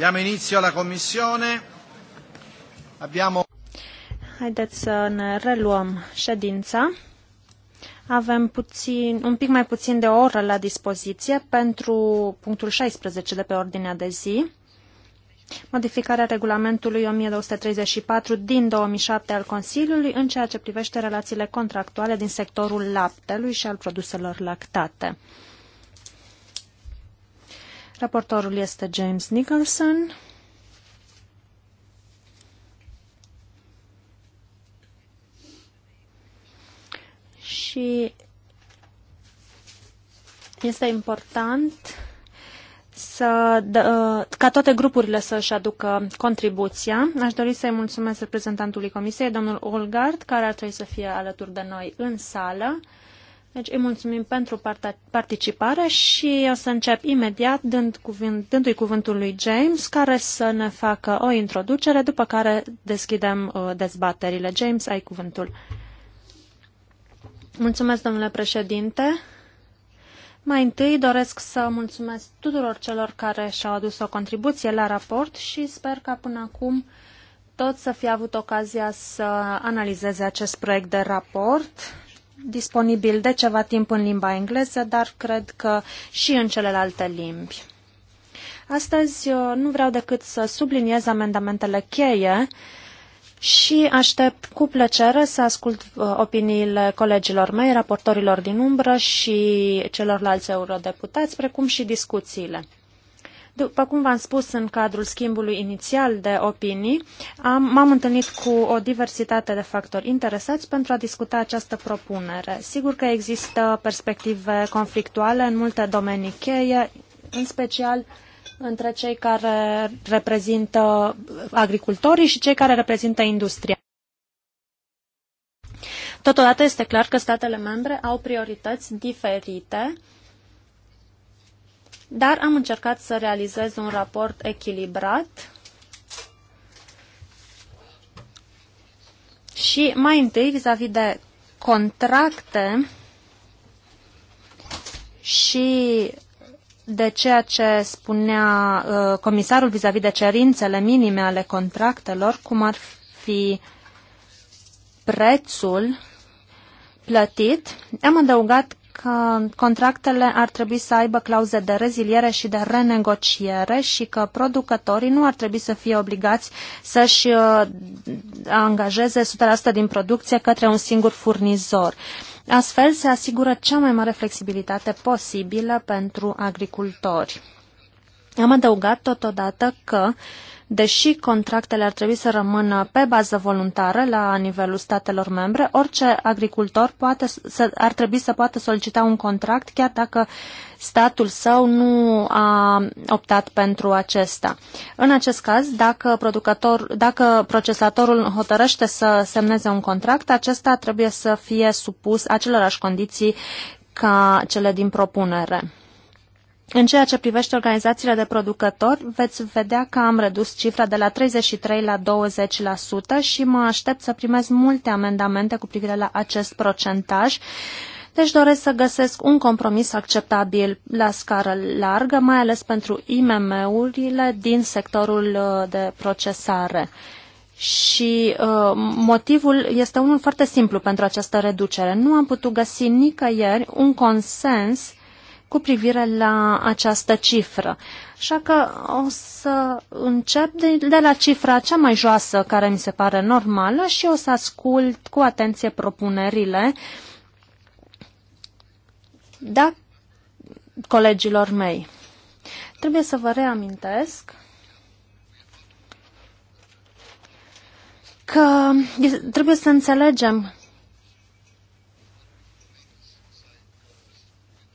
Diamo inizio alla commissione. Abbiamo... Haideți să ne reluăm ședința. Avem puțin, un pic mai puțin de o oră la dispoziție pentru punctul 16 de pe ordinea de zi. Modificarea regulamentului 1234 din 2007 al Consiliului în ceea ce privește relațiile contractuale din sectorul laptelui și al produselor lactate. Raportorul este James Nicholson. Și este important să, ca toate grupurile să-și aducă contribuția. Aș dori să-i mulțumesc reprezentantului Comisiei, domnul Olgard, care ar trebui să fie alături de noi în sală. Deci îi mulțumim pentru participare și o să încep imediat dând cuvânt, dându-i cuvântul lui James care să ne facă o introducere, după care deschidem uh, dezbaterile. James, ai cuvântul. Mulțumesc, domnule președinte. Mai întâi doresc să mulțumesc tuturor celor care și-au adus o contribuție la raport și sper ca până acum tot să fi avut ocazia să analizeze acest proiect de raport disponibil de ceva timp în limba engleză, dar cred că și în celelalte limbi. Astăzi uh, nu vreau decât să subliniez amendamentele cheie și aștept cu plăcere să ascult uh, opiniile colegilor mei, raportorilor din umbră și celorlalți eurodeputați, precum și discuțiile. După cum v-am spus în cadrul schimbului inițial de opinii, m-am întâlnit cu o diversitate de factori interesați pentru a discuta această propunere. Sigur că există perspective conflictuale în multe domenii cheie, în special între cei care reprezintă agricultorii și cei care reprezintă industria. Totodată este clar că statele membre au priorități diferite uh, dar am încercat să realizez un raport echilibrat și mai întâi vis-a-vis -vis de contracte și de ceea ce spunea uh, comisarul vis-a-vis -vis de cerințele minime ale contractelor, cum ar fi prețul plătit, am adăugat că contractele ar trebui să aibă clauze de reziliere și de renegociere și că producătorii nu ar trebui să fie obligați să-și uh, angajeze 100% din producție către un singur furnizor. Astfel se asigură cea mai mare flexibilitate posibilă pentru agricultori. Am adăugat totodată că, deși contractele ar trebui să rămână pe bază voluntară la nivelul statelor membre, orice agricultor poate să, ar trebui să poată solicita un contract chiar dacă statul său nu a optat pentru acesta. În acest caz, dacă, producător, dacă procesatorul hotărăște să semneze un contract, acesta trebuie să fie supus acelorași condiții ca cele din propunere. În ceea ce privește organizațiile de producători, veți vedea că am redus cifra de la 33 la 20% și mă aștept să primez multe amendamente cu privire la acest procentaj. Deci doresc să găsesc un compromis acceptabil la scară largă, mai ales pentru IMM-urile din sectorul uh, de procesare. Și uh, motivul este unul foarte simplu pentru această reducere. Nu am putut găsi nicăieri un consens cu privire la această cifră. Așa că o să încep de, de la cifra cea mai joasă care mi se pare normală și o să ascult cu atenție propunerile da, colegilor mei. Trebuie să vă reamintesc că trebuie să înțelegem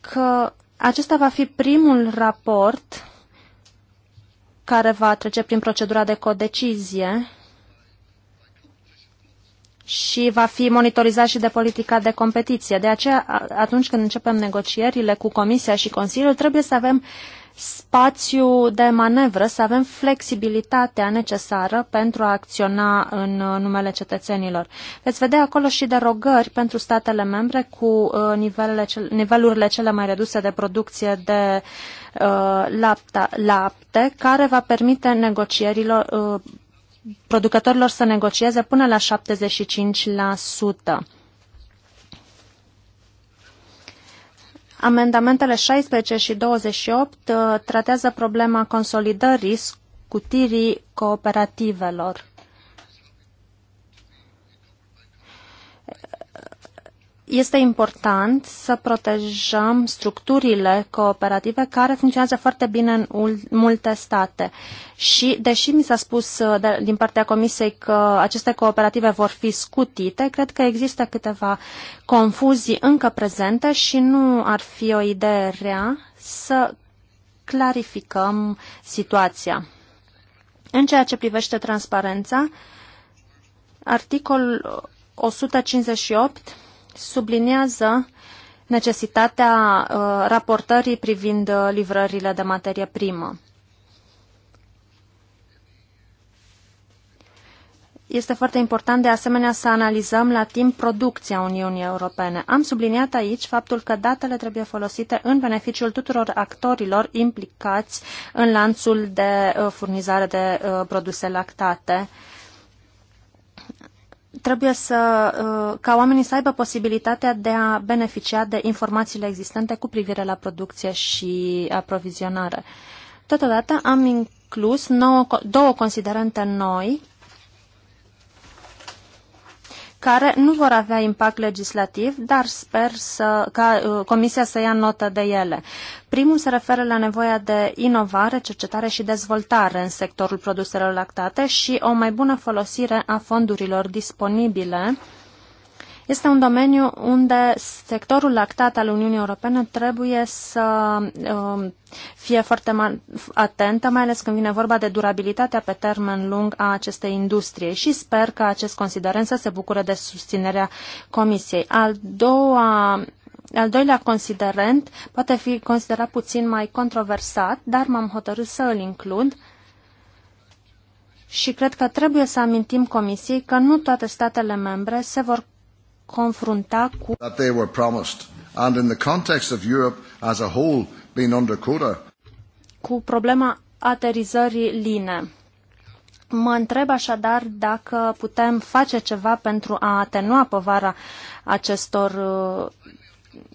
că acesta va fi primul raport care va trece prin procedura de codecizie și va fi monitorizat și de politica de competiție. De aceea, atunci când începem negocierile cu Comisia și Consiliul, trebuie să avem uh, spațiu de manevră, să avem flexibilitatea necesară pentru a acționa în uh, numele cetățenilor. Veți vedea acolo și derogări pentru statele membre cu uh, nivelele, nivelurile cele mai reduse de producție de uh, lapte, lapte care va permite negocierilor producătorilor să negocieze până la 75%. Amendamentele 16 și 28 uh, tratează problema consolidării scutirii cooperativelor. este important să protejăm structurile cooperative care funcționează foarte bine în multe state. Și, deși mi s-a spus uh, de, din partea Comisiei că aceste cooperative vor fi scutite, cred că există câteva confuzii încă prezente și nu ar fi o idee rea să clarificăm situația. În ceea ce privește transparența, articolul 158 subliniază necesitatea uh, raportării privind uh, livrările de materie primă. Este foarte important de asemenea să analizăm la timp producția Uniunii Europene. Am subliniat aici faptul că datele trebuie folosite în beneficiul tuturor actorilor implicați în lanțul de uh, furnizare de produse lactate trebuie să, uh, ca oamenii să aibă posibilitatea de a beneficia de informațiile existente cu privire la producție și aprovizionare. Totodată am inclus nouă, două considerente noi care nu vor avea impact legislativ, dar sper să, ca uh, Comisia să ia notă de ele. Primul se referă la nevoia de inovare, cercetare și dezvoltare în sectorul produselor lactate și o mai bună folosire a fondurilor disponibile este un domeniu unde sectorul lactat al Uniunii Europene trebuie să um, fie foarte atentă, mai ales când vine vorba de durabilitatea pe termen lung a acestei industrie și sper că acest considerent să se bucure de susținerea Comisiei. Al doua al doilea considerent poate fi considerat puțin mai controversat, dar m-am hotărât să îl includ și cred că trebuie să amintim Comisiei că nu toate statele membre se vor confrunta cu that they were promised and in the context of Europe as a whole being under quota cu problema aterizării line. Mă întreb așadar dacă putem face ceva pentru a atenua povara acestor uh,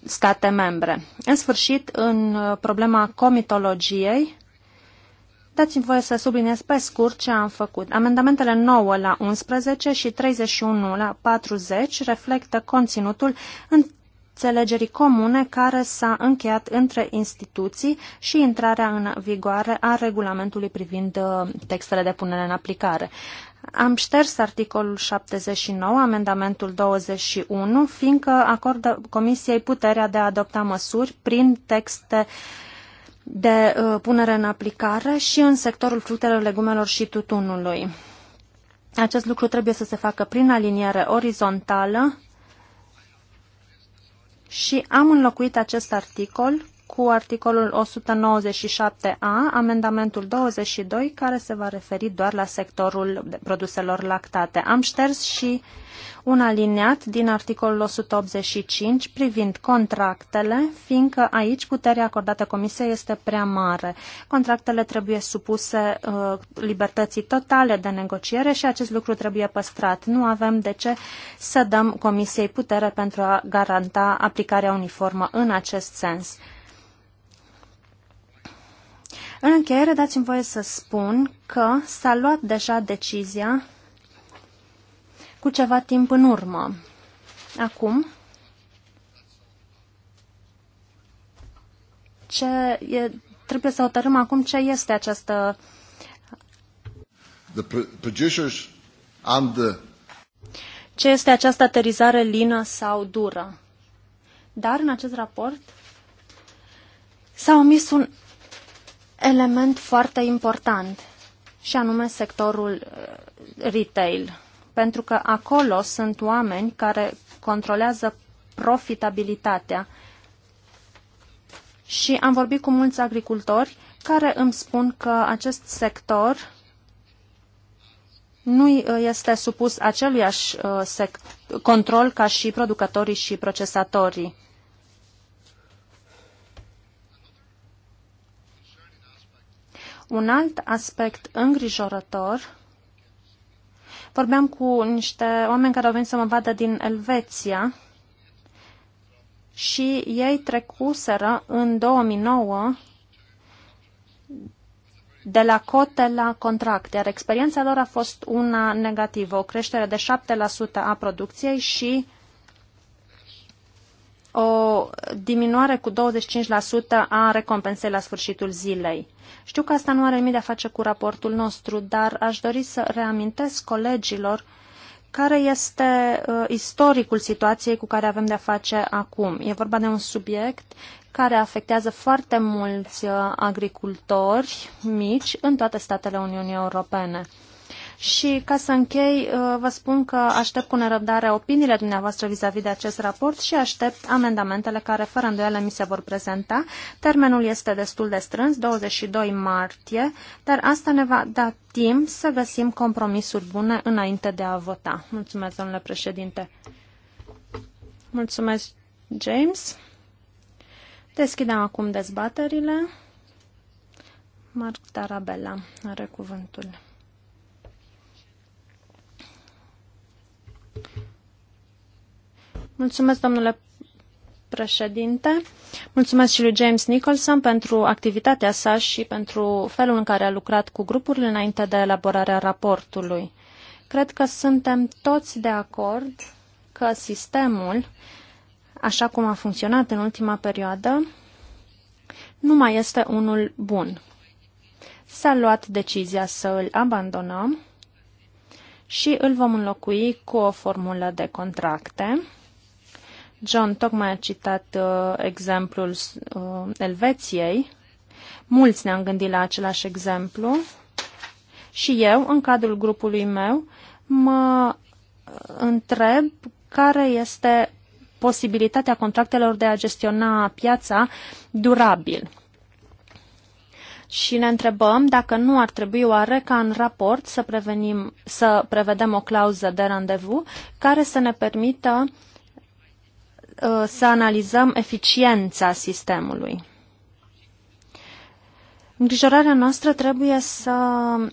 state membre. În sfârșit, în uh, problema comitologiei, Dați-mi voie să subliniez pe scurt ce am făcut. Amendamentele 9 la 11 și 31 la 40 reflectă conținutul înțelegerii comune care s-a încheiat între instituții și intrarea în vigoare a regulamentului privind uh, textele de punere în aplicare. Am șters articolul 79, amendamentul 21, fiindcă acordă Comisiei puterea de a adopta măsuri prin texte uh, de uh, punere în aplicare și în sectorul fructelor, legumelor și tutunului. Acest lucru trebuie să se facă prin aliniere orizontală și am înlocuit acest articol cu articolul 197a, amendamentul 22, care se va referi doar la sectorul produselor lactate. Am șters și un aliniat din articolul 185 privind contractele, fiindcă aici puterea acordată Comisiei este prea mare. Contractele trebuie supuse uh, libertății totale de negociere și acest lucru trebuie păstrat. Nu avem de ce să dăm Comisiei putere pentru a garanta aplicarea uniformă în acest sens. În încheiere, dați-mi voie să spun că s-a luat deja decizia cu ceva timp în urmă. Acum, ce e, trebuie să hotărâm acum ce este această the producers and the... ce este această aterizare lină sau dură. Dar în acest raport s-a omis un element foarte important, și anume sectorul uh, retail, pentru că acolo sunt oameni care controlează profitabilitatea. Și am vorbit cu mulți agricultori care îmi spun că acest sector nu uh, este supus aceluiași uh, control ca și producătorii și procesatorii. Un alt aspect îngrijorător, vorbeam cu niște oameni care au venit să mă vadă din Elveția și ei trecuseră în 2009 de la cote la contract, iar experiența lor a fost una negativă, o creștere de 7% a producției și o diminuare cu 25% a recompensei la sfârșitul zilei. Știu că asta nu are nimic de a face cu raportul nostru, dar aș dori să reamintesc colegilor care este uh, istoricul situației cu care avem de-a face acum. E vorba de un subiect care afectează foarte mulți uh, agricultori mici în toate statele Uniunii Europene. Și ca să închei, uh, vă spun că aștept cu nerăbdare opiniile dumneavoastră vis-a-vis -vis de acest raport și aștept amendamentele care, fără îndoială, mi se vor prezenta. Termenul este destul de strâns, 22 martie, dar asta ne va da timp să găsim compromisuri bune înainte de a vota. Mulțumesc, domnule președinte. Mulțumesc, James. Deschidem acum dezbaterile. Marc Tarabella are cuvântul. Mulțumesc, domnule președinte. Mulțumesc și lui James Nicholson pentru activitatea sa și pentru felul în care a lucrat cu grupurile înainte de elaborarea raportului. Cred că suntem toți de acord că sistemul, așa cum a funcționat în ultima perioadă, nu mai este unul bun. S-a luat decizia să îl abandonăm și îl vom înlocui cu o formulă de contracte. John tocmai a citat uh, exemplul uh, Elveției. Mulți ne-am gândit la același exemplu și eu, în cadrul grupului meu, mă uh, întreb care este posibilitatea contractelor de a gestiona piața durabil și ne întrebăm dacă nu ar trebui oare ca în raport să, prevenim, să prevedem o clauză de randevu care să ne permită uh, să analizăm eficiența sistemului. Îngrijorarea noastră trebuie să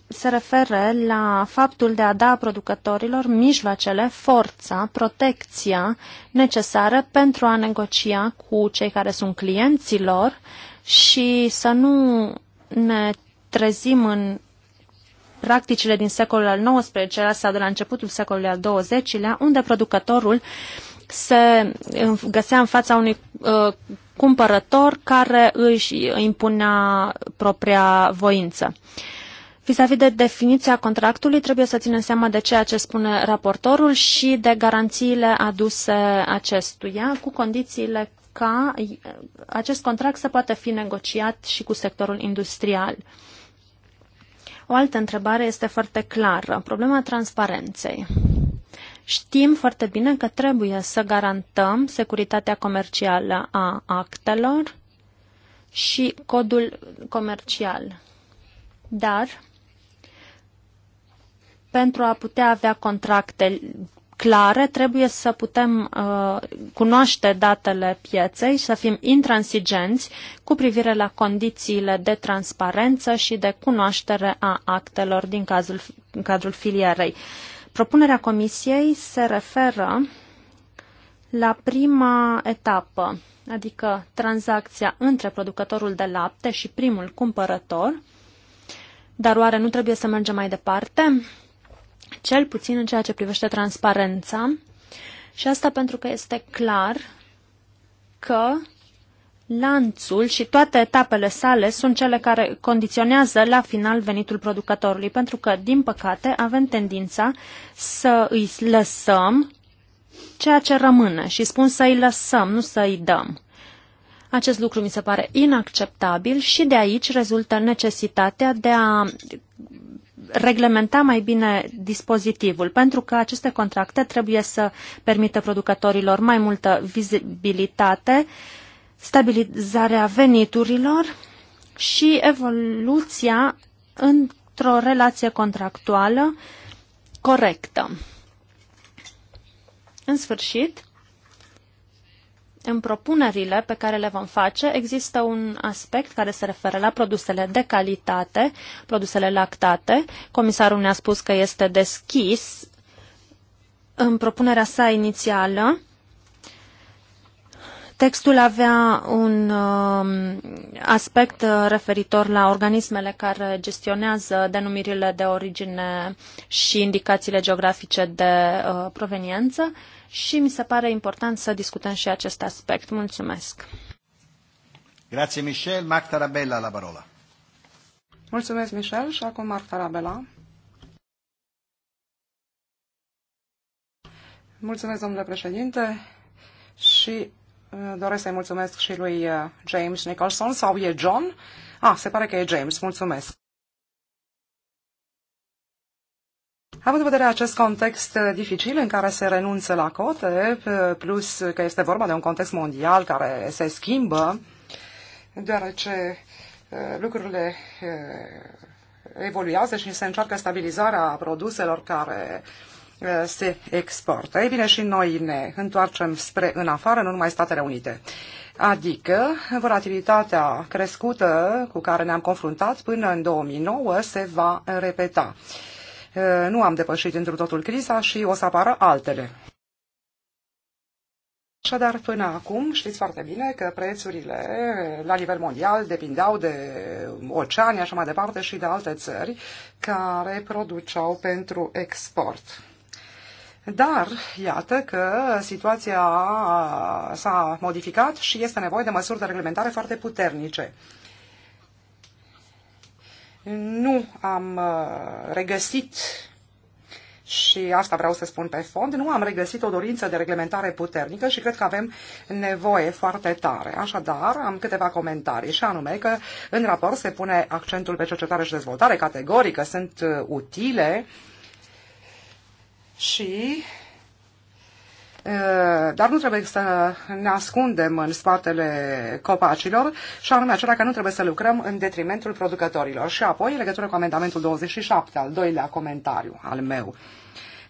se refere la faptul de a da producătorilor mijloacele, forța, protecția necesară pentru a negocia cu cei care sunt clienților și să nu ne trezim în practicile din secolul al XIX-lea sau de la începutul secolului al XX-lea, unde producătorul se găsea în fața unui uh, cumpărător care își impunea propria voință. Vis-a-vis de definiția contractului, trebuie să ținem seama de ceea ce spune raportorul și de garanțiile aduse acestuia, cu condițiile ca acest contract să poată fi negociat și cu sectorul industrial. O altă întrebare este foarte clară, problema transparenței. Știm foarte bine că trebuie să garantăm securitatea comercială a actelor și codul comercial. Dar pentru a putea avea contracte clare, trebuie să putem uh, cunoaște datele pieței și să fim intransigenți cu privire la condițiile de transparență și de cunoaștere a actelor din cazul, în cadrul filierei. Propunerea Comisiei se referă la prima etapă, adică tranzacția între producătorul de lapte și primul cumpărător, dar oare nu trebuie să mergem mai departe? cel puțin în ceea ce privește transparența. Și asta pentru că este clar că lanțul și toate etapele sale sunt cele care condiționează la final venitul producătorului, pentru că, din păcate, avem tendința să îi lăsăm ceea ce rămâne și spun să îi lăsăm, nu să îi dăm. Acest lucru mi se pare inacceptabil și de aici rezultă necesitatea de a reglementa mai bine dispozitivul, pentru că aceste contracte trebuie să permită producătorilor mai multă vizibilitate, stabilizarea veniturilor și evoluția într-o relație contractuală corectă. În sfârșit, în propunerile pe care le vom face există un aspect care se referă la produsele de calitate, produsele lactate. Comisarul ne-a spus că este deschis în propunerea sa inițială. Textul avea un um, aspect uh, referitor la organismele care gestionează denumirile de origine și indicațiile geografice de uh, proveniență și mi se pare important să discutăm și acest aspect. Mulțumesc! Grazie Michel, Marc Tarabella la parola. Mulțumesc Michel și acum Marc Tarabella. Mulțumesc, domnule președinte, și uh, doresc să-i mulțumesc și lui uh, James Nicholson, sau e John? Ah, se pare că e James, mulțumesc. Având în vedere acest context uh, dificil în care se renunță la cote, uh, plus că este vorba de un context mondial care se schimbă, deoarece uh, lucrurile evoluează și se încearcă stabilizarea produselor care se exportă. Ei bine, și noi ne întoarcem spre în afară, nu numai Statele Unite. Adică, volatilitatea crescută cu care ne-am confruntat până în 2009 se va repeta. Uh, Eh, nu am depășit într totul criza și o să apară altele. Așadar, până acum știți foarte bine că prețurile la nivel mondial depindeau de oceani, așa mai departe, și de alte țări care produceau pentru export. Dar, iată că situația s-a modificat și este nevoie de măsuri de reglementare foarte puternice nu am uh, regăsit și asta vreau să spun pe fond, nu am regăsit o dorință de reglementare puternică și cred că avem nevoie foarte tare. Așadar, am câteva comentarii și anume că în raport se pune accentul pe cercetare și dezvoltare categorică, sunt uh, utile și Eh, dar nu trebuie să ne ascundem în spatele copacilor și anume acela că nu trebuie să lucrăm în detrimentul producătorilor. Și apoi, în legătură cu amendamentul 27, al doilea comentariu al meu,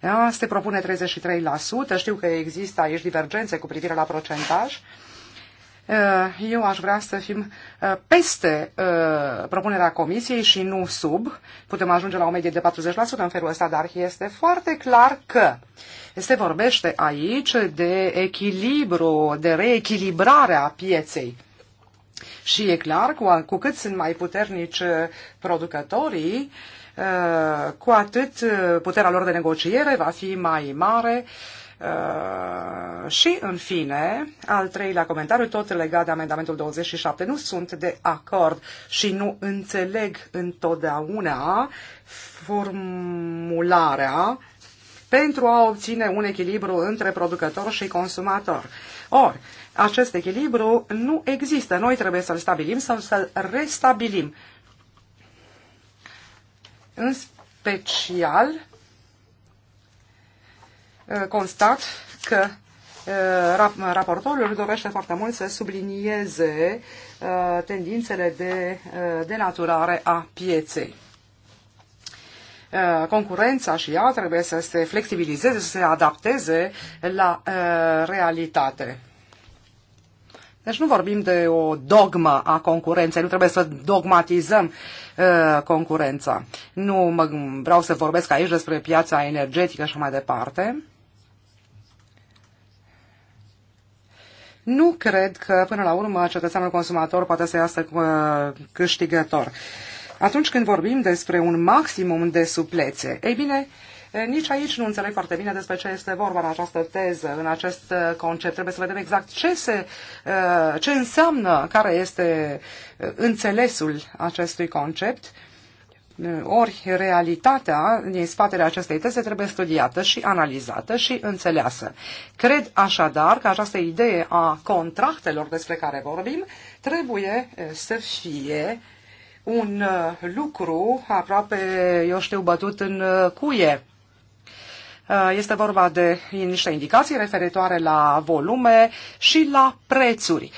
da, se propune 33%, știu că există aici divergențe cu privire la procentaj, eh, eu aș vrea să fim eh, peste propunerea comisiei și nu sub. Putem ajunge la o medie de 40% în felul ăsta, dar este foarte clar că se vorbește aici de echilibru, de reechilibrarea pieței. Și e clar, cu, cu cât sunt mai puternici producătorii, uh, cu atât uh, puterea lor de negociere va fi mai mare. Uh, și, în fine, al treilea comentariu, tot legat de amendamentul 27, nu sunt de acord și nu înțeleg întotdeauna formularea pentru a obține un echilibru între producător și consumator. Or, acest echilibru nu există. Noi trebuie să-l stabilim sau să-l restabilim. În special, uh, constat că uh, raportorul dorește foarte mult să sublinieze uh, tendințele de denaturare a pieței. Uh, concurența și ea trebuie să se flexibilizeze, să se adapteze la uh, realitate. Deci nu vorbim de o dogmă a concurenței, nu trebuie să dogmatizăm uh, concurența. Nu mă, vreau să vorbesc aici despre piața energetică și mai departe. Nu cred că, până la urmă, cetățeanul consumator poate să iasă uh, câștigător. Uh, atunci când vorbim despre un maximum de suplețe, ei bine, eh, nici aici nu înțeleg foarte bine despre ce este vorba în această teză, în acest eh, concept. Trebuie să vedem exact ce, se, eh, ce înseamnă, care este înțelesul acestui concept. Ori realitatea din spatele acestei teze trebuie studiată și analizată și înțeleasă. Cred așadar că această idee a contractelor despre care vorbim trebuie să fie uh, un uh, lucru aproape, eu știu, bătut în uh, cuie. Uh, este vorba de niște indicații referitoare la volume și la prețuri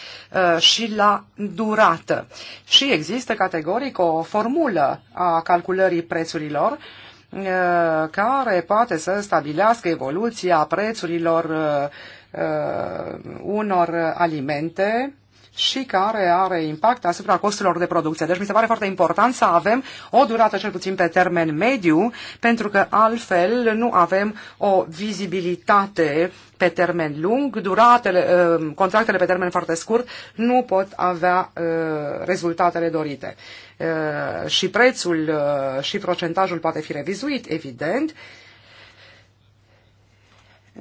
și la durată. Și există categoric o formulă a calculării prețurilor care poate să stabilească evoluția prețurilor unor alimente și care are impact asupra costurilor de producție. Deci mi se pare foarte important să avem o durată cel puțin pe termen mediu, pentru că altfel nu avem o vizibilitate pe termen lung. Duratele, ă, contractele pe termen foarte scurt nu pot avea ă, rezultatele dorite. Ă, și prețul și procentajul poate fi revizuit, evident,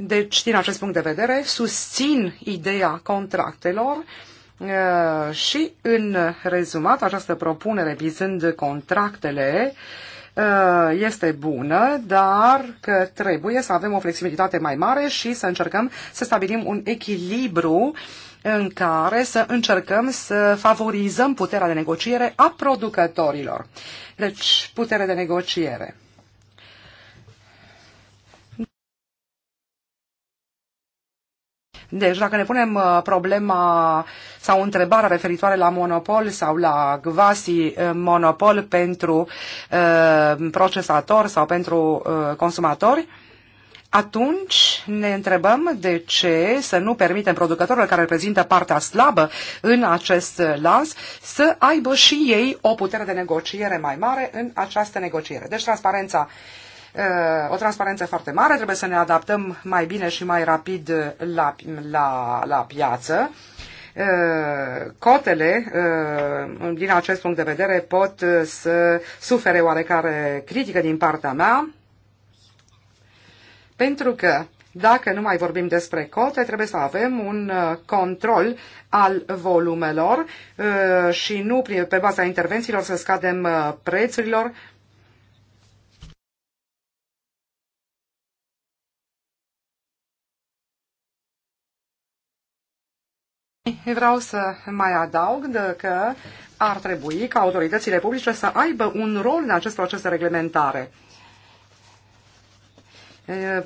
deci, din acest punct de vedere, susțin ideea contractelor Uh, și în rezumat, această propunere vizând contractele uh, este bună, dar că trebuie să avem o flexibilitate mai mare și să încercăm să stabilim un echilibru în care să încercăm să favorizăm puterea de negociere a producătorilor. Deci, putere de negociere. Deci dacă ne punem uh, problema sau întrebarea referitoare la monopol sau la gvasi uh, monopol pentru uh, procesator sau pentru consumatori, atunci ne întrebăm de ce să nu permitem producătorilor care reprezintă partea slabă în acest lans să aibă și ei o putere de negociere mai mare în această negociere. Deci transparența uh, Uh, o transparență foarte mare, trebuie să ne adaptăm mai bine și mai rapid la, la, la piață. Uh, cotele, uh, din acest punct de vedere, pot să sufere oarecare critică din partea mea, pentru că dacă nu mai vorbim despre cote, trebuie să avem un control al volumelor și nu pe baza intervențiilor să scadem prețurilor Vreau să mai adaug de că ar trebui ca autoritățile publice să aibă un rol în acest proces de reglementare.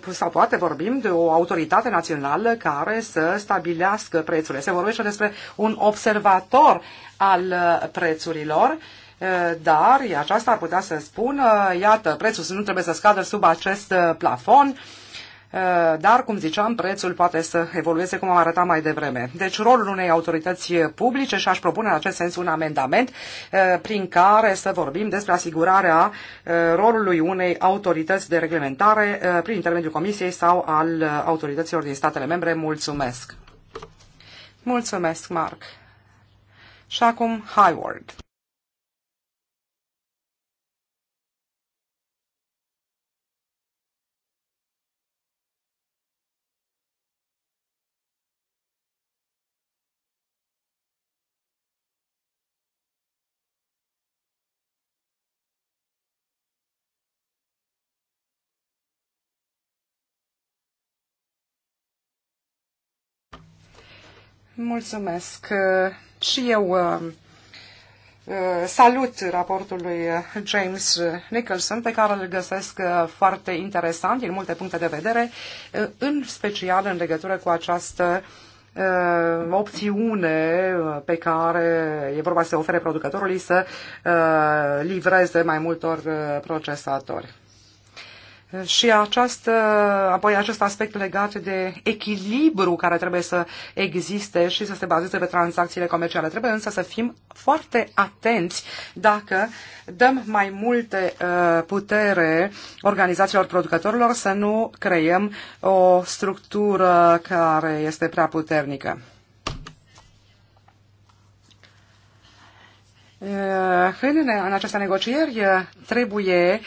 Sau poate vorbim de o autoritate națională care să stabilească prețurile. Se vorbește despre un observator al uh, prețurilor, uh, dar aceasta ar putea să spună, iată, prețul nu trebuie să scadă sub acest uh, plafon, Eh, dar, cum ziceam, prețul poate să evolueze cum am arătat mai devreme. Deci rolul unei autorități publice și aș propune în acest sens un amendament eh, prin care să vorbim despre asigurarea eh, rolului unei autorități de reglementare prin intermediul Comisiei sau al autorităților din statele membre. Mulțumesc! Mulțumesc, Mark! Și acum Hayward. Mulțumesc. Și eu uh, uh, salut raportul lui James Nicholson, pe care îl găsesc uh, foarte interesant din multe puncte de vedere, în special în legătură cu această opțiune pe care e vorba să ofere producătorului să livreze mai multor procesatori. Și acest, apoi acest aspect legat de echilibru care trebuie să existe și să se bazeze pe tranzacțiile comerciale. Trebuie însă să fim foarte atenți dacă dăm mai multe uh, putere organizațiilor producătorilor să nu creăm o structură care este prea puternică. Eh, în, în aceste negocieri eh, trebuie,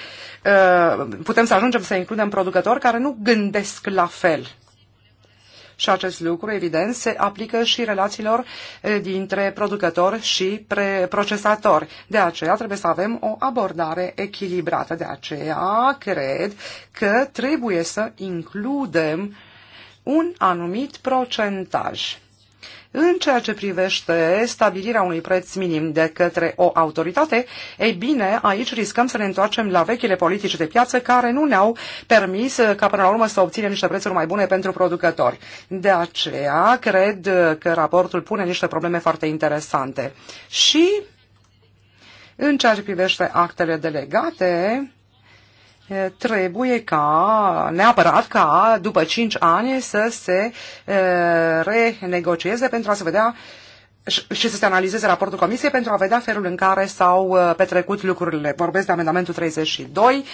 eh, putem să ajungem să includem producători care nu gândesc la fel. Și acest lucru, evident, se aplică și relațiilor dintre producători și procesatori. De aceea trebuie să avem o abordare echilibrată. De aceea cred că trebuie să includem un anumit procentaj în ceea ce privește stabilirea unui preț minim de către o autoritate, ei bine, aici riscăm să ne întoarcem la vechile politici de piață care nu ne-au permis uh, ca până la urmă să obținem niște prețuri mai bune pentru producători. De aceea, cred că raportul pune niște probleme foarte interesante. Și în ceea ce privește actele delegate, trebuie ca, neapărat ca, după 5 ani să se renegocieze pentru a se vedea și să se analizeze raportul comisiei pentru a vedea felul în care s-au petrecut lucrurile. Vorbesc de amendamentul 32,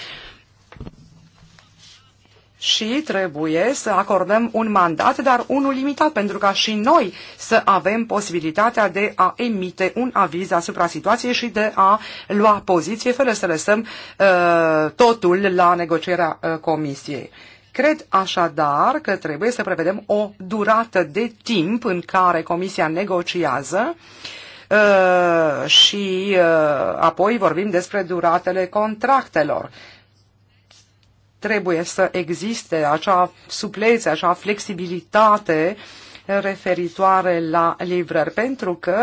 și trebuie să acordăm un mandat, dar unul limitat, pentru ca și noi să avem posibilitatea de a emite un aviz asupra situației și de a lua poziție, fără să lăsăm uh, totul la negocierea uh, comisiei. Cred așadar că trebuie să prevedem o durată de timp în care comisia negociază uh, și uh, apoi vorbim despre duratele contractelor trebuie să existe acea suplețe, acea flexibilitate referitoare la livrări, pentru că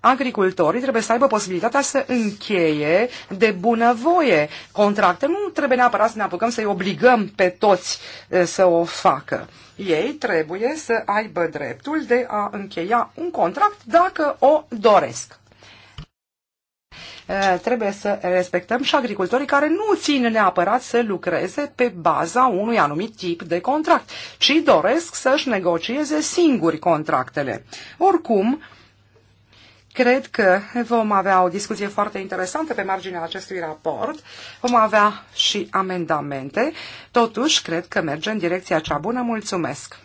agricultorii trebuie să aibă posibilitatea să încheie de bunăvoie contracte. Nu trebuie neapărat să ne apucăm să-i obligăm pe toți să o facă. Ei trebuie să aibă dreptul de a încheia un contract dacă o doresc. Eh, trebuie să respectăm și agricultorii care nu țin neapărat să lucreze pe baza unui anumit tip de contract, ci doresc să-și negocieze singuri contractele. Oricum, Cred că vom avea o discuție foarte interesantă pe marginea acestui raport. Vom avea și amendamente. Totuși, cred că merge în direcția cea bună. Mulțumesc!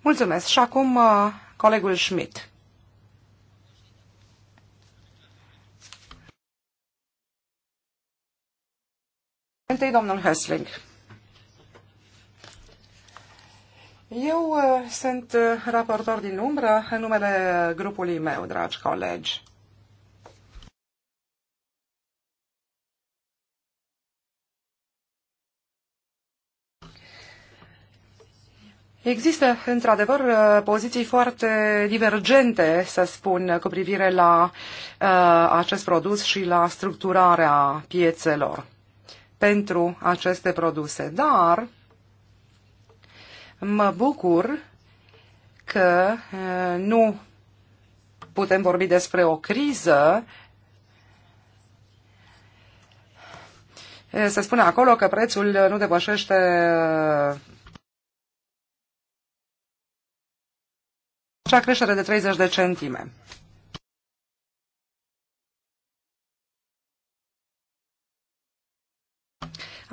Mulțumesc! Și acum eh, colegul Schmidt. Întâi domnul Hesling. Eu uh, sunt uh, raportor din umbră în numele grupului meu, dragi colegi. Există, într-adevăr, uh, poziții foarte divergente, să spun, cu privire la uh, acest produs și la structurarea piețelor pentru aceste produse. Dar mă bucur că nu putem vorbi despre o criză. Se spune acolo că prețul nu depășește acea creștere de 30 de centime.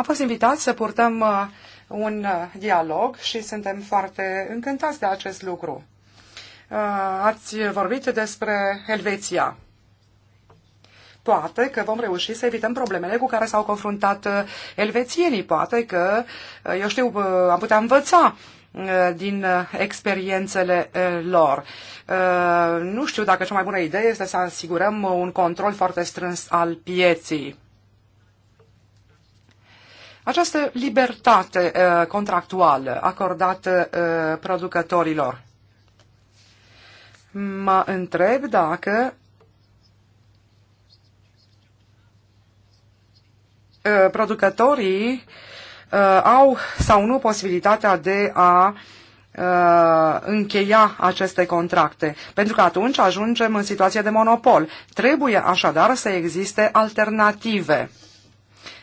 Am fost invitați să purtăm uh, un uh, dialog și suntem foarte încântați de acest lucru. Uh, ați vorbit despre Elveția. Poate că vom reuși să evităm problemele cu care s-au confruntat elvețienii. Poate că, eu știu, am putea învăța din experiențele lor. Nu știu dacă cea mai bună idee este să asigurăm un control foarte strâns al pieții. Această libertate uh, contractuală acordată uh, producătorilor. Mă întreb dacă uh, producătorii au sau nu posibilitatea de a încheia aceste contracte, pentru că atunci ajungem în situație de monopol. Trebuie așadar să existe alternative.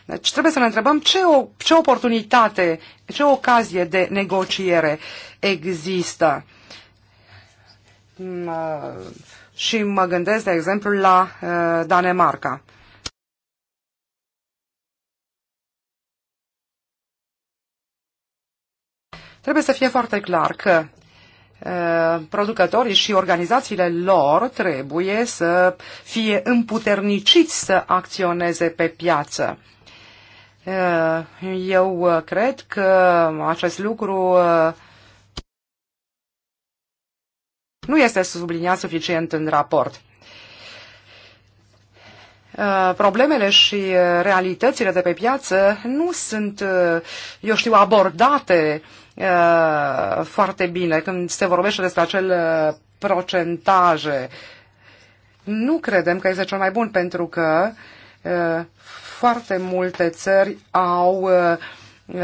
Deci trebuie să ne întrebăm ce, o, ce oportunitate, ce ocazie de negociere există. Mm, uh, și mă gândesc, de exemplu, la uh, Danemarca. Trebuie să fie foarte clar că uh, producătorii și organizațiile lor trebuie să fie împuterniciți să acționeze pe piață. Eu uh, cred că acest lucru uh, nu este subliniat suficient în raport. Uh, problemele și realitățile de pe piață nu sunt, eu știu, abordate foarte bine când se vorbește despre acel procentaje. Nu credem că este cel mai bun pentru că foarte multe țări au uh,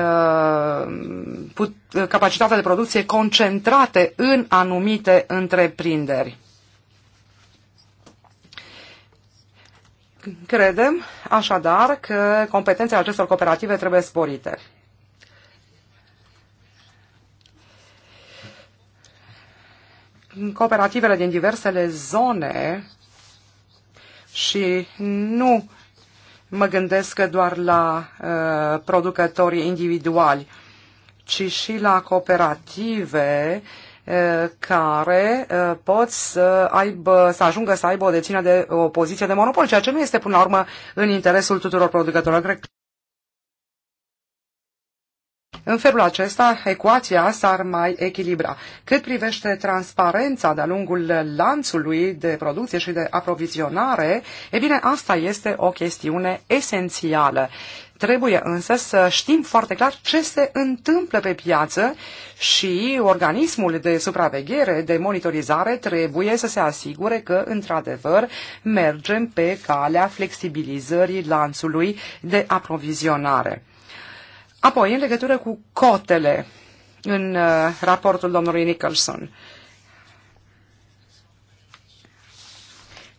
uh, capacitatea de producție concentrate în anumite întreprinderi. Credem, așadar, că competențele acestor cooperative trebuie sporite. Cooperativele din diversele zone și nu mă gândesc doar la uh, producătorii individuali, ci și la cooperative uh, care uh, pot să, aibă, să ajungă să aibă o deținere de o poziție de monopol, ceea ce nu este până la urmă în interesul tuturor producătorilor. În felul acesta, ecuația s-ar mai echilibra. Cât privește transparența de-a lungul lanțului de producție și de aprovizionare, e bine, asta este o chestiune esențială. Trebuie însă să știm foarte clar ce se întâmplă pe piață și organismul de supraveghere, de monitorizare trebuie să se asigure că, într-adevăr, mergem pe calea flexibilizării lanțului de aprovizionare. Apoi, în legătură cu cotele în uh, raportul domnului Nicholson,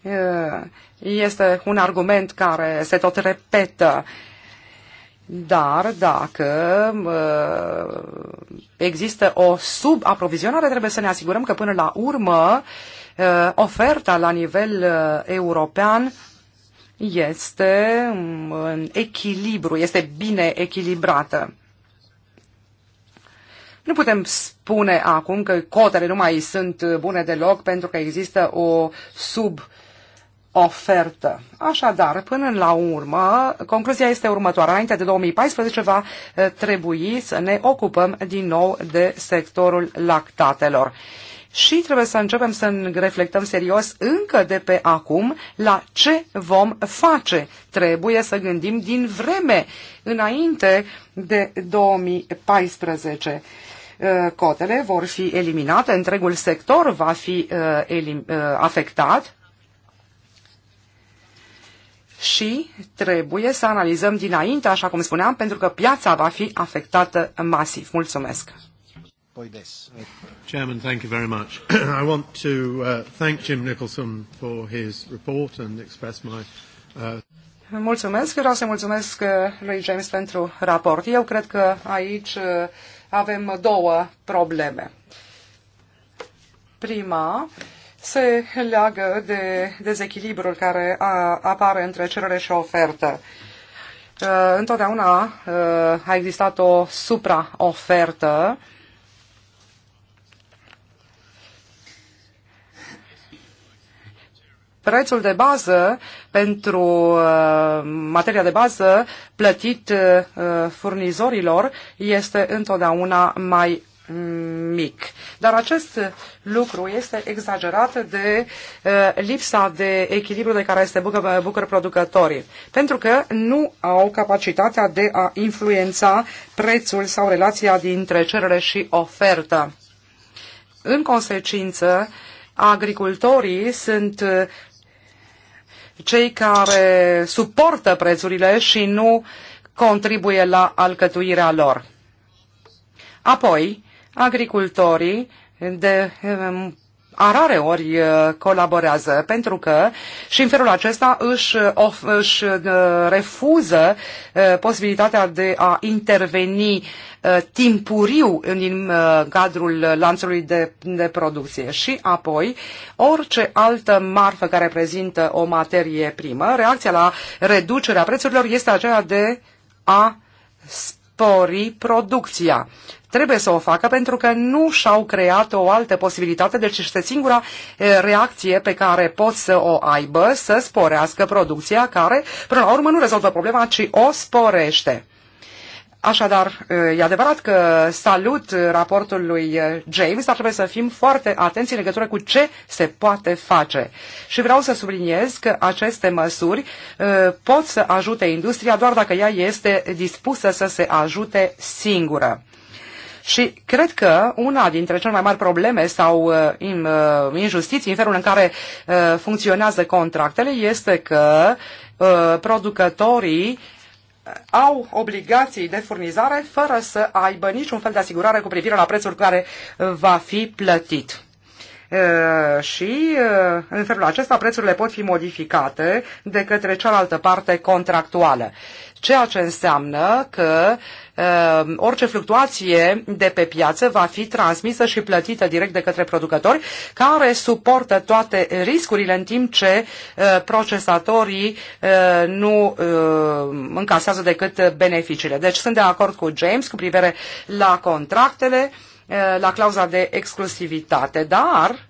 uh, este un argument care se tot repetă. Dar dacă uh, există o subaprovizionare, trebuie să ne asigurăm că până la urmă uh, oferta la nivel european este în echilibru, este bine echilibrată. Nu putem spune acum că cotele nu mai sunt bune deloc pentru că există o sub ofertă. Așadar, până la urmă, concluzia este următoarea. Înainte de 2014 va eh, trebui să ne ocupăm din nou de sectorul lactatelor și trebuie să începem să reflectăm serios încă de pe acum la ce vom face. Trebuie să gândim din vreme înainte de 2014 uh, cotele vor fi eliminate, întregul sector va fi uh, uh, afectat și trebuie să analizăm dinainte, așa cum spuneam, pentru că piața va fi afectată masiv. Mulțumesc! Poides. Chairman, thank you very much. I want to uh, thank Jim Nicholson for his report and express my uh... Mulțumesc, vreau să mulțumesc uh, lui James pentru raport. Eu cred că aici uh, avem două probleme. Prima se leagă de dezechilibrul care a, apare între cerere și ofertă. Uh, întotdeauna a existat o supraofertă prețul de bază pentru uh, materia de bază plătit uh, furnizorilor este întotdeauna mai mic. Dar acest lucru este exagerat de uh, lipsa de echilibru de care este bucă, bucă producătorii, pentru că nu au capacitatea de a influența prețul sau relația dintre cerere și ofertă. În consecință, agricultorii sunt uh, cei care suportă prețurile și nu contribuie la alcătuirea lor. Apoi, agricultorii de a rare ori uh, colaborează, pentru că și în felul acesta își, of, își uh, refuză uh, posibilitatea de a interveni timpuriu în cadrul lanțului de, de producție și apoi orice altă marfă care prezintă o materie primă, reacția la reducerea prețurilor este aceea de a spori producția. Trebuie să o facă pentru că nu și-au creat o altă posibilitate, deci este singura reacție pe care pot să o aibă, să sporească producția care, până la urmă, nu rezolvă problema, ci o sporește. Așadar, e adevărat că salut raportul lui James, dar trebuie să fim foarte atenți în legătură cu ce se poate face. Și vreau să subliniez că aceste măsuri pot să ajute industria doar dacă ea este dispusă să se ajute singură. Și cred că una dintre cele mai mari probleme sau injustiții în felul în care funcționează contractele este că producătorii au obligații de furnizare fără să aibă niciun fel de asigurare cu privire la prețul care uh, va fi plătit. Uh, și uh, în felul acesta prețurile pot fi modificate de către cealaltă parte contractuală. Ceea ce înseamnă că Ehm, orice fluctuație de pe piață va fi transmisă și plătită direct de către producători care suportă toate riscurile în timp ce eh, procesatorii eh, nu eh, încasează decât beneficiile. Deci sunt de acord cu James cu privire la contractele, la clauza de exclusivitate, dar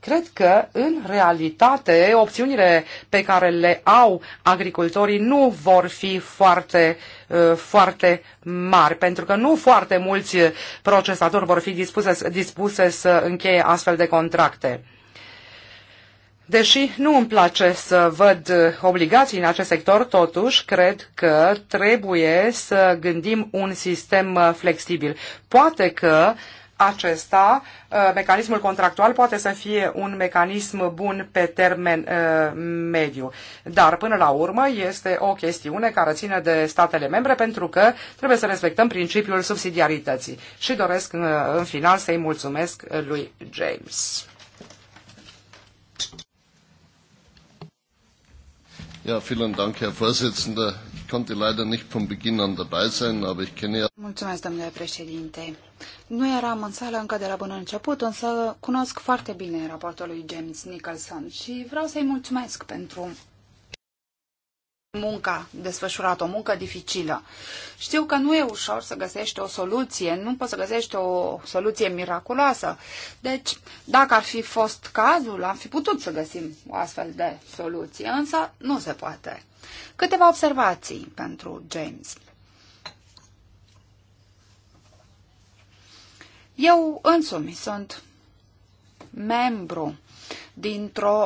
cred că, în realitate, opțiunile pe care le au agricultorii nu vor fi foarte Uh, foarte mari, pentru că nu foarte mulți procesatori vor fi dispuse, dispuse să încheie astfel de contracte. Deși nu îmi place să văd obligații în acest sector, totuși cred că trebuie să gândim un sistem uh, flexibil. Poate că uh, acesta, uh, mecanismul contractual poate să fie un mecanism bun pe termen uh, mediu. Dar, până la urmă, este o chestiune care ține de statele membre, pentru că trebuie să respectăm principiul subsidiarității. Și doresc, uh, în final, să-i mulțumesc lui James. Ja, vielen Dank, Herr Vorsitzender konnte leider nicht von Beginn an dabei sein, aber ich kenne ja... Mulțumesc, domnule președinte. Nu eram în sală încă de la bun început, însă cunosc foarte bine raportul lui James Nicholson și vreau să-i mulțumesc pentru munca desfășurată, o muncă dificilă. Știu că nu e ușor să găsești o soluție, nu poți să găsești o soluție miraculoasă. Deci, dacă ar fi fost cazul, am fi putut să găsim o astfel de soluție, însă nu se poate. Câteva observații pentru James. Eu însumi sunt membru dintr-o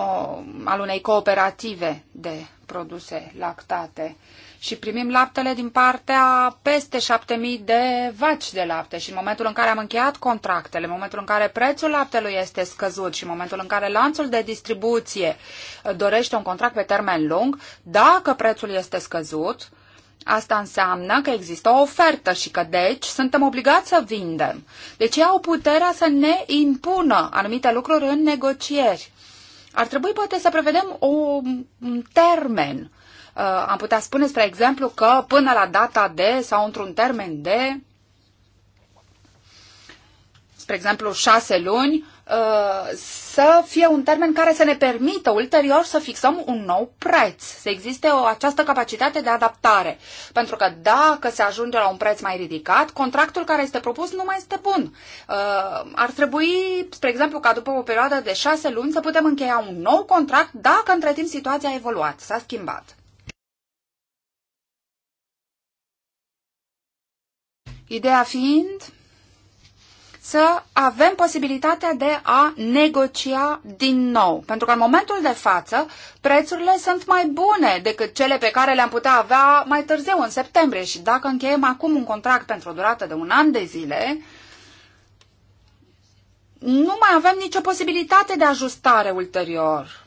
al unei cooperative de produse lactate și primim laptele din partea peste 7000 de vaci de lapte și în momentul în care am încheiat contractele, în momentul în care prețul laptelui este scăzut și în momentul în care lanțul de distribuție uh, dorește un contract pe termen lung, dacă prețul este scăzut, Asta înseamnă că există o ofertă și că, deci, suntem obligați să vindem. Deci ei au puterea să ne impună anumite lucruri în negocieri. Ar trebui poate să prevedem o, un termen. Uh, am putea spune, spre exemplu, că până la data de sau într-un termen de, spre exemplu, șase luni, Uh, să fie un termen care să ne permită ulterior să fixăm un nou preț, să existe o, această capacitate de adaptare. Pentru că dacă se ajunge la un preț mai ridicat, contractul care este propus nu mai este bun. Uh, ar trebui, spre exemplu, ca după o perioadă de șase luni să putem încheia un nou contract dacă între timp situația a evoluat, s-a schimbat. Ideea fiind să avem posibilitatea de a negocia din nou. Pentru că în momentul de față prețurile sunt mai bune decât cele pe care le-am putea avea mai târziu, în septembrie. Și dacă încheiem acum un contract pentru o durată de un an de zile, nu mai avem nicio posibilitate de ajustare ulterior.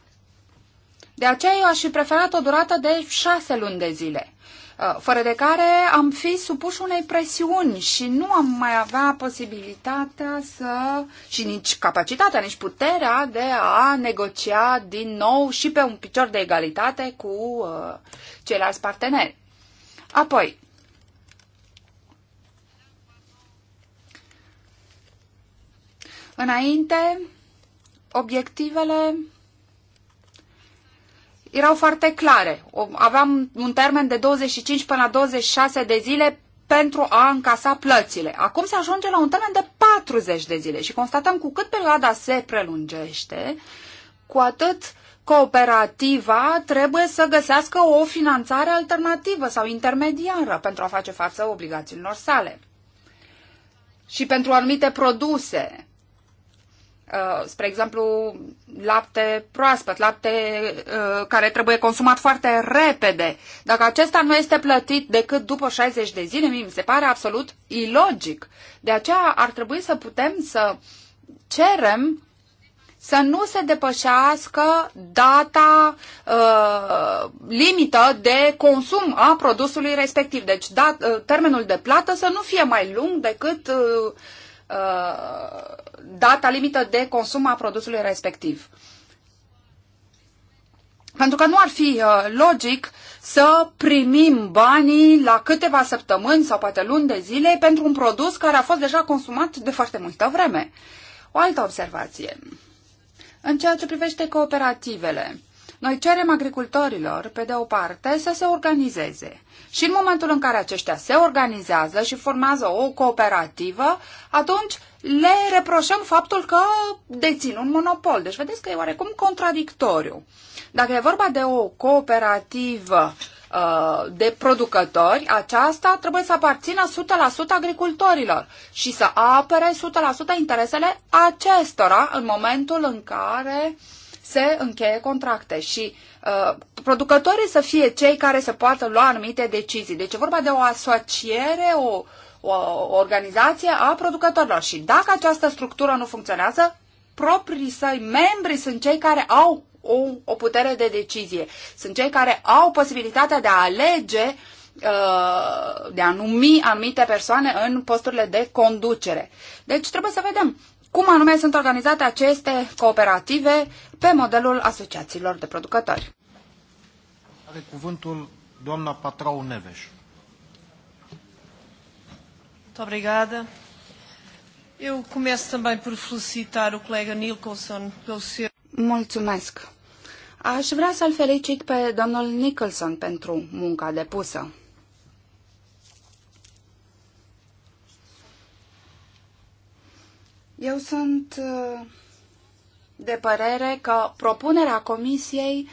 De aceea eu aș fi preferat o durată de șase luni de zile. Uh, fără de care am fi supuși unei presiuni și nu am mai avea posibilitatea să și nici capacitatea, nici puterea de a negocia din nou și pe un picior de egalitate cu uh, ceilalți parteneri. Apoi, înainte, obiectivele erau foarte clare. Aveam un termen de 25 până la 26 de zile pentru a încasa plățile. Acum se ajunge la un termen de 40 de zile și constatăm cu cât perioada se prelungește, cu atât cooperativa trebuie să găsească o finanțare alternativă sau intermediară pentru a face față obligațiilor sale. Și pentru anumite produse, Uh, spre exemplu, lapte proaspăt, lapte uh, care trebuie consumat foarte repede. Dacă acesta nu este plătit decât după 60 de zile, mi se pare absolut ilogic. De aceea ar trebui să putem să cerem să nu se depășească data uh, limită de consum a produsului respectiv. Deci dat, uh, termenul de plată să nu fie mai lung decât uh, Uh, data limită de consum a produsului respectiv. Pentru că nu ar fi uh, logic să primim banii la câteva săptămâni sau poate luni de zile pentru un produs care a fost deja consumat de foarte multă vreme. O altă observație. În ceea ce privește cooperativele, noi cerem agricultorilor, pe de o parte, să se organizeze și în momentul în care aceștia se organizează și formează o cooperativă, atunci le reproșăm faptul că dețin un monopol. Deci vedeți că e oarecum contradictoriu. Dacă e vorba de o cooperativă uh, de producători, aceasta trebuie să aparțină 100% agricultorilor și să apere 100% interesele acestora în momentul în care se încheie contracte. Și uh, Uh, producătorii să fie cei care să poată lua anumite decizii. Deci e vorba de o asociere, o, o, o organizație a producătorilor. Și dacă această structură nu funcționează, proprii săi membri sunt cei care au o, o putere de decizie. Sunt cei care au posibilitatea de a alege uh, de a numi anumite persoane în posturile de conducere. Deci trebuie să vedem cum anume sunt organizate aceste cooperative pe modelul asociațiilor de producători? Are cuvântul doamna Patrau Neveș. Obrigada. Eu começo também por felicitar o colega Nicholson pelo seu... Mulțumesc. Aș vrea să-l felicit pe domnul Nicholson pentru munca depusă. Eu sunt uh, de părere că propunerea Comisiei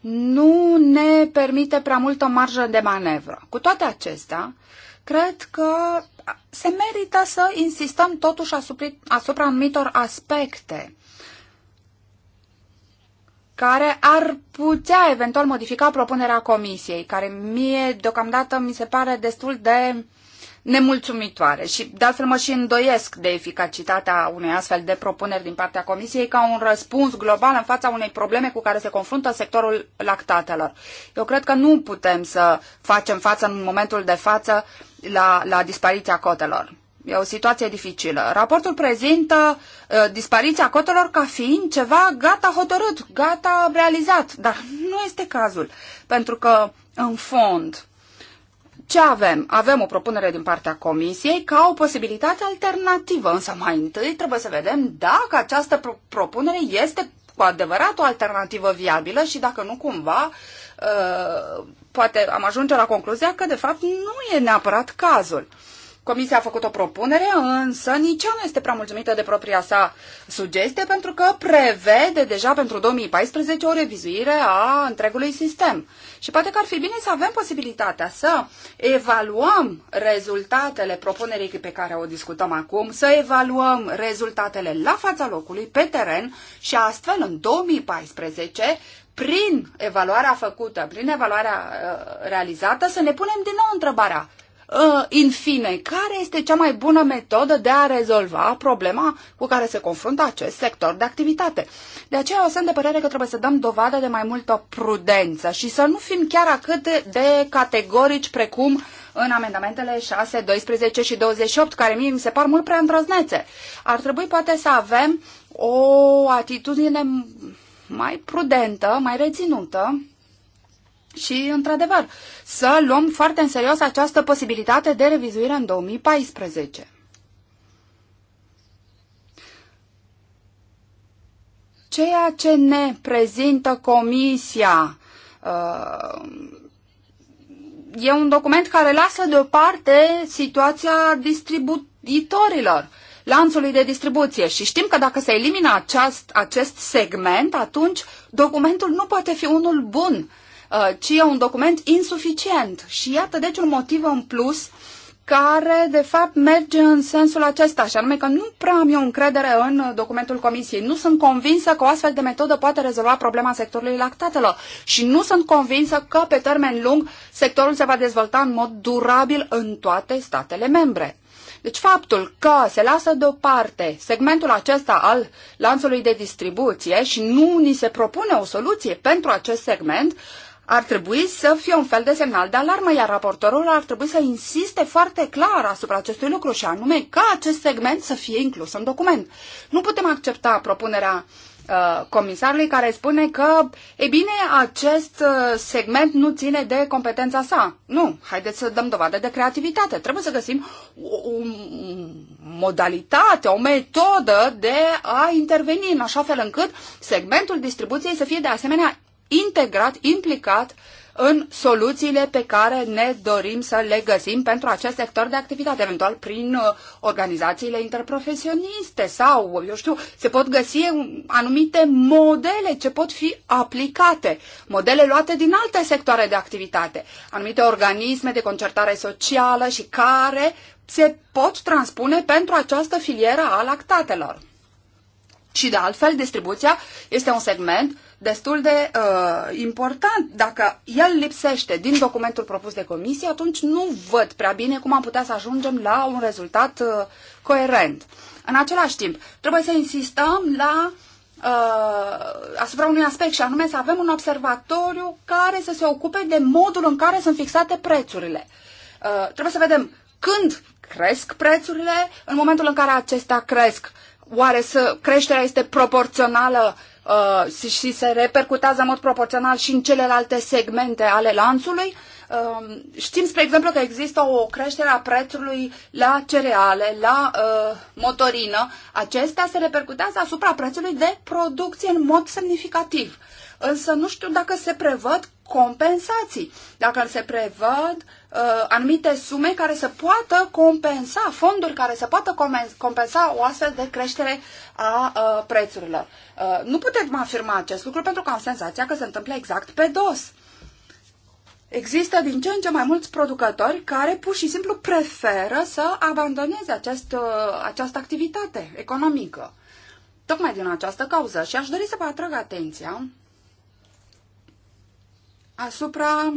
nu ne permite prea multă marjă de manevră. Cu toate acestea, cred că se merită să insistăm totuși asupra, asupra anumitor aspecte care ar putea eventual modifica propunerea comisiei, care mie deocamdată mi se pare destul de nemulțumitoare și de altfel mă și îndoiesc de eficacitatea unei astfel de propuneri din partea Comisiei ca un răspuns global în fața unei probleme cu care se confruntă sectorul lactatelor. Eu cred că nu putem să facem față în momentul de față la, la dispariția cotelor. E o situație dificilă. Raportul prezintă uh, dispariția cotelor ca fiind ceva gata hotărât, gata realizat, dar nu este cazul, pentru că, în fond, ce avem? Avem o propunere din partea Comisiei ca o posibilitate alternativă, însă mai întâi trebuie să vedem dacă această pro- propunere este cu adevărat o alternativă viabilă și dacă nu cumva uh, poate am ajunge la concluzia că de fapt nu e neapărat cazul. Comisia a făcut o propunere, însă nici ea nu este prea mulțumită de propria sa sugestie, pentru că prevede deja pentru 2014 o revizuire a întregului sistem. Și poate că ar fi bine să avem posibilitatea să evaluăm rezultatele propunerii pe care o discutăm acum, să evaluăm rezultatele la fața locului, pe teren și astfel în 2014 prin evaluarea făcută, prin evaluarea uh, realizată, să ne punem din nou întrebarea în uh, fine, care este cea mai bună metodă de a rezolva problema cu care se confruntă acest sector de activitate. De aceea eu sunt de părere că trebuie să dăm dovadă de mai multă prudență și să nu fim chiar atât de categorici precum în amendamentele 6, 12 și 28, care mie mi se par mult prea îndrăznețe. Ar trebui poate să avem o atitudine mai prudentă, mai reținută, și, într-adevăr, să luăm foarte în serios această posibilitate de revizuire în 2014. Ceea ce ne prezintă Comisia uh, e un document care lasă deoparte situația distribuitorilor lanțului de distribuție și știm că dacă se elimină acest, acest segment, atunci documentul nu poate fi unul bun Uh, ci e un document insuficient. Și iată deci un motiv în plus care, de fapt, merge în sensul acesta, și anume că nu prea am eu încredere în documentul Comisiei. Nu sunt convinsă că o astfel de metodă poate rezolva problema sectorului lactatelor și nu sunt convinsă că, pe termen lung, sectorul se va dezvolta în mod durabil în toate statele membre. Deci faptul că se lasă deoparte segmentul acesta al lanțului de distribuție și nu ni se propune o soluție pentru acest segment, uh, ar trebui să fie un fel de semnal de alarmă, iar raportorul ar trebui să insiste foarte clar asupra acestui lucru și anume ca acest segment să fie inclus în document. Nu putem accepta propunerea uh, comisarului care spune că, e bine, acest uh, segment nu ține de competența sa. Nu, haideți să dăm dovadă de creativitate. Trebuie să găsim o, o modalitate, o metodă de a interveni în așa fel încât segmentul distribuției să fie de asemenea integrat, implicat în soluțiile pe care ne dorim să le găsim pentru acest sector de activitate, eventual prin uh, organizațiile interprofesioniste sau, eu știu, se pot găsi anumite modele ce pot fi aplicate, modele luate din alte sectoare de activitate, anumite organisme de concertare socială și care se pot transpune pentru această filieră a lactatelor. Și de altfel, distribuția este un segment destul de uh, important. Dacă el lipsește din documentul propus de comisie, atunci nu văd prea bine cum am putea să ajungem la un rezultat uh, coerent. În același timp, trebuie să insistăm la uh, asupra unui aspect și anume să avem un observatoriu care să se ocupe de modul în care sunt fixate prețurile. Uh, trebuie să vedem când cresc prețurile, în momentul în care acestea cresc, oare să creșterea este proporțională uh, uh, și se repercutează în mod proporțional și în celelalte segmente ale lanțului. Uh, știm, spre exemplu, că există o creștere a prețului la cereale, la uh, motorină. Acestea se repercutează asupra prețului de producție în mod semnificativ. Însă nu știu dacă se prevăd compensații, dacă se prevăd uh, Uh, anumite sume care să poată compensa, fonduri care să poată compensa o astfel de creștere a uh, prețurilor. Uh, nu putem afirma acest lucru pentru că am senzația că se întâmplă exact pe dos. Există din ce în ce mai mulți producători care pur și simplu preferă să abandoneze acest, această activitate economică. Tocmai din această cauză și aș dori să vă atrag atenția asupra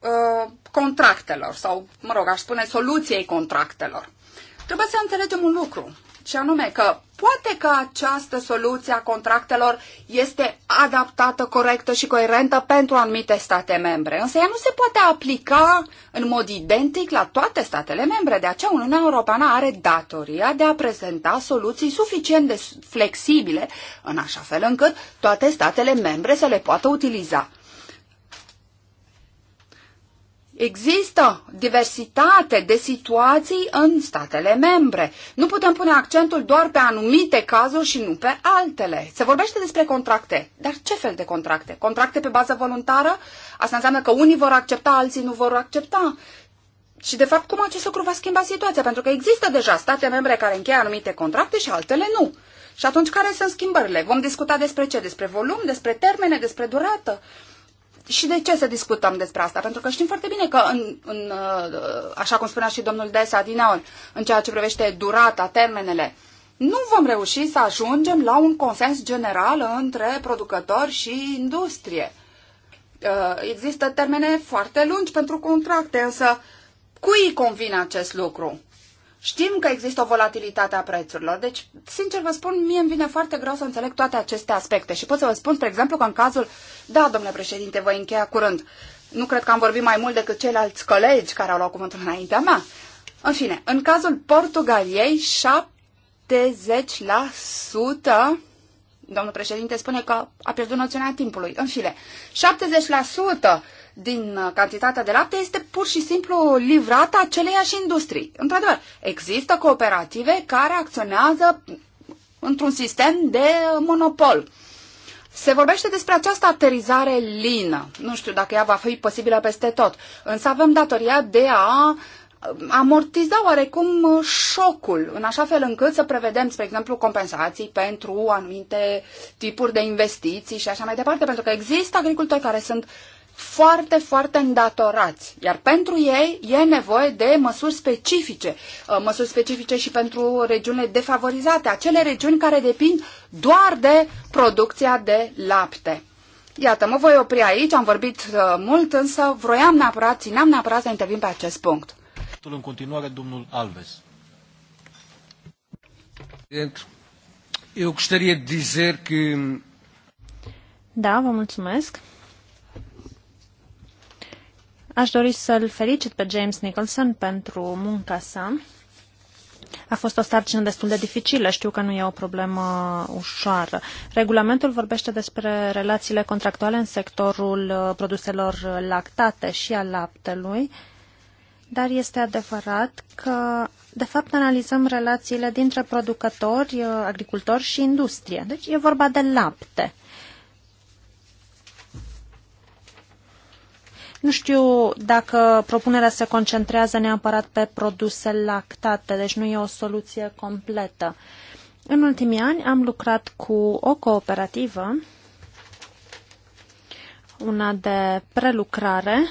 Uh, contractelor sau, mă rog, aș spune soluției contractelor. Trebuie să înțelegem un lucru, și anume că poate că această soluție a contractelor este adaptată, corectă și coerentă pentru anumite state membre, însă ea nu se poate aplica în mod identic la toate statele membre. De aceea Uniunea Europeană are datoria de a prezenta soluții suficient de flexibile, în așa fel încât toate statele membre să le poată utiliza. Există diversitate de situații în statele membre. Nu putem pune accentul doar pe anumite cazuri și nu pe altele. Se vorbește despre contracte. Dar ce fel de contracte? Contracte pe bază voluntară? Asta înseamnă că unii vor accepta, alții nu vor accepta. Și, de fapt, cum acest lucru va schimba situația? Pentru că există deja state membre care încheie anumite contracte și altele nu. Și atunci, care sunt schimbările? Vom discuta despre ce? Despre volum, despre termene, despre durată? și de ce să discutăm despre asta? Pentru că știm foarte bine că, în, în, uh, așa cum spunea și domnul Desa din Aon, în ceea ce privește durata, termenele, nu vom reuși să ajungem la un consens general între producători și industrie. Uh, există termene foarte lungi pentru contracte, însă cui convine acest lucru? Știm că există o volatilitate a prețurilor, deci, sincer vă spun, mie îmi vine foarte greu să înțeleg toate aceste aspecte și pot să vă spun, spre exemplu, că în cazul, da, domnule președinte, voi încheia curând, nu cred că am vorbit mai mult decât ceilalți colegi care au luat cuvântul înaintea mea. În fine, în cazul Portugaliei, 70%, domnul președinte spune că a pierdut noțiunea timpului. În fine, 70% din uh, cantitatea de lapte este pur și simplu livrată aceleiași industrii. Într-adevăr, există cooperative care acționează într-un sistem de monopol. Se vorbește despre această aterizare lină. Nu știu dacă ea va fi posibilă peste tot, însă avem datoria de a uh, amortiza oarecum uh, șocul, în așa fel încât să prevedem, spre exemplu, compensații pentru anumite tipuri de investiții și așa mai departe, pentru că există agricultori care sunt foarte, foarte îndatorați, iar pentru ei e nevoie de măsuri specifice, uh, măsuri specifice și pentru regiunile defavorizate, acele regiuni care depind doar de producția de lapte. Iată, mă voi opri aici, am vorbit uh, mult, însă vroiam neapărat, țineam neapărat să intervin pe acest punct. În continuare, domnul Alves. Eu gostaria de dizer que... Da, vă mulțumesc. Aș dori să-l felicit pe James Nicholson pentru munca sa. A fost o sarcină destul de dificilă, știu că nu e o problemă ușoară. Regulamentul vorbește despre relațiile contractuale în sectorul uh, produselor lactate și al laptelui, dar este adevărat că, de fapt, analizăm relațiile dintre producători, uh, agricultori și industrie. Deci e vorba de lapte. Nu știu dacă propunerea se concentrează neapărat pe produse lactate, deci nu e o soluție completă. În ultimii ani am lucrat cu o cooperativă, una de prelucrare,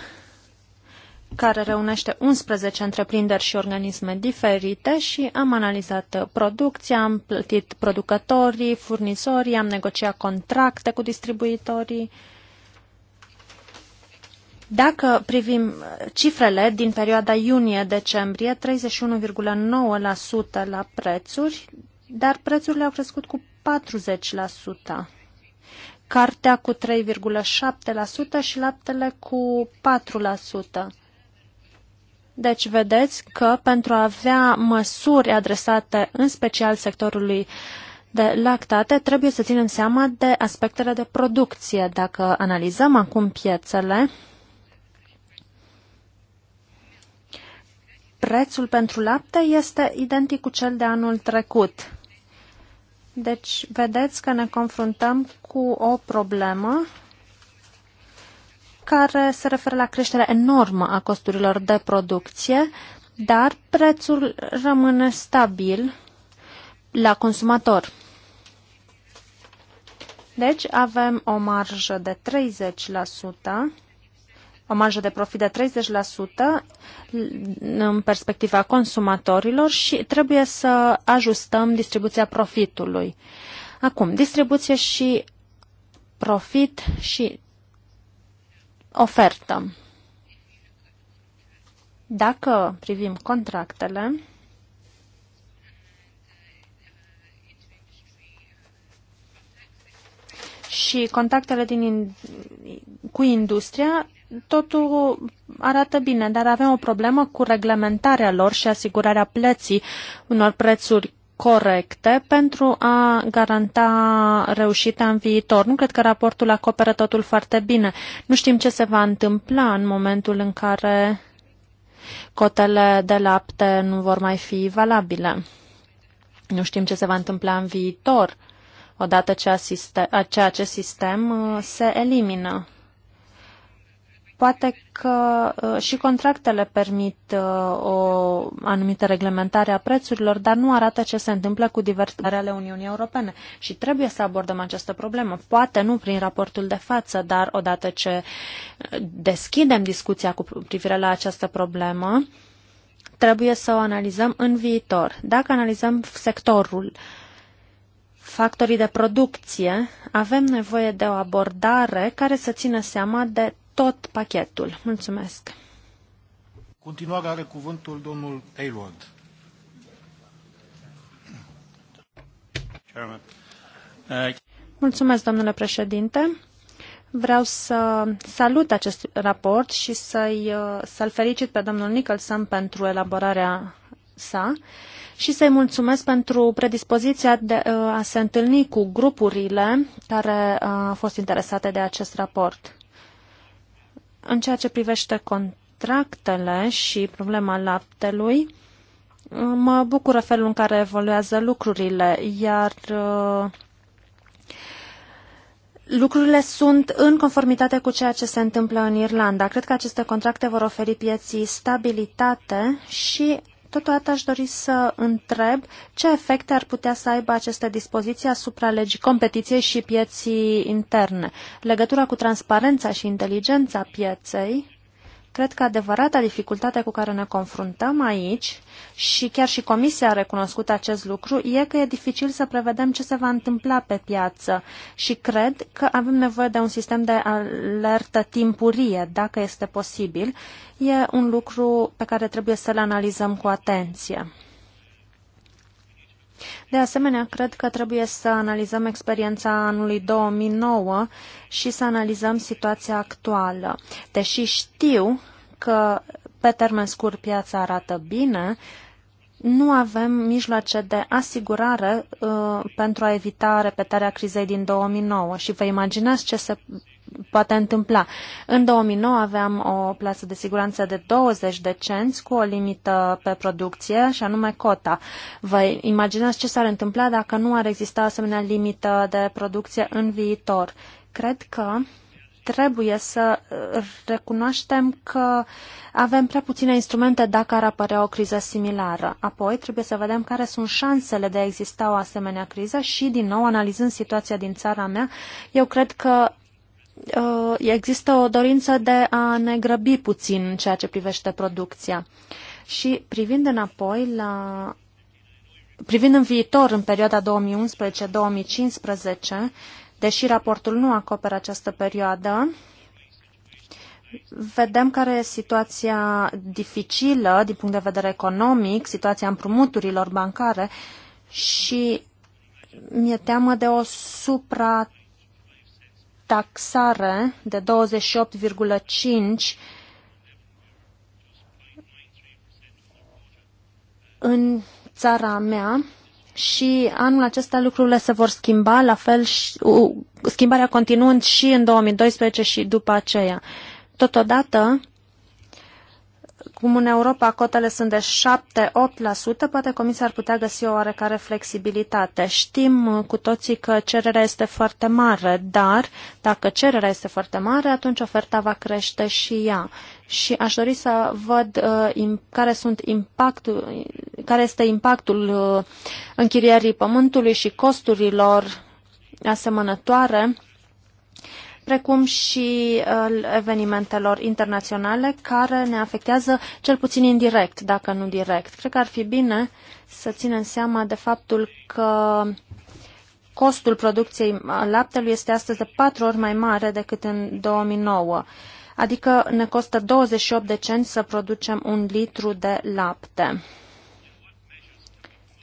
care reunește 11 întreprinderi și organisme diferite și am analizat producția, am plătit producătorii, furnizorii, am negociat contracte cu distribuitorii dacă privim uh, cifrele din perioada iunie-decembrie, 31,9% la prețuri, dar prețurile au crescut cu 40%. Cartea cu 3,7% și laptele cu 4%. Deci vedeți că pentru a avea măsuri adresate în special sectorului de lactate, trebuie să ținem seama de aspectele de producție. Dacă analizăm acum piețele, prețul pentru lapte este identic cu cel de anul trecut. Deci, vedeți că ne confruntăm cu o problemă care se referă la creșterea enormă a costurilor de producție, dar prețul rămâne stabil la consumator. Deci avem o marjă de 30%, o marjă de profit de 30% în perspectiva consumatorilor și trebuie să ajustăm distribuția profitului. Acum, distribuție și profit și ofertă. Dacă privim contractele, și contactele din, cu industria, totul arată bine, dar avem o problemă cu reglementarea lor și asigurarea plății unor prețuri corecte pentru a garanta reușita în viitor. Nu cred că raportul acoperă totul foarte bine. Nu știm ce se va întâmpla în momentul în care cotele de lapte nu vor mai fi valabile. Nu știm ce se va întâmpla în viitor odată ce acest sistem uh, se elimină. Poate că uh, și contractele permit uh, o anumită reglementare a prețurilor, dar nu arată ce se întâmplă cu diversitatea ale Uniunii Europene. Și trebuie să abordăm această problemă. Poate nu prin raportul de față, dar odată ce uh, deschidem discuția cu privire la această problemă, trebuie să o analizăm în viitor. Dacă analizăm sectorul, factorii de producție, avem nevoie de o abordare care să țină seama de tot pachetul. Mulțumesc. Continuare are cuvântul domnul Aylward. Mulțumesc, domnule președinte. Vreau să salut acest raport și să-i, uh, să-l felicit pe domnul Nicholson pentru elaborarea sa și să-i mulțumesc pentru predispoziția de uh, a se întâlni cu grupurile care uh, au fost interesate de acest raport. În ceea ce privește contractele și problema laptelui, mă bucură felul în care evoluează lucrurile, iar uh, Lucrurile sunt în conformitate cu ceea ce se întâmplă în Irlanda. Cred că aceste contracte vor oferi pieții stabilitate și Totodată aș dori să întreb ce efecte ar putea să aibă aceste dispoziții asupra legii competiției și pieții interne. Legătura cu transparența și inteligența pieței Cred că adevărata dificultate cu care ne confruntăm aici, și chiar și Comisia a recunoscut acest lucru, e că e dificil să prevedem ce se va întâmpla pe piață și cred că avem nevoie de un sistem de alertă timpurie, dacă este posibil. E un lucru pe care trebuie să-l analizăm cu atenție. De asemenea, cred că trebuie să analizăm experiența anului 2009 și să analizăm situația actuală. Deși știu că pe termen scurt piața arată bine, nu avem mijloace de asigurare uh, pentru a evita repetarea crizei din 2009 și vă imaginați ce se poate întâmpla. În 2009 aveam o plasă de siguranță de 20 de cenți cu o limită pe producție și anume cota. Vă imaginați ce s-ar întâmpla dacă nu ar exista asemenea limită de producție în viitor. Cred că trebuie să uh, recunoaștem că avem prea puține instrumente dacă ar apărea o criză similară. Apoi trebuie să vedem care sunt șansele de a exista o asemenea criză și, din nou, analizând situația din țara mea, eu cred că uh, există o dorință de a ne grăbi puțin în ceea ce privește producția. Și privind înapoi la privind în viitor, în perioada 2011-2015, Deși raportul nu acoperă această perioadă, vedem care e situația dificilă din punct de vedere economic, situația împrumuturilor bancare și mi-e teamă de o supra taxare de 28,5 în țara mea și anul acesta lucrurile se vor schimba, la fel și, uh, schimbarea continuând și în 2012 și după aceea. Totodată, cum în Europa cotele sunt de 7-8%, poate Comisia ar putea găsi o oarecare flexibilitate. Știm cu toții că cererea este foarte mare, dar dacă cererea este foarte mare, atunci oferta va crește și ea și aș dori să văd uh, care, sunt impactul, care este impactul uh, închirierii pământului și costurilor asemănătoare, precum și uh, evenimentelor internaționale care ne afectează cel puțin indirect, dacă nu direct. Cred că ar fi bine să ținem seama de faptul că costul producției laptelui este astăzi de patru ori mai mare decât în 2009 adică ne costă 28 de cenți să producem un litru de lapte.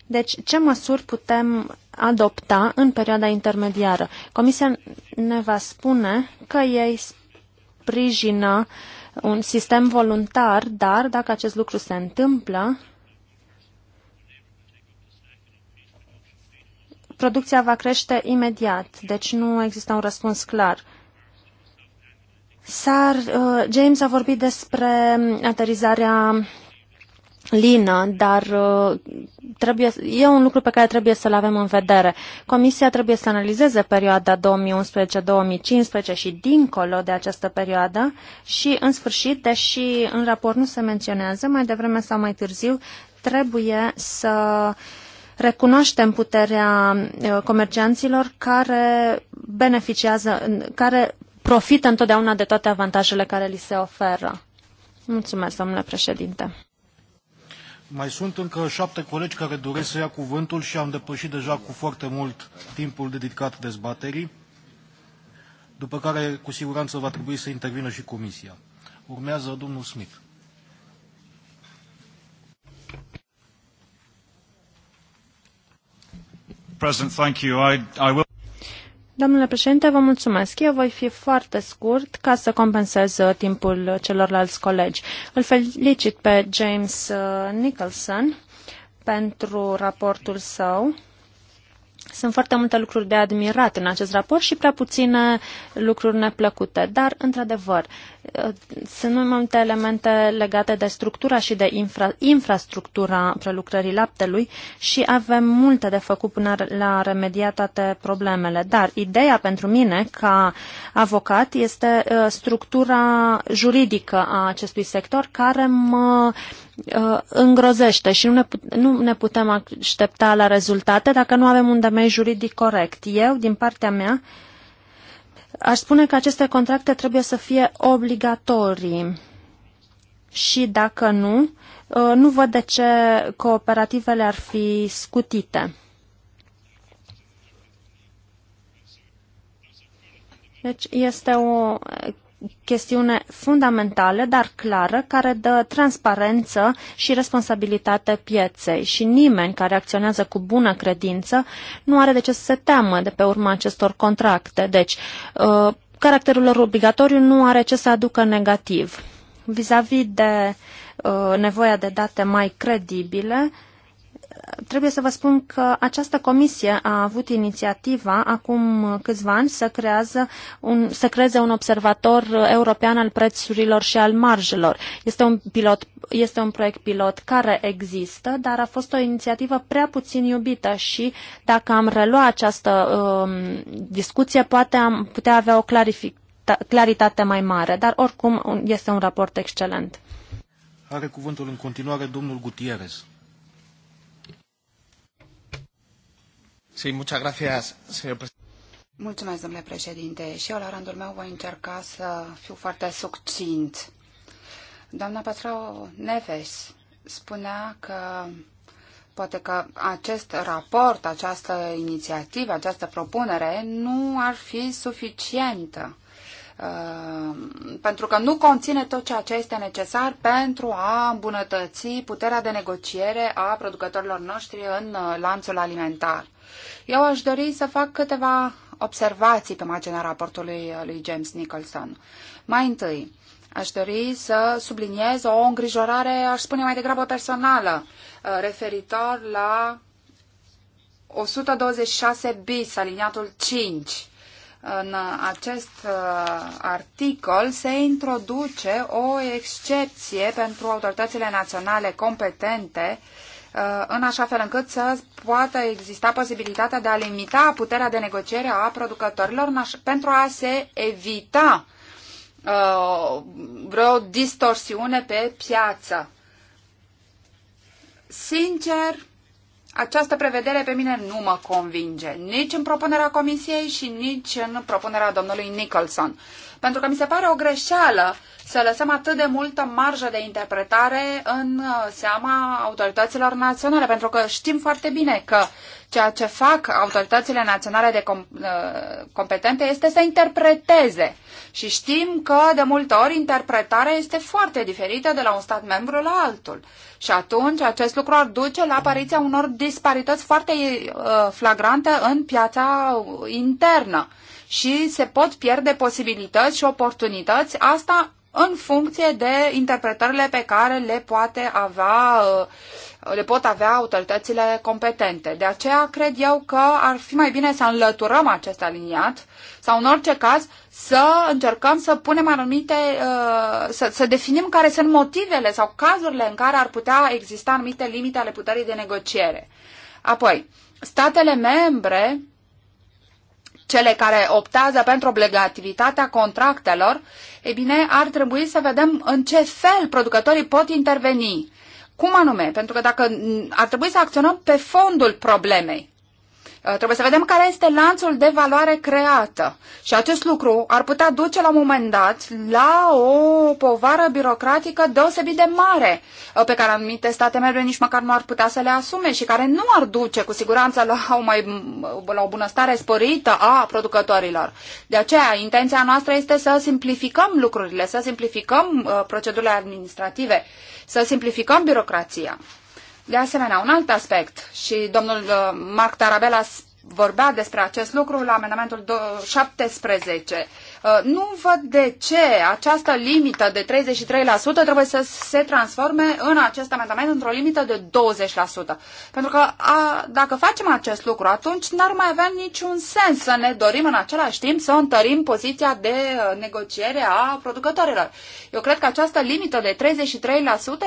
Deci, ce măsuri putem adopta în perioada intermediară? Comisia ne va spune că ei sprijină un sistem voluntar, dar dacă acest lucru se întâmplă, producția va crește imediat, deci nu există un răspuns clar. Sar, uh, James a vorbit despre aterizarea lină, dar uh, trebuie, e un lucru pe care trebuie să-l avem în vedere. Comisia trebuie să analizeze perioada 2011-2015 și dincolo de această perioadă și, în sfârșit, deși în raport nu se menționează, mai devreme sau mai târziu, trebuie să recunoaștem puterea uh, comercianților care beneficiază, care profită întotdeauna de toate avantajele care li se oferă. Mulțumesc, domnule președinte. Mai sunt încă șapte colegi care doresc să ia cuvântul și am depășit deja cu foarte mult timpul dedicat dezbaterii, după care cu siguranță va trebui să intervină și comisia. Urmează domnul Smith. President, thank you. I, I will Domnule președinte, vă mulțumesc. Eu voi fi foarte scurt ca să compensez uh, timpul celorlalți colegi. Îl felicit pe James uh, Nicholson pentru raportul său sunt foarte multe lucruri de admirat în acest raport și prea puține lucruri neplăcute, dar, într-adevăr, sunt mai multe elemente legate de structura și de infra, infrastructura prelucrării laptelui și avem multe de făcut până la remedia toate problemele. Dar ideea pentru mine, ca avocat, este uh, structura juridică a acestui sector care mă Uh, îngrozește și nu ne, put- nu ne putem aștepta la rezultate dacă nu avem un demei juridic corect. Eu, din partea mea, aș spune că aceste contracte trebuie să fie obligatorii și dacă nu, uh, nu văd de ce cooperativele ar fi scutite. Deci este o chestiune fundamentală, dar clară, care dă transparență și responsabilitate pieței și nimeni care acționează cu bună credință nu are de ce să se teamă de pe urma acestor contracte. Deci, uh, caracterul lor obligatoriu nu are ce să aducă negativ. Vis-a-vis -vis de uh, nevoia de date mai credibile, uh, trebuie să vă spun că această comisie a avut inițiativa acum câțiva ani să, creează un, să creeze un observator european al prețurilor și al marjelor. Este un, pilot, este un proiect pilot care există, dar a fost o inițiativă prea puțin iubită și dacă am relua această um, discuție, poate am putea avea o clarific, claritate mai mare, dar oricum este un raport excelent. Are cuvântul în continuare domnul Gutierrez. Sí, muchas gracias, señor Mulțumesc, domnule președinte. Și eu, la rândul meu, voi încerca să fiu foarte succint. Doamna Patrao Neves spunea că poate că acest raport, această inițiativă, această propunere nu ar fi suficientă. Uh, pentru că nu conține tot ceea ce este necesar pentru a îmbunătăți puterea de negociere a producătorilor noștri în uh, lanțul alimentar. Eu aș dori să fac câteva observații pe marginea raportului lui James Nicholson. Mai întâi, aș dori să subliniez o îngrijorare, aș spune mai degrabă personală, uh, referitor la 126 bis, aliniatul 5. În acest uh, articol se introduce o excepție pentru autoritățile naționale competente uh, Uh, în așa fel încât să poată exista posibilitatea de a limita puterea de negociere a producătorilor pentru a se evita uh, vreo distorsiune pe piață. Sincer, această prevedere pe mine nu mă convinge, nici în propunerea comisiei și nici în propunerea domnului Nicholson pentru că mi se pare o greșeală să lăsăm atât de multă marjă de interpretare în uh, seama autorităților naționale, pentru că știm foarte bine că ceea ce fac autoritățile naționale de com, uh, competente este să interpreteze. Și știm că de multe ori interpretarea este foarte diferită de la un stat membru la altul. Și atunci acest lucru ar duce la apariția unor disparități foarte uh, flagrante în piața internă și se pot pierde posibilități și oportunități, asta în funcție de interpretările pe care le poate avea uh, le pot avea autoritățile competente. De aceea cred eu că ar fi mai bine să înlăturăm acest aliniat sau în orice caz să încercăm să punem anumite, uh, să, să definim care sunt motivele sau cazurile în care ar putea exista anumite limite ale puterii de negociere. Apoi, statele membre cele care optează pentru obligativitatea contractelor, e bine, ar trebui să vedem în ce fel producătorii pot interveni. Cum anume? Pentru că dacă ar trebui să acționăm pe fondul problemei. Uh, trebuie să vedem care este lanțul de valoare creată. Și acest lucru ar putea duce la un moment dat la o povară birocratică deosebit de mare, uh, pe care anumite state membre nici măcar nu ar putea să le asume și care nu ar duce cu siguranță la o, mai, la o bunăstare sporită a producătorilor. De aceea, intenția noastră este să simplificăm lucrurile, să simplificăm uh, procedurile administrative, să simplificăm birocrația. De asemenea, un alt aspect, și domnul uh, Marc Tarabella vorbea despre acest lucru la amendamentul 17, Uh, nu văd de ce această limită de 33% trebuie să se transforme în acest amendament într-o limită de 20%. Pentru că a, dacă facem acest lucru, atunci n-ar mai avea niciun sens să ne dorim în același timp să întărim poziția de uh, negociere a producătorilor. Eu cred că această limită de 33%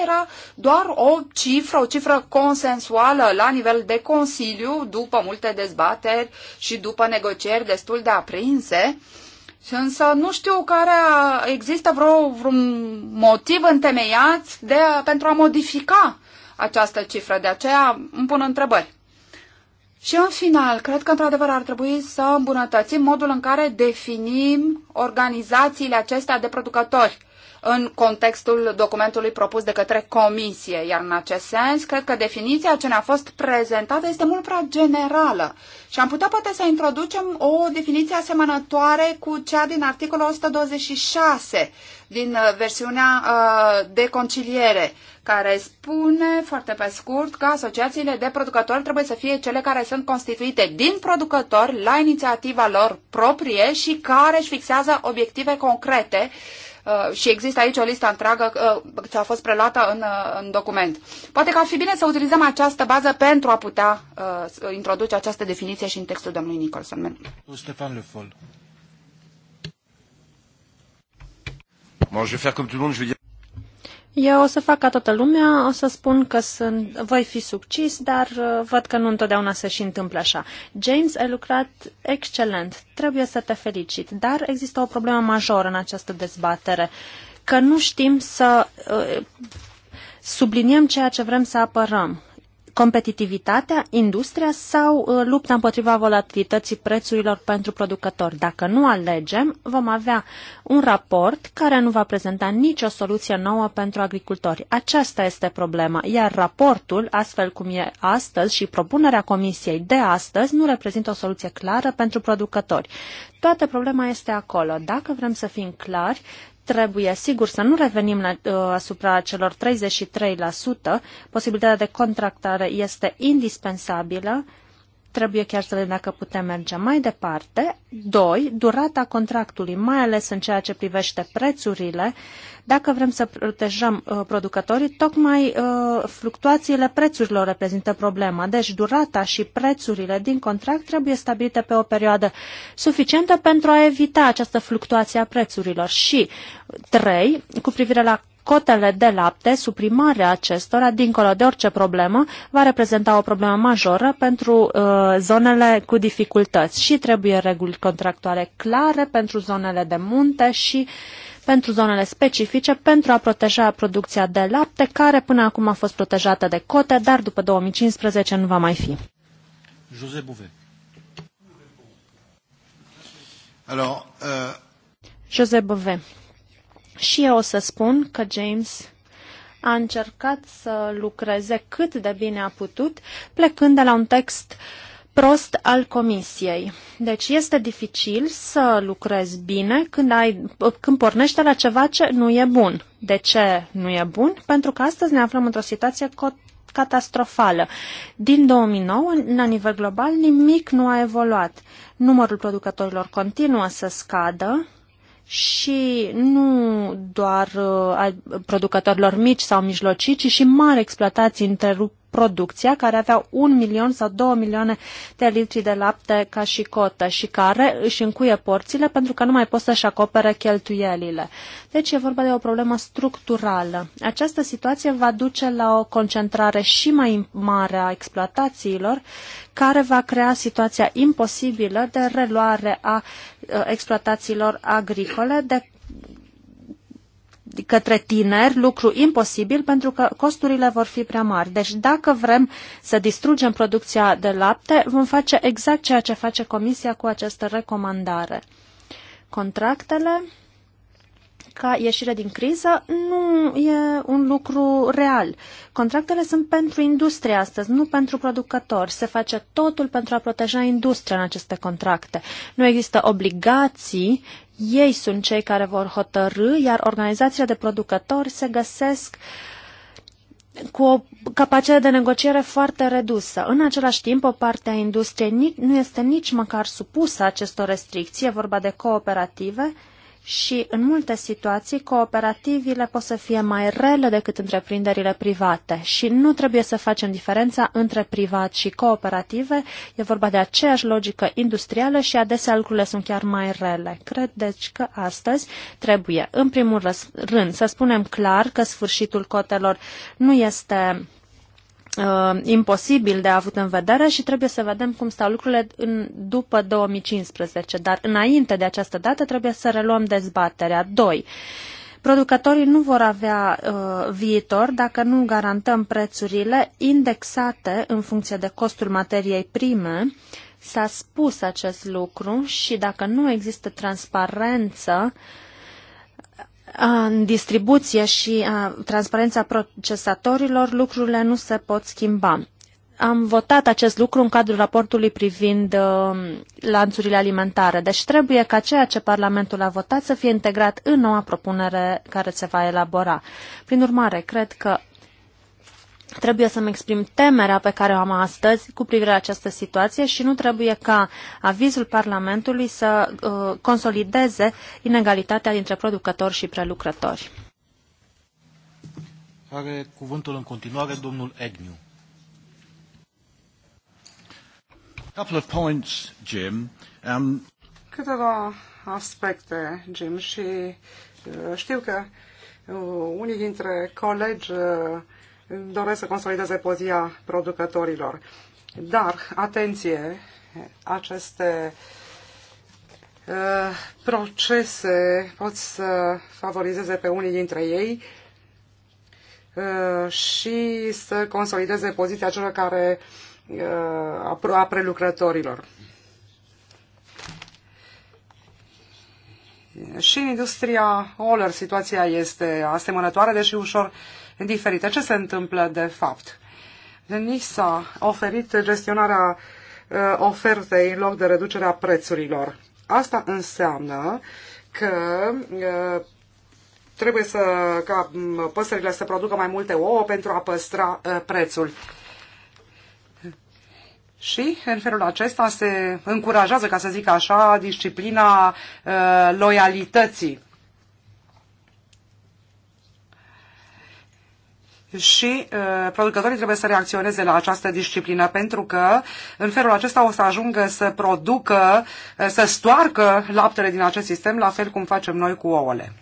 era doar o cifră, o cifră consensuală la nivel de Consiliu, după multe dezbateri și după negocieri destul de aprinse, Însă nu știu care există vreo, vreun motiv întemeiat de, pentru a modifica această cifră. De aceea îmi pun întrebări. Și în final, cred că într-adevăr ar trebui să îmbunătățim modul în care definim organizațiile acestea de producători în contextul documentului propus de către comisie, iar în acest sens, cred că definiția ce ne-a fost prezentată este mult prea generală și am putea poate să introducem o definiție asemănătoare cu cea din articolul 126 din uh, versiunea uh, de conciliere, care spune foarte pe scurt că asociațiile de producători trebuie să fie cele care sunt constituite din producători la inițiativa lor proprie și care își fixează obiective concrete uh, Uh, și există aici o listă întreagă uh, ce a fost preluată în, uh, în document. Poate că ar fi bine să utilizăm această bază pentru a putea introduce această definiție și în textul domnului Nicholson. Stefan Lefol. Bon, je vais faire comme tout le monde, je vais dire... Eu o să fac ca toată lumea, o să spun că sunt, voi fi succes, dar uh, văd că nu întotdeauna se și întâmplă așa. James, ai lucrat excelent, trebuie să te felicit, dar există o problemă majoră în această dezbatere, că nu știm să uh, subliniem ceea ce vrem să apărăm competitivitatea, industria sau uh, lupta împotriva volatilității prețurilor pentru producători. Dacă nu alegem, vom avea un raport care nu va prezenta nicio soluție nouă pentru agricultori. Aceasta este problema, iar raportul, astfel cum e astăzi și propunerea Comisiei de astăzi, nu reprezintă o soluție clară pentru producători. Toată problema este acolo. Dacă vrem să fim clari, trebuie, sigur, să nu revenim la, uh, asupra celor 33%. Posibilitatea de contractare este indispensabilă trebuie chiar să vedem dacă putem merge mai departe. 2. Durata contractului, mai ales în ceea ce privește prețurile, dacă vrem să protejăm uh, producătorii, tocmai uh, fluctuațiile prețurilor reprezintă problema. Deci durata și prețurile din contract trebuie stabilite pe o perioadă suficientă pentru a evita această fluctuație a prețurilor. Și 3. Cu privire la cotele de lapte, suprimarea acestora, dincolo de orice problemă, va reprezenta o problemă majoră pentru uh, zonele cu dificultăți și trebuie reguli contractuale clare pentru zonele de munte și pentru zonele specifice pentru a proteja producția de lapte, care până acum a fost protejată de cote, dar după 2015 nu va mai fi. José Bouvet. Alors, euh... José Bouvet. Și eu o să spun că James a încercat să lucreze cât de bine a putut, plecând de la un text prost al comisiei. Deci este dificil să lucrezi bine când, ai, când pornești la ceva ce nu e bun. De ce nu e bun? Pentru că astăzi ne aflăm într-o situație catastrofală. Din 2009, la nivel global, nimic nu a evoluat. Numărul producătorilor continuă să scadă, și nu doar uh, producătorilor mici sau mijlocii, ci și mari exploatații întrerup producția, care avea un milion sau două milioane de litri de lapte ca și cotă și care își încuie porțile pentru că nu mai pot să-și acopere cheltuielile. Deci e vorba de o problemă structurală. Această situație va duce la o concentrare și mai mare a exploatațiilor, care va crea situația imposibilă de reluare a uh, exploatațiilor agricole de către tineri, lucru imposibil pentru că costurile vor fi prea mari. Deci dacă vrem să distrugem producția de lapte, vom face exact ceea ce face Comisia cu această recomandare. Contractele ca ieșire din criză nu e un lucru real. Contractele sunt pentru industrie astăzi, nu pentru producători. Se face totul pentru a proteja industria în aceste contracte. Nu există obligații ei sunt cei care vor hotărâ, iar organizațiile de producători se găsesc cu o capacitate de negociere foarte redusă. În același timp, o parte a industriei nu este nici măcar supusă acestor restricții, e vorba de cooperative, și, în multe situații, cooperativile pot să fie mai rele decât întreprinderile private și nu trebuie să facem diferența între privat și cooperative. E vorba de aceeași logică industrială și adesea lucrurile sunt chiar mai rele. Cred, deci, că astăzi trebuie, în primul rând, să spunem clar că sfârșitul cotelor nu este uh, imposibil de avut în vedere și trebuie să vedem cum stau lucrurile în, după 2015. Dar înainte de această dată trebuie să reluăm dezbaterea. 2. Producătorii nu vor avea uh, viitor dacă nu garantăm prețurile indexate în funcție de costul materiei prime. S-a spus acest lucru și dacă nu există transparență, uh, în distribuție și transparența procesatorilor, lucrurile nu se pot schimba. Am votat acest lucru în cadrul raportului privind lanțurile alimentare, deci trebuie ca ceea ce Parlamentul a votat să fie integrat în noua propunere care se va elabora. Prin urmare, cred că Trebuie să-mi exprim temerea pe care o am astăzi cu privire la această situație și nu trebuie ca avizul Parlamentului să uh, consolideze inegalitatea dintre producători și prelucrători. Are cuvântul în continuare domnul Egniu. Couple of points, Jim. Um... Câteva aspecte, Jim, și uh, știu că uh, unii dintre colegi uh, doresc să consolideze poziția producătorilor. Dar, atenție, aceste uh, procese pot să favorizeze pe unii dintre ei uh, și să consolideze poziția celor care uh, a prelucrătorilor. Și în industria Oler situația este asemănătoare, deși ușor uh, diferite. Ce se întâmplă de fapt? Ni s-a oferit gestionarea uh, ofertei în loc de reducerea prețurilor. Asta înseamnă că uh, trebuie să, ca mm, păsările să producă mai multe ouă pentru a păstra uh, prețul. Și în felul acesta se încurajează, ca să zic așa, disciplina loialității și uh, producătorii trebuie să reacționeze la această disciplină pentru că în felul acesta o să ajungă să producă, uh, să stoarcă laptele din acest sistem, la fel cum facem noi cu ouăle.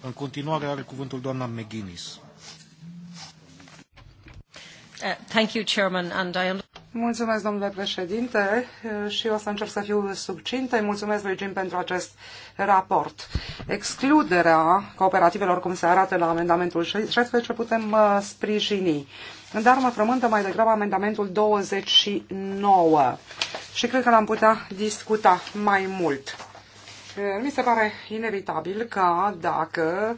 În continuare are cuvântul doamna McGuinness. Uh, thank you, Chairman, and I Mulțumesc, domnule președinte, și o să încerc să fiu subcintă. Mulțumesc regim, Jim pentru acest raport. Excluderea cooperativelor, cum se arată la amendamentul 16, putem uh, sprijini. Dar mă frământă mai degrabă amendamentul 29 și cred că l-am putea discuta mai mult. Uh, mi se pare inevitabil că dacă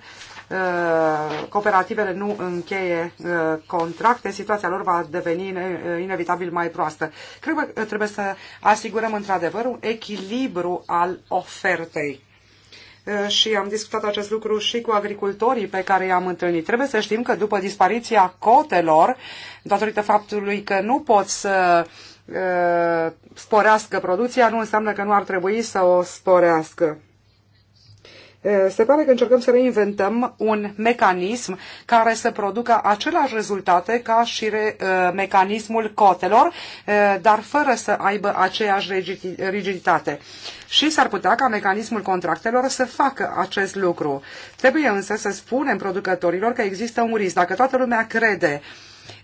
Uh, cooperativele nu încheie uh, contracte, situația lor va deveni uh, inevitabil mai proastă. Cred că trebuie să asigurăm într-adevăr un echilibru al ofertei și am discutat acest lucru și cu agricultorii pe care i-am întâlnit. Trebuie să știm că după dispariția cotelor, datorită faptului că nu pot să sporească producția, nu înseamnă că nu ar trebui să o sporească. Se pare că încercăm să reinventăm un mecanism care să producă același rezultate ca și re, mecanismul cotelor, dar fără să aibă aceeași rigiditate. Și s-ar putea ca mecanismul contractelor să facă acest lucru. Trebuie însă să spunem producătorilor că există un risc. Dacă toată lumea crede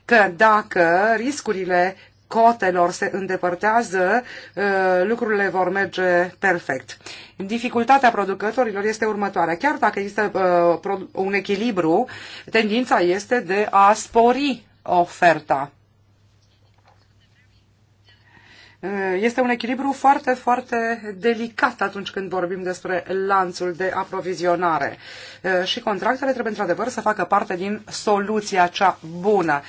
că dacă riscurile cotelor se îndepărtează, uh, lucrurile vor merge perfect. Dificultatea producătorilor este următoarea. Chiar dacă există uh, un echilibru, tendința este de a spori oferta. Uh, este un echilibru foarte, foarte delicat atunci când vorbim despre lanțul de aprovizionare. Și contractele trebuie într-adevăr să facă parte din soluția cea bună.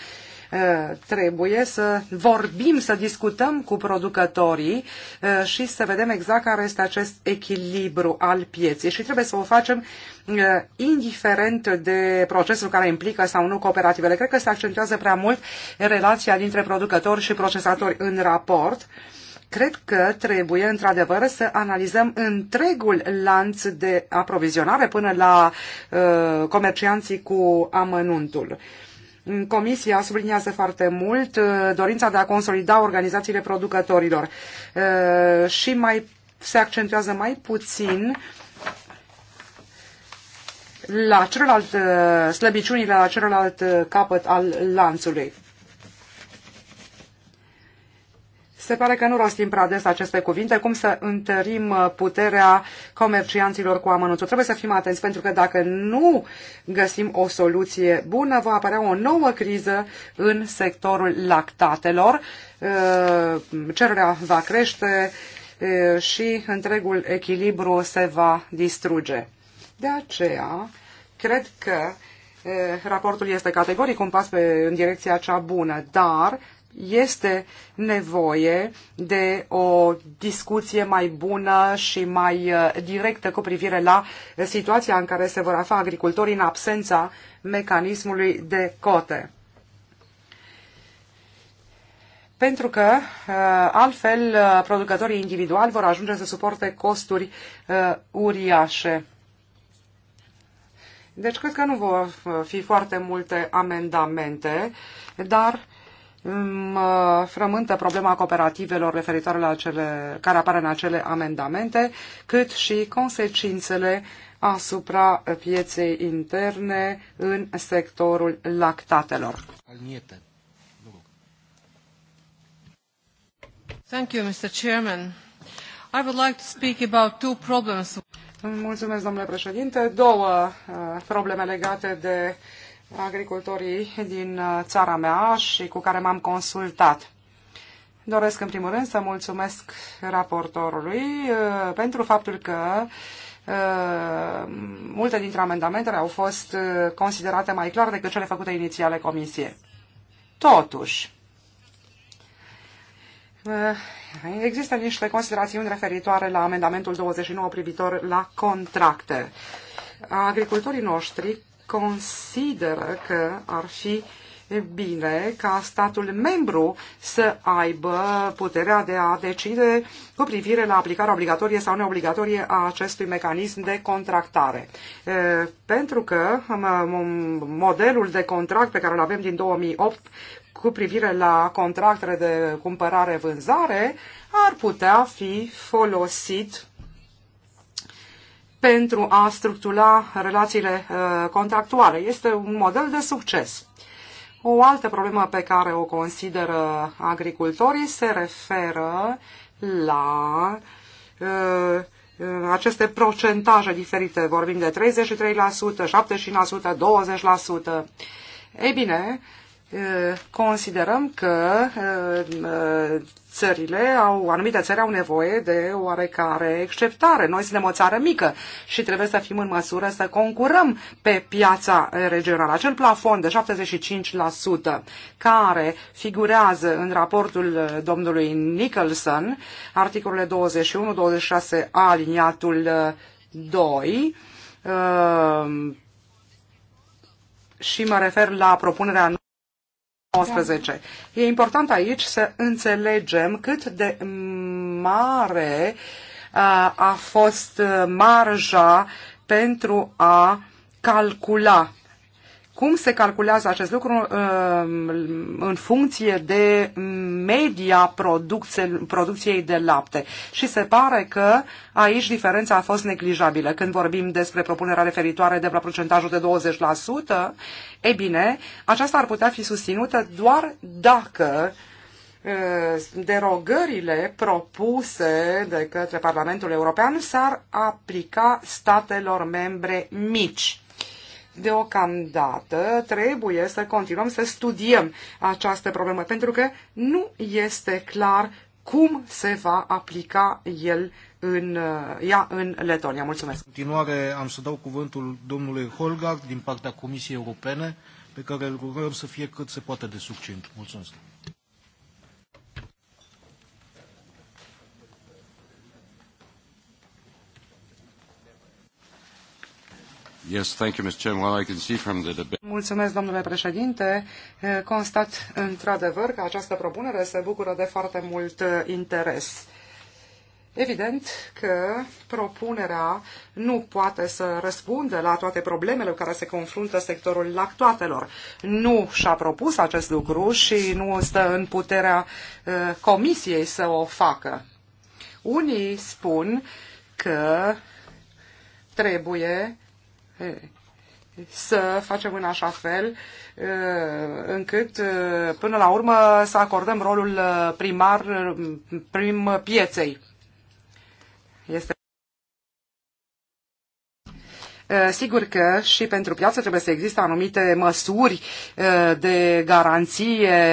Trebuie să vorbim, să discutăm cu producătorii și să vedem exact care este acest echilibru al pieței și trebuie să o facem indiferent de procesul care implică sau nu cooperativele. Cred că se accentuează prea mult relația dintre producători și procesatori în raport. Cred că trebuie, într-adevăr, să analizăm întregul lanț de aprovizionare până la uh, comercianții cu amănuntul. Uh, Comisia subliniază foarte mult uh, dorința de a consolida organizațiile producătorilor uh, și mai se accentuează mai puțin la celălalt, uh, slăbiciunile la celălalt capăt al lanțului. Se pare că nu rostim prea des aceste cuvinte, cum să întărim uh, puterea comercianților cu amănunțul. Trebuie să fim atenți, pentru că dacă nu găsim o soluție bună, va apărea o nouă criză în sectorul lactatelor. Uh, cererea va crește uh, și întregul echilibru se va distruge. De aceea, cred că raportul este categoric un pas pe, în direcția cea bună, dar este nevoie de o discuție mai bună și mai uh, directă cu privire la situația în care se vor afla agricultorii în absența mecanismului de cote. Pentru că uh, altfel uh, producătorii individuali vor ajunge să suporte costuri uriașe. Deci cred că nu vor fi foarte multe amendamente, dar mă frământă problema cooperativelor referitoare la cele care apar în acele amendamente, cât și consecințele asupra pieței interne în sectorul lactatelor. Thank you, Mr. Chairman. I would like to speak about two problems. Mulțumesc, domnule președinte. Două uh, probleme legate de uh, agricultorii din uh, țara mea și cu care m-am consultat. Doresc în primul rând să mulțumesc raportorului uh, pentru faptul că uh, multe dintre amendamentele au fost considerate mai clar decât cele făcute inițiale comisie. Totuși, există niște considerațiuni referitoare la amendamentul 29 privitor la contracte. Agricultorii noștri consideră că ar fi bine ca statul membru să aibă puterea de a decide cu privire la aplicarea obligatorie sau neobligatorie a acestui mecanism de contractare. Pentru că um, modelul de contract pe care îl avem din 2008 cu privire la contractele de cumpărare-vânzare ar putea fi folosit pentru a structura relațiile uh, contractuale. Este un model de succes. O altă problemă pe care o consideră agricultorii se referă la uh, aceste procentaje diferite, vorbim de 33%, 70%, 20%. Ei bine, Eh, considerăm că eh, eh, țările au, anumite țări au nevoie de oarecare exceptare. Noi suntem o țară mică și trebuie să fim în măsură să concurăm pe piața regională. Acel plafon de 75% care figurează în raportul domnului Nicholson, articolele 21, 26 aliniatul 2, și mă refer la propunerea 2019. E important aici să înțelegem cât de mare uh, a fost uh, marja pentru a calcula cum se calculează acest lucru um, în funcție de media producției de lapte? Și se pare că aici diferența a fost neglijabilă. Când vorbim despre propunerea referitoare de la procentajul de 20%, e bine, aceasta ar putea fi susținută doar dacă uh, derogările propuse de către Parlamentul European s-ar aplica statelor membre mici deocamdată trebuie să continuăm să studiem această problemă, pentru că nu este clar cum se va aplica el în, uh, ea în Letonia. Mulțumesc. În continuare am să dau cuvântul domnului Holgar din partea Comisiei Europene, pe care îl rugăm să fie cât se poate de succint. Mulțumesc. Yes, thank you, Mr. Chairman. Well, I can see from the debate... Mulțumesc, domnule președinte. Eh, constat într-adevăr că această propunere se bucură de foarte mult eh, interes. Evident că propunerea nu poate să răspundă la toate problemele cu care se confruntă sectorul lactoatelor. Nu și-a propus acest lucru și nu stă în puterea eh, comisiei să o facă. Unii spun că trebuie să facem în așa fel uh, încât uh, până la urmă să acordăm rolul uh, primar prim pieței. Este Eh, sigur că și pentru piață trebuie să există anumite măsuri eh, de garanție,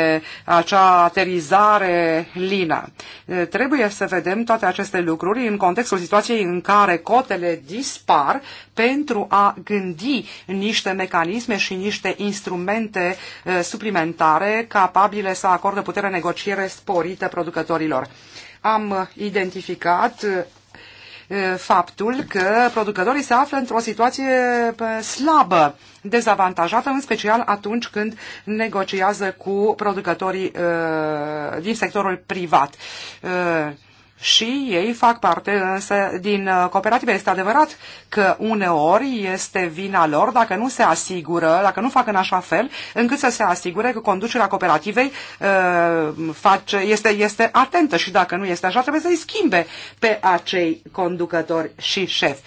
acea aterizare lină. Eh, trebuie să vedem toate aceste lucruri în contextul situației în care cotele dispar pentru a gândi niște mecanisme și niște instrumente suplimentare capabile să acordă putere negociere sporită producătorilor. Am identificat faptul că producătorii se află într-o situație slabă, dezavantajată, în special atunci când negociază cu producătorii din sectorul privat și ei fac parte însă din uh, cooperative. Este adevărat că uneori este vina lor dacă nu se asigură, dacă nu fac în așa fel încât să se asigure că conducerea cooperativei uh, face, este, este atentă și dacă nu este așa trebuie să-i schimbe pe acei conducători și șefi.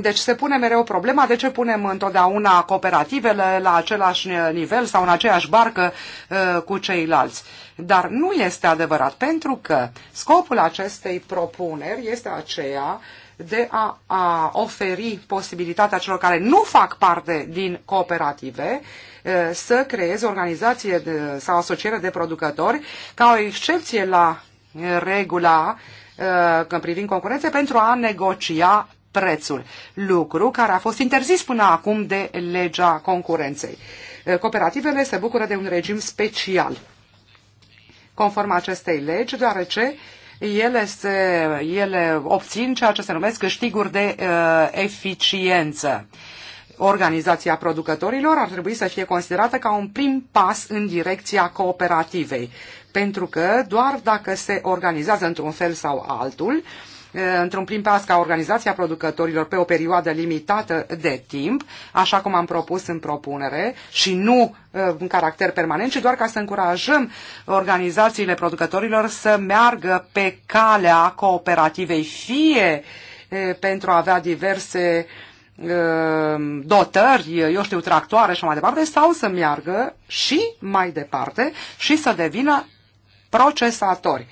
Deci se pune mereu problema de ce punem întotdeauna cooperativele la același nivel sau în aceeași barcă uh, cu ceilalți. Dar nu este adevărat, pentru că scopul acestei propuneri este aceea de a, a oferi posibilitatea celor care nu fac parte din cooperative uh, să creeze organizație de, sau asociere de producători ca o excepție la uh, regula privind concurențe pentru a negocia prețul, lucru care a fost interzis până acum de legea concurenței. Eh, cooperativele se bucură de un regim special conform acestei legi, deoarece ele, se, ele obțin ceea ce se numesc câștiguri de uh, eficiență. Organizația producătorilor ar trebui să fie considerată ca un prim pas în direcția cooperativei, pentru că doar dacă se organizează într-un fel sau altul, uh, într-un prim pas ca organizația producătorilor pe o perioadă limitată de timp, așa cum am propus în propunere și nu uh, în caracter permanent, ci doar ca să încurajăm organizațiile producătorilor să meargă pe calea cooperativei, fie uh, pentru a avea diverse uh, dotări, eu știu, tractoare și mai departe, sau să meargă și mai departe și să devină procesatori.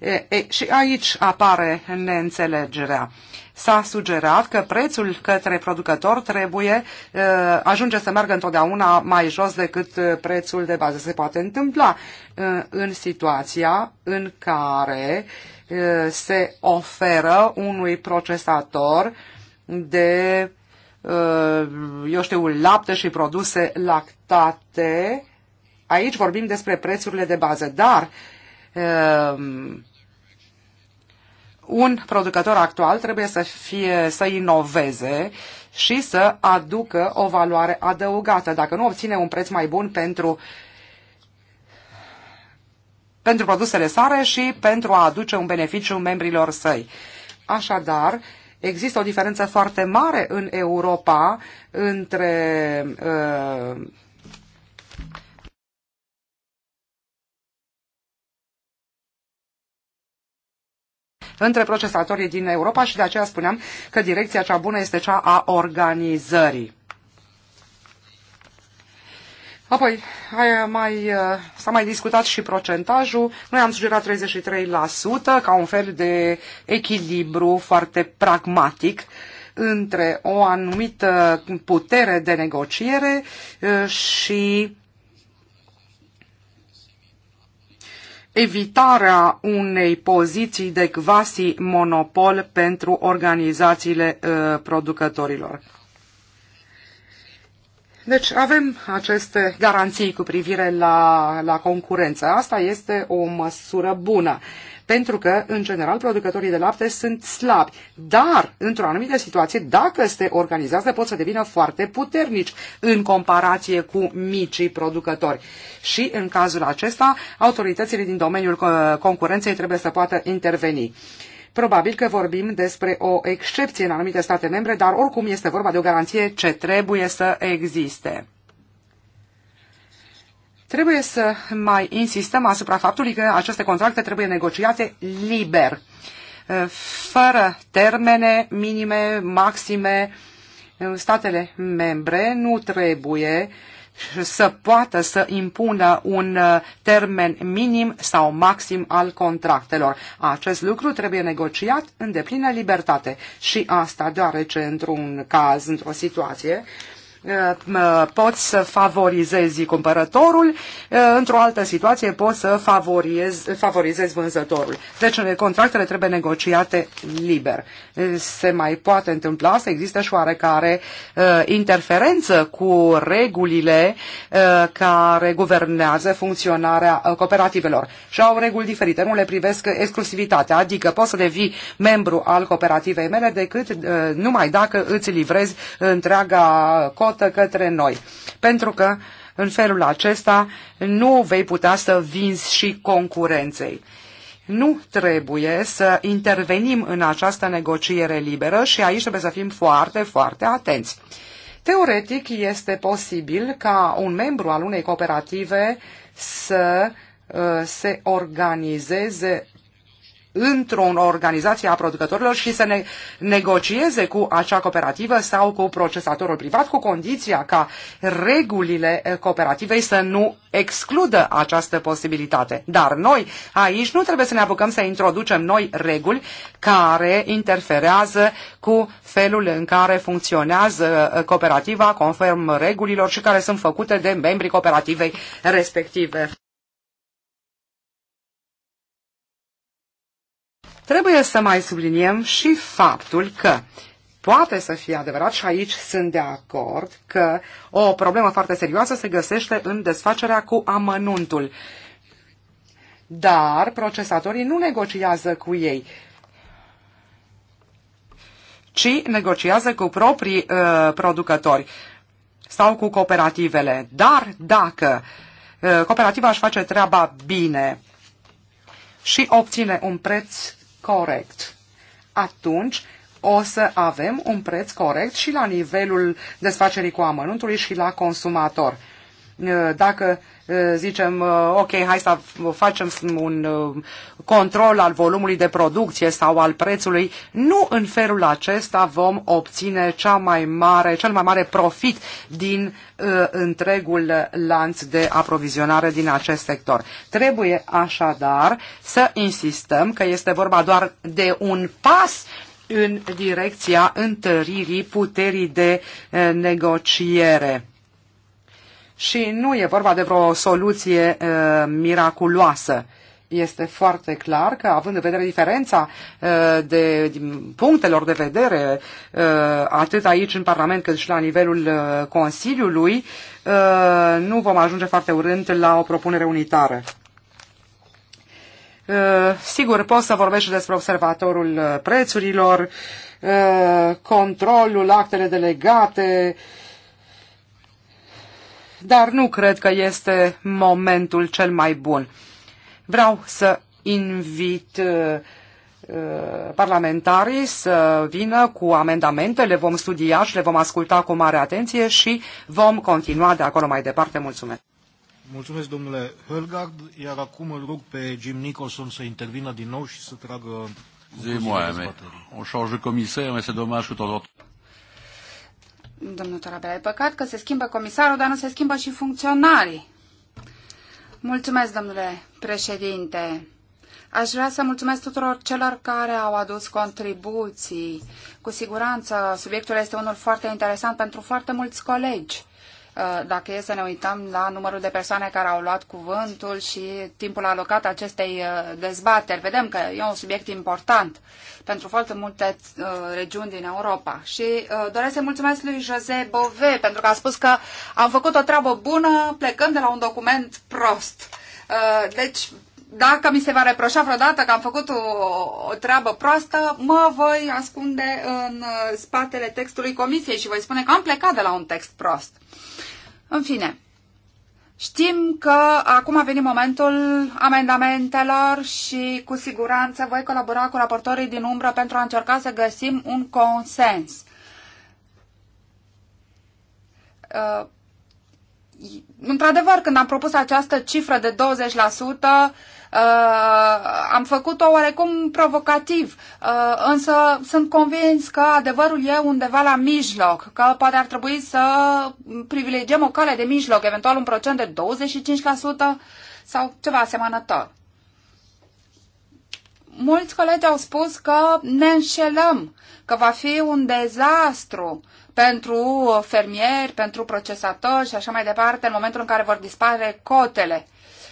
E, și aici apare neînțelegerea. S-a sugerat că prețul către producător trebuie e, ajunge să meargă întotdeauna mai jos decât prețul de bază. Se poate întâmpla e, în situația în care e, se oferă unui procesator de, eu știu, lapte și produse lactate. Aici vorbim despre prețurile de bază, dar uh, Ehm, un producător actual trebuie să, fie, să inoveze și să aducă o valoare adăugată. Dacă nu obține un preț mai bun pentru, pentru produsele sare și pentru a aduce un beneficiu membrilor săi. Așadar, există o diferență foarte mare în Europa între uh, între procesatorii din Europa și de aceea spuneam că direcția cea bună este cea a organizării. Apoi, mai, uh, s-a mai discutat și procentajul. Noi am sugerat 33% ca un fel de echilibru foarte pragmatic între o anumită putere de negociere uh, și evitarea unei poziții de quasi monopol pentru organizațiile uh, producătorilor. Deci avem aceste garanții cu privire la, la concurență. Asta este o măsură bună pentru că, în general, producătorii de lapte sunt slabi. Dar, într-o anumită situație, dacă se organizează, pot să devină foarte puternici în comparație cu micii producători. Și, în cazul acesta, autoritățile din domeniul uh, concurenței trebuie să poată interveni. Probabil că vorbim despre o excepție în anumite state membre, dar oricum este vorba de o garanție ce trebuie să existe. Trebuie să mai insistăm asupra faptului că aceste contracte trebuie negociate liber, uh, fără termene minime, maxime. Uh, statele membre nu trebuie să poată să impună un uh, termen minim sau maxim al contractelor. Acest lucru trebuie negociat în deplină libertate și asta deoarece într-un caz, într-o situație, poți să favorizezi cumpărătorul, într-o altă situație poți să favorizezi, favorizezi vânzătorul. Deci contractele trebuie negociate liber. Se mai poate întâmpla să există și oarecare interferență cu regulile care guvernează funcționarea cooperativelor și au reguli diferite. Nu le privesc exclusivitatea, adică poți să devii membru al cooperativei mele decât numai dacă îți livrezi întreaga cotă poartă către noi, pentru că în felul acesta nu vei putea să vinzi și concurenței. Nu trebuie să intervenim în această negociere liberă și aici trebuie să fim foarte, foarte atenți. Teoretic este posibil ca un membru al unei cooperative să uh, se organizeze într-o organizație a producătorilor și să ne negocieze cu acea cooperativă sau cu procesatorul privat, cu condiția ca regulile eh, cooperativei să nu excludă această posibilitate. Dar noi aici nu trebuie să ne apucăm să introducem noi reguli care interferează cu felul în care funcționează eh, cooperativa conform regulilor și care sunt făcute de membrii cooperativei respective. Trebuie să mai subliniem și faptul că poate să fie adevărat și aici sunt de acord că o problemă foarte serioasă se găsește în desfacerea cu amănuntul. Dar procesatorii nu negociază cu ei, ci negociază cu proprii uh, producători sau cu cooperativele. Dar dacă uh, cooperativa își face treaba bine și obține un preț corect. Atunci o să avem un preț corect și la nivelul desfacerii cu amănuntului și la consumator. Dacă zicem, uh, ok, hai să facem un uh, control al volumului de producție sau al prețului, nu în felul acesta vom obține cea mai mare, cel mai mare profit din uh, întregul lanț de aprovizionare din acest sector. Trebuie așadar să insistăm că este vorba doar de un pas în direcția întăririi puterii de negociere și nu e vorba de vreo soluție uh, miraculoasă. Este foarte clar că, având în vedere diferența uh, de punctelor de vedere, uh, atât aici în Parlament cât și la nivelul uh, Consiliului, uh, nu vom ajunge foarte urând la o propunere unitară. Uh, sigur, pot să și despre observatorul uh, prețurilor, uh, controlul, actele delegate, uh, dar nu cred că este momentul cel mai bun. Vreau să invit uh, uh, parlamentarii să vină cu amendamente, le vom studia și le vom asculta cu mare atenție și vom continua de acolo mai departe. Mulțumesc! Mulțumesc, domnule Hölgard, iar acum îl rog pe Jim Nicholson să intervină din nou și să tragă Zi, moi mais on change de commissaire, mais c'est dommage que de temps en temps. Domnul Tarabela, e păcat că se schimbă comisarul, dar nu se schimbă și funcționarii. Mulțumesc, domnule președinte. Aș vrea să mulțumesc tuturor celor care au adus contribuții. Cu siguranță, subiectul este unul foarte interesant pentru foarte mulți colegi. Uh, dacă e să ne uităm la numărul de persoane care au luat cuvântul și timpul alocat acestei uh, dezbateri. Vedem că e un subiect important pentru foarte multe uh, regiuni din Europa. Și doresc să mulțumesc lui José Bove pentru că a spus că am făcut o treabă bună plecând de la un document prost. Deci, dacă mi se va reproșa vreodată că am făcut o, o treabă proastă, mă voi ascunde în spatele textului comisiei și voi spune că am plecat de la un text prost. În fine, Știm că acum a venit momentul amendamentelor și cu siguranță voi colabora cu raportorii din umbră pentru a încerca să găsim un consens. Uh, într-adevăr, când am propus această cifră de 20%, Uh, am făcut-o oarecum provocativ, uh, însă sunt convins că adevărul e undeva la mijloc, că poate ar trebui să privilegiem o cale de mijloc, eventual un procent de 25% sau ceva asemănător. Mulți colegi au spus că ne înșelăm, că va fi un dezastru pentru fermieri, pentru procesatori și așa mai departe, în momentul în care vor dispare cotele.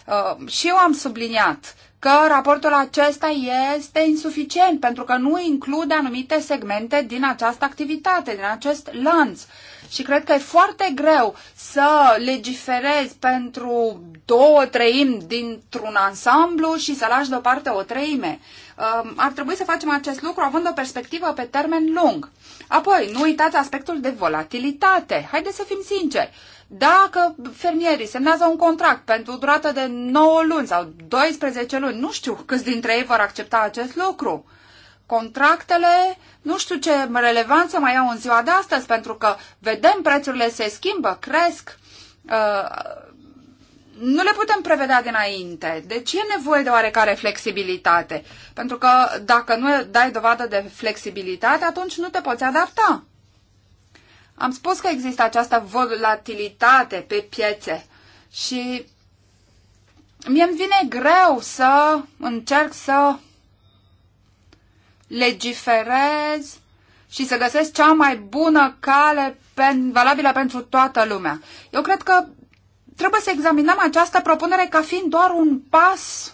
Uh, și eu am subliniat că raportul acesta este insuficient pentru că nu include anumite segmente din această activitate, din acest lanț. Și cred că e foarte greu să legiferezi pentru două treimi dintr-un ansamblu și să lași deoparte o treime. Uh, Um, ar trebui să facem acest lucru având o perspectivă pe termen lung. Apoi, nu uitați aspectul de volatilitate. Haideți să fim sinceri. Dacă fermierii semnează un contract pentru o durată de 9 luni sau 12 luni, nu știu câți dintre ei vor accepta acest lucru contractele, nu știu ce relevanță mai au în ziua de astăzi, pentru că vedem prețurile se schimbă, cresc. Uh, nu le putem prevedea dinainte. Deci e nevoie de oarecare flexibilitate. Pentru că dacă nu dai dovadă de flexibilitate, atunci nu te poți adapta. Am spus că există această volatilitate pe piețe și mie îmi vine greu să încerc să legiferez și să găsesc cea mai bună cale pen, valabilă pentru toată lumea. Eu cred că trebuie să examinăm această propunere ca fiind doar un pas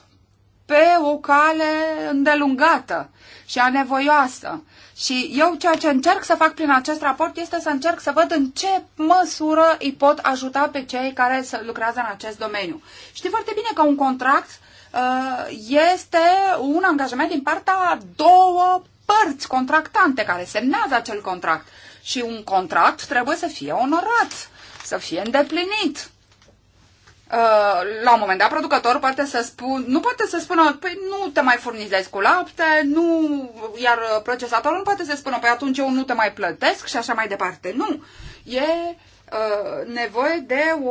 pe o cale îndelungată și anevoioasă. Și eu ceea ce încerc să fac prin acest raport este să încerc să văd în ce măsură îi pot ajuta pe cei care lucrează în acest domeniu. Știi foarte bine că un contract uh, este un angajament din partea a două părți contractante care semnează acel contract. Și un contract trebuie să fie onorat, să fie îndeplinit. Uh, la un moment dat producătorul poate să spun, nu poate să spună, păi nu te mai furnizezi cu lapte, nu, iar procesatorul nu poate să spună, păi atunci eu nu te mai plătesc și așa mai departe. Nu. E uh, nevoie de o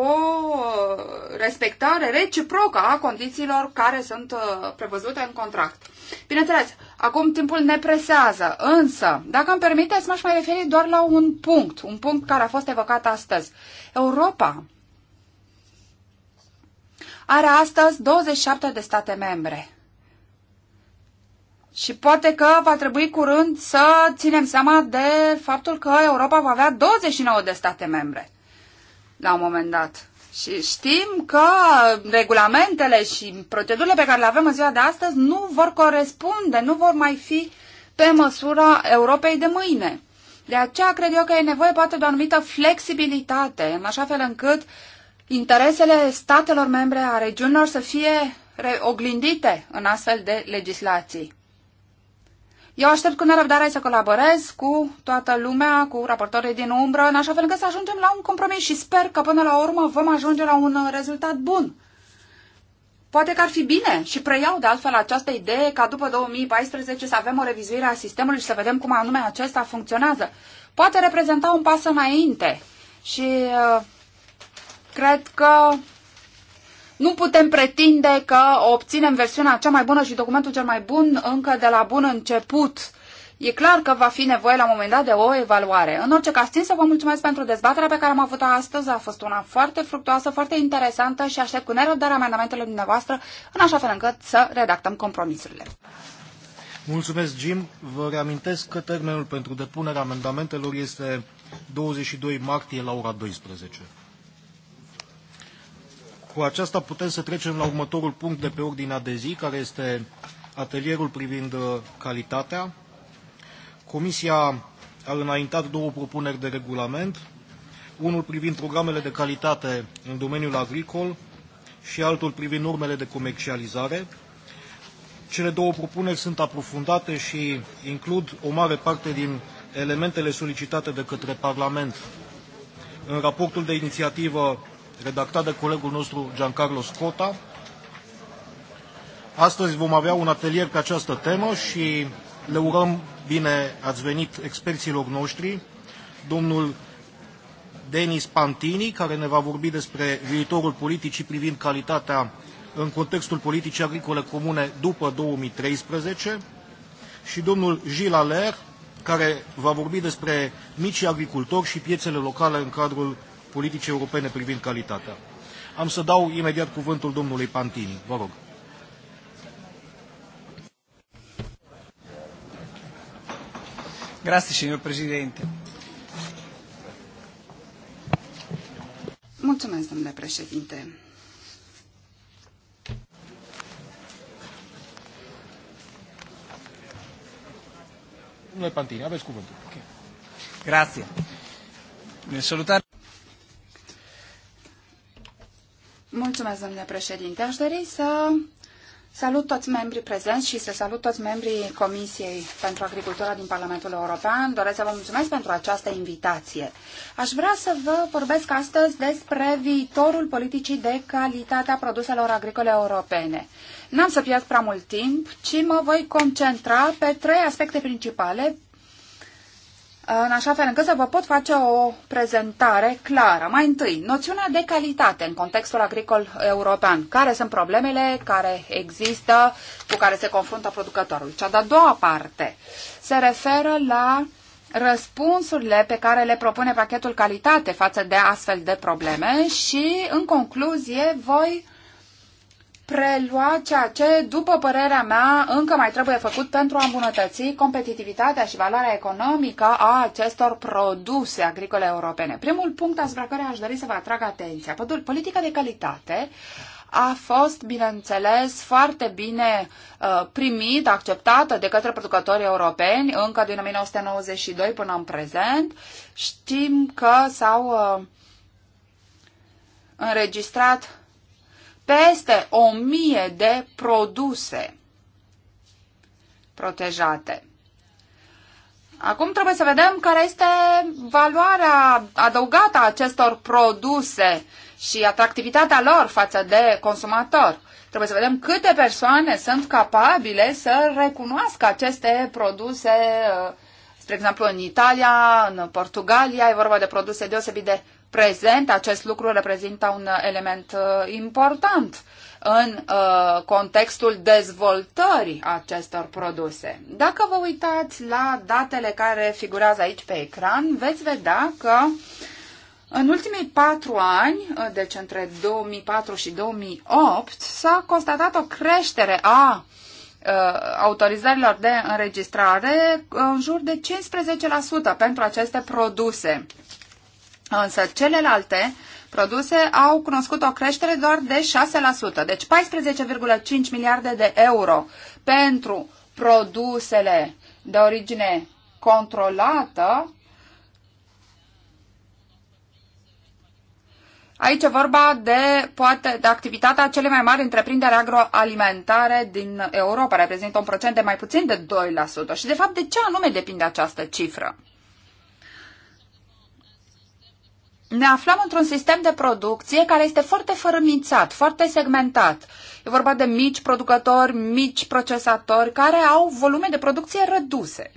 uh, respectare reciprocă a condițiilor care sunt uh, prevăzute în contract. Bineînțeles, acum timpul ne presează, însă, dacă îmi permiteți, m-aș mai referi doar la un punct, un punct care a fost evocat astăzi. Europa are astăzi 27 de state membre. Și poate că va trebui curând să ținem seama de faptul că Europa va avea 29 de state membre la un moment dat. Și știm că regulamentele și procedurile pe care le avem în ziua de astăzi nu vor corespunde, nu vor mai fi pe măsura Europei de mâine. De aceea cred eu că e nevoie poate de o anumită flexibilitate, în așa fel încât interesele statelor membre a regiunilor să fie oglindite în astfel de legislații. Eu aștept cu nerăbdare să colaborez cu toată lumea, cu raportorii din umbră, în așa fel încât să ajungem la un compromis și sper că până la urmă vom ajunge la un uh, rezultat bun. Poate că ar fi bine și preiau de altfel această idee ca după 2014 să avem o revizuire a sistemului și să vedem cum anume acesta funcționează. Poate reprezenta un pas înainte și uh, cred că nu putem pretinde că obținem versiunea cea mai bună și documentul cel mai bun încă de la bun început. E clar că va fi nevoie la un moment dat de o evaluare. În orice caz, țin să vă mulțumesc pentru dezbaterea pe care am avut-o astăzi. A fost una foarte fructuoasă, foarte interesantă și aștept cu nerăbdare amendamentele dumneavoastră în așa fel încât să redactăm compromisurile. Mulțumesc, Jim. Vă reamintesc că termenul pentru depunerea amendamentelor este 22 martie la ora 12. Cu aceasta putem să trecem la următorul punct de pe ordinea de zi, care este atelierul privind uh, calitatea. Comisia a înaintat două propuneri de regulament, unul privind programele de calitate în domeniul agricol și altul privind normele de comercializare. Cele două propuneri sunt aprofundate și includ o mare parte din elementele solicitate de către Parlament în raportul de inițiativă redactat de colegul nostru Giancarlo Scota. Astăzi vom avea un atelier pe această temă și le urăm bine ați venit experților noștri, domnul Denis Pantini, care ne va vorbi despre viitorul politicii privind calitatea în contextul politicii agricole comune după 2013 și domnul Gilles Aller, care va vorbi despre micii agricultori și piețele locale în cadrul politicii europene privind calitatea. Am să dau imediat cuvântul domnului Pantini. Vă rog. Grazie, signor Presidente. Mulțumesc, domnule președinte. Domnule Pantini, aveți cuvântul. Okay. Grazie. Salutare. Mulțumesc, domnule președinte. Aș dori să salut toți membrii prezenți și să salut toți membrii Comisiei pentru Agricultura din Parlamentul European. Doresc să vă mulțumesc pentru această invitație. Aș vrea să vă vorbesc astăzi despre viitorul politicii de calitate a produselor agricole europene. N-am să pierd prea mult timp, ci mă voi concentra pe trei aspecte principale în așa fel încât să vă pot face o prezentare clară. Mai întâi, noțiunea de calitate în contextul agricol european. Care sunt problemele care există, cu care se confruntă producătorul? Cea de-a doua parte se referă la răspunsurile pe care le propune pachetul calitate față de astfel de probleme și, în concluzie, voi prelua ceea ce, după părerea mea, încă mai trebuie făcut pentru a îmbunătăți competitivitatea și valoarea economică a acestor produse agricole europene. Primul punct asupra care aș dori să vă atrag atenția, politica de calitate a fost, bineînțeles, foarte bine uh, primit, acceptată de către producătorii europeni încă din 1992 până în prezent. Știm că s-au uh, înregistrat peste o mie de produse protejate. Acum trebuie să vedem care este valoarea adăugată a acestor produse și atractivitatea lor față de consumator. Trebuie să vedem câte persoane sunt capabile să recunoască aceste produse, uh, spre exemplu în Italia, în Portugalia, e vorba de produse deosebit de prezent, acest lucru reprezintă un element uh, important în uh, contextul dezvoltării acestor produse. Dacă vă uitați la datele care figurează aici pe ecran, veți vedea că în ultimii patru ani, uh, deci între 2004 și 2008, s-a constatat o creștere a autorizărilor de înregistrare în jur de 15% pentru aceste produse. Însă celelalte produse au cunoscut o creștere doar de 6%, deci 14,5 miliarde de euro pentru produsele de origine controlată. Aici e vorba de, poate, de activitatea cele mai mari întreprinderi agroalimentare din Europa, reprezintă un procent de mai puțin de 2%. Și, de fapt, de ce anume depinde această cifră? ne aflăm într-un sistem de producție care este foarte fărâmițat, foarte segmentat. E vorba de mici producători, mici procesatori care au volume de producție reduse.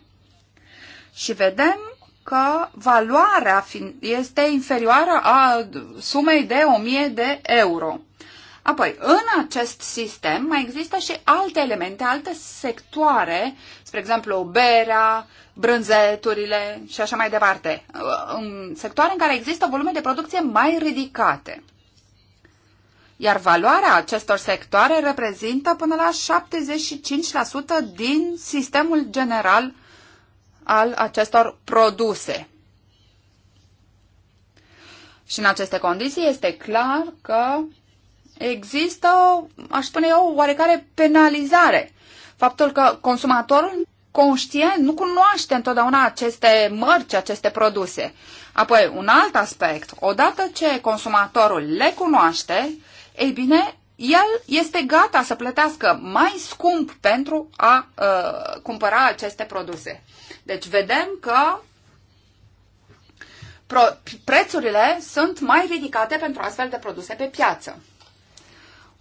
Și vedem că valoarea este inferioară a sumei de 1000 de euro. Apoi, în acest sistem mai există și alte elemente, alte sectoare, spre exemplu berea, brânzeturile și așa mai departe, în sectoare în care există volume de producție mai ridicate. Iar valoarea acestor sectoare reprezintă până la 75% din sistemul general al acestor produse. Și în aceste condiții este clar că există, aș spune eu, oarecare penalizare. Faptul că consumatorul conștient nu cunoaște întotdeauna aceste mărci, aceste produse. Apoi, un alt aspect, odată ce consumatorul le cunoaște, ei bine, el este gata să plătească mai scump pentru a uh, cumpăra aceste produse. Deci vedem că prețurile sunt mai ridicate pentru astfel de produse pe piață.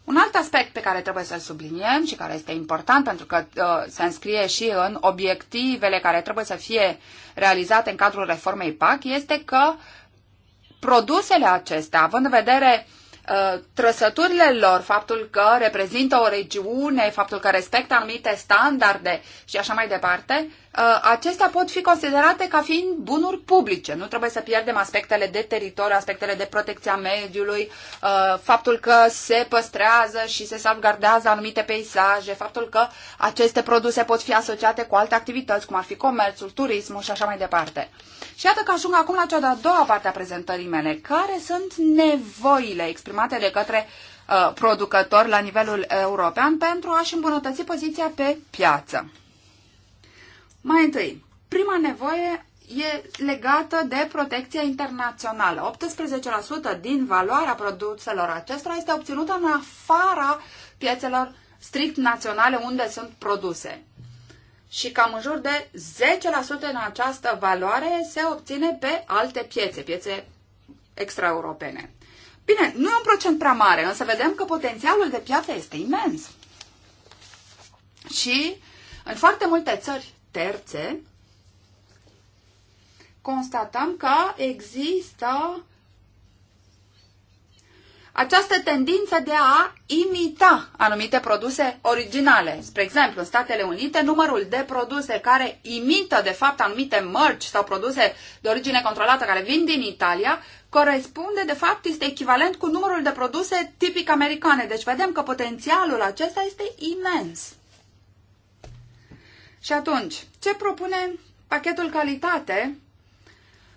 Un alt aspect pe care trebuie să-l subliniem și care este important pentru că uh, se înscrie și în obiectivele care trebuie să fie realizate în cadrul reformei PAC este că produsele acestea, având în vedere uh, Uh, trăsăturile lor, faptul că reprezintă o regiune, faptul că respectă anumite standarde și așa mai departe, uh, acestea pot fi considerate ca fiind bunuri publice. Nu trebuie să pierdem aspectele de teritoriu, aspectele de protecția mediului, uh, faptul că se păstrează și se salvgardează anumite peisaje, faptul că aceste produse pot fi asociate cu alte activități, cum ar fi comerțul, turismul și așa mai departe. Și iată că ajung acum la cea de-a doua parte a prezentării mele. Care sunt nevoile exprimate exprimate de către uh, producători la nivelul european pentru a-și îmbunătăți poziția pe piață. Mai întâi, prima nevoie e legată de protecția internațională. 18% din valoarea produselor acestora este obținută în afara piețelor strict naționale unde sunt produse. Și cam în jur de 10% în această valoare se obține pe alte piețe, piețe extraeuropene. Bine, nu e un procent prea mare, însă vedem că potențialul de piață este imens. Și în foarte multe țări terțe constatăm că există această tendință de a imita anumite produse originale. Spre exemplu, în Statele Unite, numărul de produse care imită, de fapt, anumite mărci sau produse de origine controlată care vin din Italia corespunde, de fapt, este echivalent cu numărul de produse tipic americane. Deci vedem că potențialul acesta este imens. Și atunci, ce propune pachetul calitate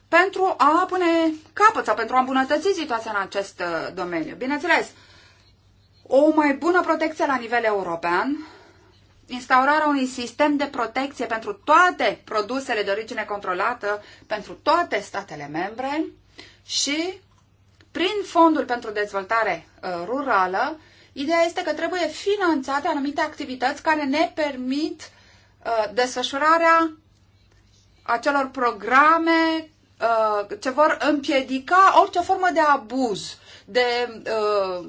pentru a pune capăt sau pentru a îmbunătăți situația în acest uh, domeniu? Bineînțeles, o mai bună protecție la nivel european, instaurarea unui sistem de protecție pentru toate produsele de origine controlată, pentru toate statele membre, și prin fondul pentru dezvoltare uh, rurală, ideea este că trebuie finanțate anumite activități care ne permit uh, desfășurarea acelor programe uh, ce vor împiedica orice formă de abuz, de uh,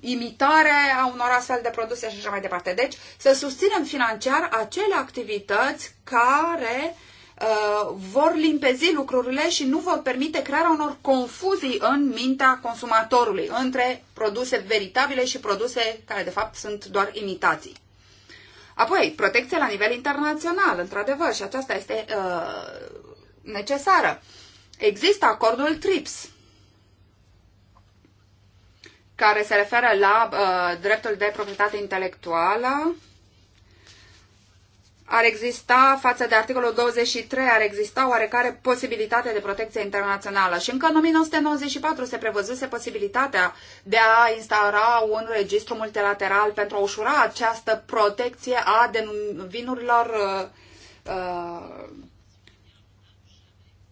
imitare a unor astfel de produse și așa mai departe. Deci să susținem financiar acele activități care uh, Uh, vor limpezi lucrurile și nu vor permite crearea unor confuzii în mintea consumatorului între produse veritabile și produse care de fapt sunt doar imitații. Apoi, protecție la nivel internațional, într-adevăr, și aceasta este uh, necesară. Există acordul TRIPS, care se referă la uh, dreptul de proprietate intelectuală ar exista, față de articolul 23, ar exista oarecare posibilitate de protecție internațională. Și încă în 1994 se prevăzuse posibilitatea de a instaura un registru multilateral pentru a ușura această protecție a vinurilor uh, uh,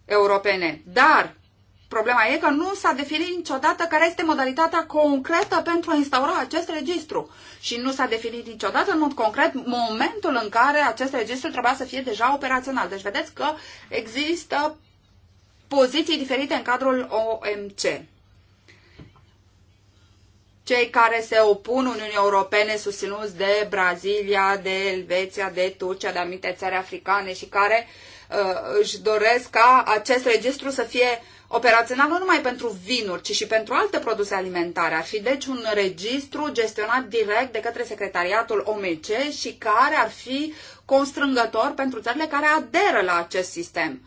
europene. Dar Problema e că nu s-a definit niciodată care este modalitatea concretă pentru a instaura acest registru și nu s-a definit niciodată în mod concret momentul în care acest registru trebuia să fie deja operațional. Deci vedeți că există poziții diferite în cadrul OMC. Cei care se opun Uniunii Europene susținuți de Brazilia, de Elveția, de Turcia, de anumite țări africane și care uh, își doresc ca acest registru să fie uh, operațional nu numai pentru vinuri, ci și pentru alte produse alimentare. Ar fi deci un registru gestionat direct de către secretariatul OMC și care ar fi constrângător pentru țările care aderă la acest sistem.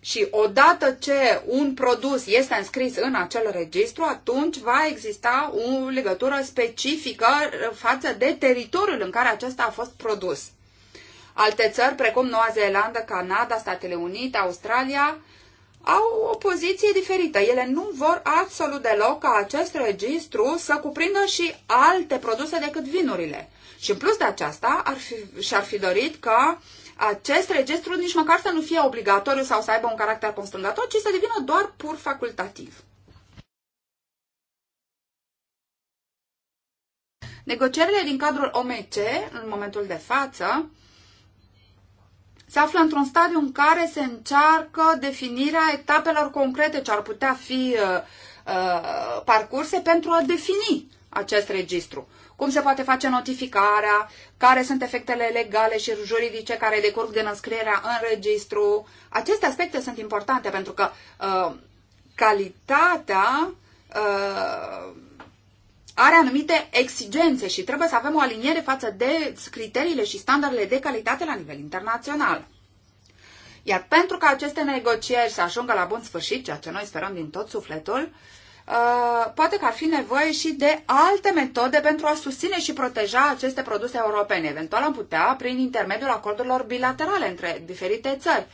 Și odată ce un produs este înscris în acel registru, atunci va exista o legătură specifică față de teritoriul în care acesta a fost produs. Alte țări, precum Noua Zeelandă, Canada, Statele Unite, Australia, au o poziție diferită. Ele nu vor absolut deloc ca acest registru să cuprindă și alte produse decât vinurile. Și în plus de aceasta, ar fi, și-ar fi dorit ca acest registru nici măcar să nu fie obligatoriu sau să aibă un caracter constrângător, ci să devină doar pur facultativ. Negocierile din cadrul OMC, în momentul de față, se află într-un stadiu în care se încearcă definirea etapelor concrete ce ar putea fi uh, uh, parcurse pentru a defini acest registru. Cum se poate face notificarea, care sunt efectele legale și juridice care decurg din înscrierea în registru. Aceste aspecte sunt importante pentru că uh, calitatea uh, are anumite exigențe și trebuie să avem o aliniere față de criteriile și standardele de calitate la nivel internațional. Iar pentru ca aceste negocieri să ajungă la bun sfârșit, ceea ce noi sperăm din tot sufletul, uh, poate că ar fi nevoie și de alte metode pentru a susține și proteja aceste produse europene. Eventual am putea prin intermediul acordurilor bilaterale între diferite țări.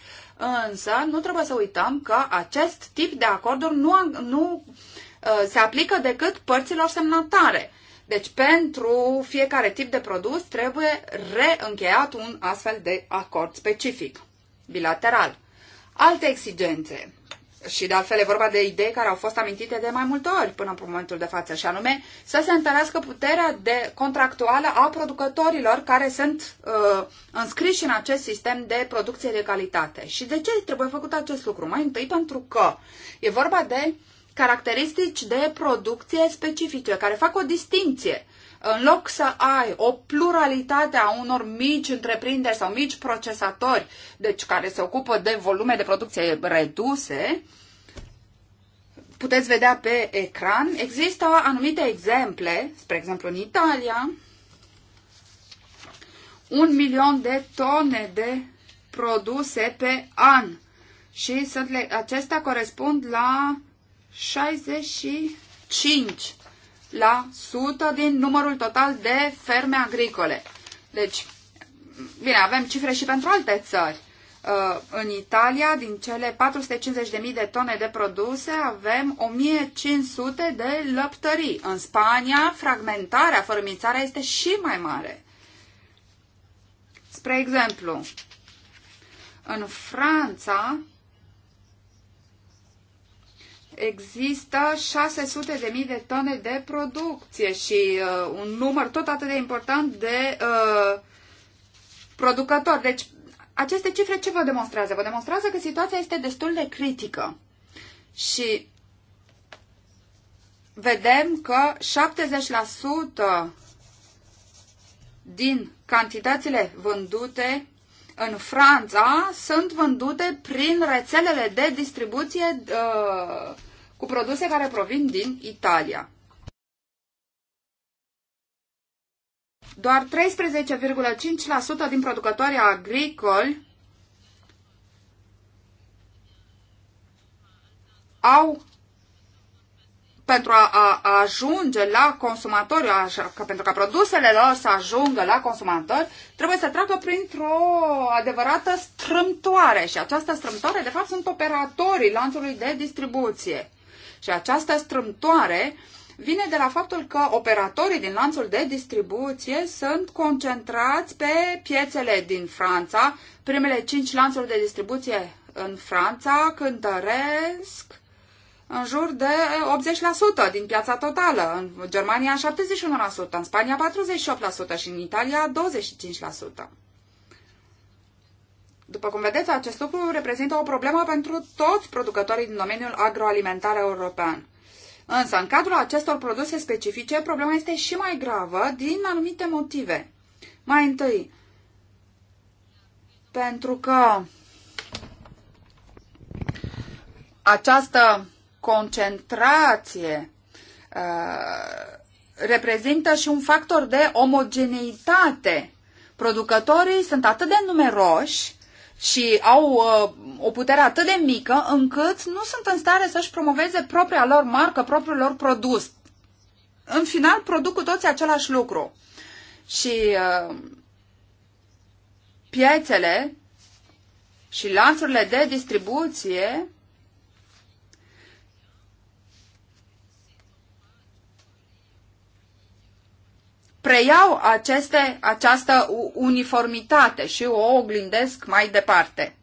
Însă nu trebuie să uităm că acest tip de acorduri nu, nu Uh, se aplică decât părților semnatare. Deci pentru fiecare tip de produs trebuie reîncheiat un astfel de acord specific, bilateral. Alte exigențe. Și de altfel e vorba de idei care au fost amintite de mai multe ori până în momentul de față, și anume să se întărească puterea de contractuală a producătorilor care sunt uh, înscriși în acest sistem de producție de calitate. Și de ce trebuie făcut acest lucru? Mai întâi pentru că e vorba de caracteristici de producție specifice, care fac o distinție. În loc să ai o pluralitate a unor mici întreprinderi sau mici procesatori, deci care se ocupă de volume de producție reduse, puteți vedea pe ecran, există anumite exemple, spre exemplu în Italia, un milion de tone de produse pe an și sunt le, acestea corespund la 65 la sută din numărul total de ferme agricole. Deci, bine, avem cifre și pentru alte țări. Uh, în Italia, din cele 450.000 de tone de produse, avem 1500 de lăptării. În Spania, fragmentarea, fărâmițarea este și mai mare. Spre exemplu, în Franța, există 600.000 de tone de producție și uh, un număr tot atât de important de uh, producători. Deci, aceste cifre ce vă demonstrează? Vă demonstrează că situația este destul de critică și vedem că 70% din cantitățile vândute în Franța sunt vândute prin rețelele de distribuție uh, cu produse care provin din Italia. Doar 13,5% din producătorii agricoli au pentru a, a, a ajunge la consumatori, a, pentru ca produsele lor să ajungă la consumatori, trebuie să treacă printr-o adevărată strâmtoare. Și această strâmtoare, de fapt, sunt operatorii lanțului de distribuție. Și această strâmtoare vine de la faptul că operatorii din lanțul de distribuție sunt concentrați pe piețele din Franța. Primele cinci lanțuri de distribuție în Franța cântăresc în jur de 80% din piața totală, în Germania 71%, în Spania 48% și în Italia 25%. După cum vedeți, acest lucru reprezintă o problemă pentru toți producătorii din domeniul agroalimentar european. Însă, în cadrul acestor produse specifice, problema este și mai gravă din anumite motive. Mai întâi, pentru că această concentrație uh, reprezintă și un factor de omogeneitate. Producătorii sunt atât de numeroși și au uh, o putere atât de mică încât nu sunt în stare să-și promoveze propria lor marcă, propriul lor produs. În final, produc cu toții același lucru. Și uh, piețele și lanțurile de distribuție preiau aceste, această uniformitate și o oglindesc mai departe.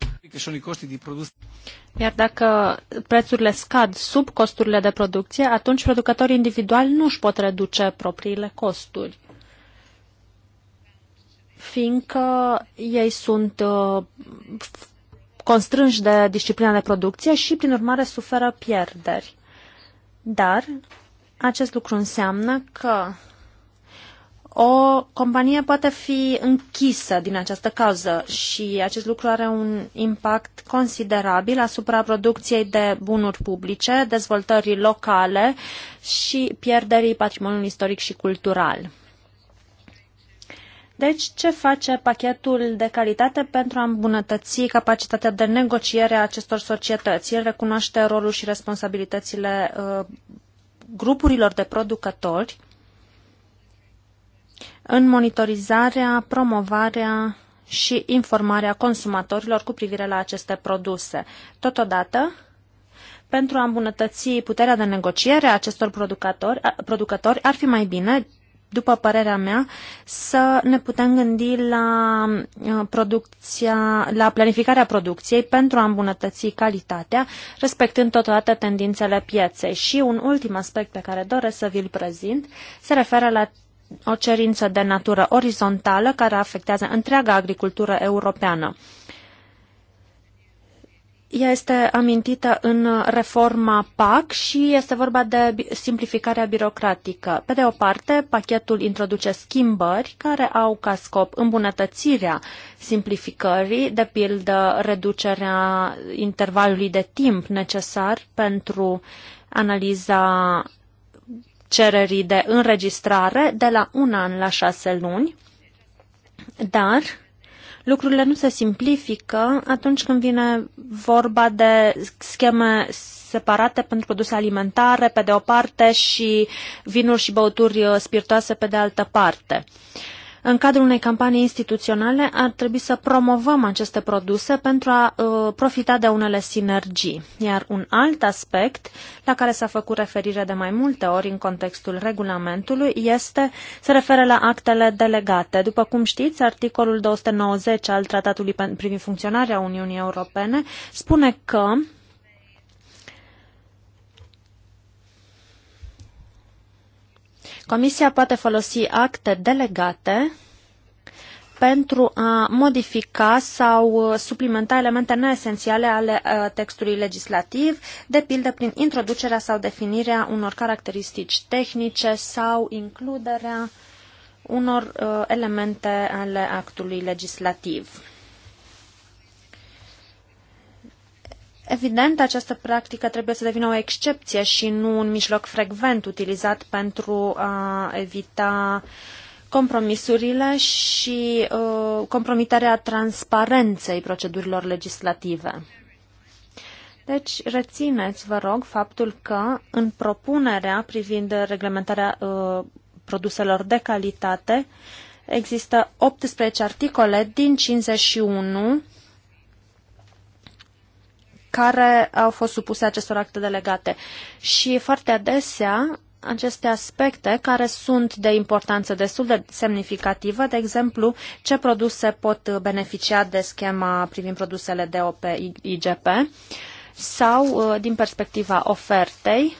Iar dacă prețurile scad sub costurile de producție, atunci producătorii individuali nu își pot reduce propriile costuri, fiindcă ei sunt uh, constrânși de disciplina de producție și, prin urmare, suferă pierderi. Dar acest lucru înseamnă că o companie poate fi închisă din această cauză și acest lucru are un impact considerabil asupra producției de bunuri publice, dezvoltării locale și pierderii patrimoniului istoric și cultural. Deci, ce face pachetul de calitate pentru a îmbunătăți capacitatea de negociere a acestor societăți? El recunoaște rolul și responsabilitățile uh, grupurilor de producători în monitorizarea, promovarea și informarea consumatorilor cu privire la aceste produse. Totodată, pentru a îmbunătăți puterea de negociere a acestor producători, producători ar fi mai bine după părerea mea, să ne putem gândi la, uh, producția, la planificarea producției pentru a îmbunătăți calitatea, respectând totodată tendințele pieței. Și un ultim aspect pe care doresc să vi-l prezint se referă la o cerință de natură orizontală care afectează întreaga agricultură europeană. Ea este amintită în reforma PAC și este vorba de simplificarea birocratică. Pe de o parte, pachetul introduce schimbări care au ca scop îmbunătățirea simplificării, de pildă reducerea intervalului de timp necesar pentru analiza cererii de înregistrare de la un an la șase luni, dar lucrurile nu se simplifică atunci când vine vorba de scheme separate pentru produse alimentare, pe de o parte, și vinuri și băuturi spiritoase, pe de altă parte. Uh, în cadrul unei campanii instituționale ar trebui să promovăm aceste produse pentru a uh, profita de unele sinergii. Iar un alt aspect la care s-a făcut referire de mai multe ori în contextul regulamentului este se referă la actele delegate. După cum știți, articolul 290 al Tratatului privind funcționarea Uniunii Europene spune că Comisia poate folosi acte delegate pentru a modifica sau suplimenta elemente neesențiale ale uh, textului legislativ, de pildă prin introducerea sau definirea unor caracteristici tehnice sau includerea unor uh, elemente ale actului legislativ. Evident, această practică trebuie să devină o excepție și nu un mijloc frecvent utilizat pentru a evita compromisurile și uh, compromiterea transparenței procedurilor legislative. Deci, rețineți, vă rog, faptul că în propunerea privind reglementarea uh, produselor de calitate există 18 articole din 51 care au fost supuse acestor acte delegate. Și foarte adesea aceste aspecte care sunt de importanță destul de semnificativă, de exemplu, ce produse pot beneficia de schema privind produsele de IGP sau uh, din perspectiva ofertei.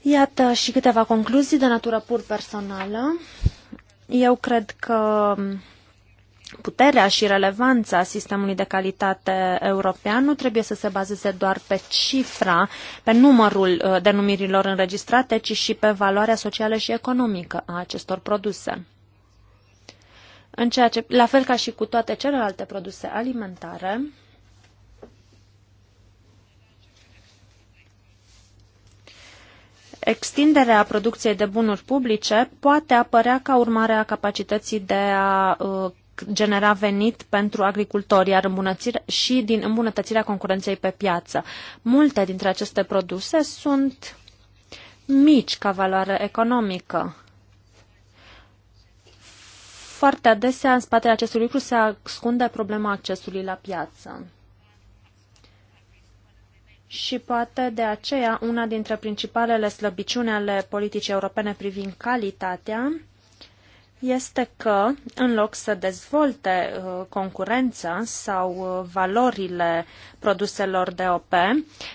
Iată și câteva concluzii de natură pur personală. Eu cred că um, Puterea și relevanța sistemului de calitate european nu trebuie să se bazeze doar pe cifra, pe numărul uh, denumirilor înregistrate, ci și pe valoarea socială și economică a acestor produse. În ceea ce, la fel ca și cu toate celelalte produse alimentare, Extinderea producției de bunuri publice poate apărea ca urmare a capacității de a uh, genera venit pentru agricultori iar îmbunătățire, și din îmbunătățirea concurenței pe piață. Multe dintre aceste produse sunt mici ca valoare economică. Foarte adesea, în spatele acestui lucru se ascunde problema accesului la piață. Și poate de aceea una dintre principalele slăbiciuni ale politicii europene privind calitatea este că, în loc să dezvolte uh, concurența sau uh, valorile produselor de OP,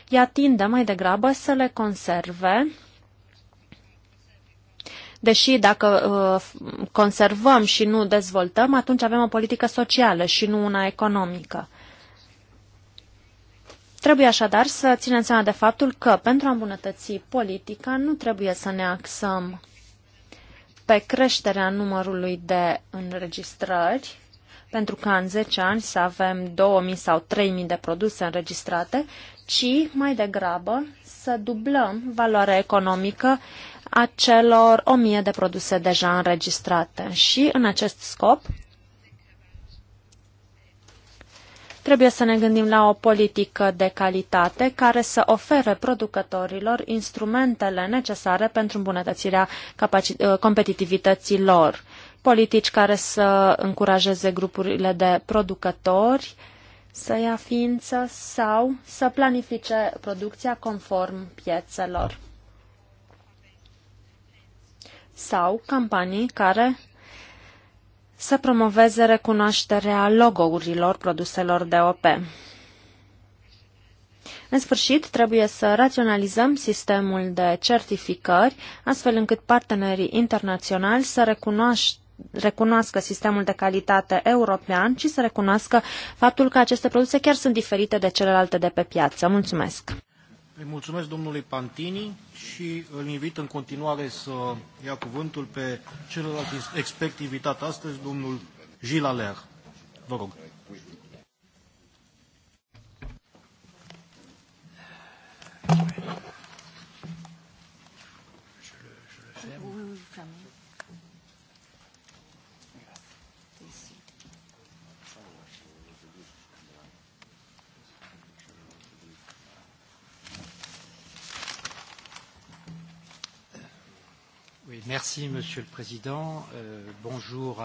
ea tinde mai degrabă să le conserve Deși dacă uh, conservăm și nu dezvoltăm, atunci avem o politică socială și nu una economică. Trebuie așadar să ținem seama de faptul că pentru a îmbunătăți politica nu trebuie să ne axăm pe creșterea numărului de înregistrări, pentru că în 10 ani să avem 2000 sau 3000 de produse înregistrate, ci mai degrabă să dublăm valoarea economică a celor 1000 de produse deja înregistrate. Și în acest scop Trebuie să ne gândim la o politică de calitate care să ofere producătorilor instrumentele necesare pentru îmbunătățirea ă, competitivității lor. Politici care să încurajeze grupurile de producători să ia ființă sau să planifice producția conform piețelor. Sau campanii care să promoveze recunoașterea logourilor produselor op. În sfârșit, trebuie să raționalizăm sistemul de certificări, astfel încât partenerii internaționali să recunoască sistemul de calitate european și să recunoască faptul că aceste produse chiar sunt diferite de celelalte de pe piață. Mulțumesc! Îi mulțumesc domnului Pantini și îl invit în continuare să ia cuvântul pe celălalt expert invitat astăzi, domnul Gilles Aler. Vă rog. Merci, Monsieur le Président. Euh, bonjour.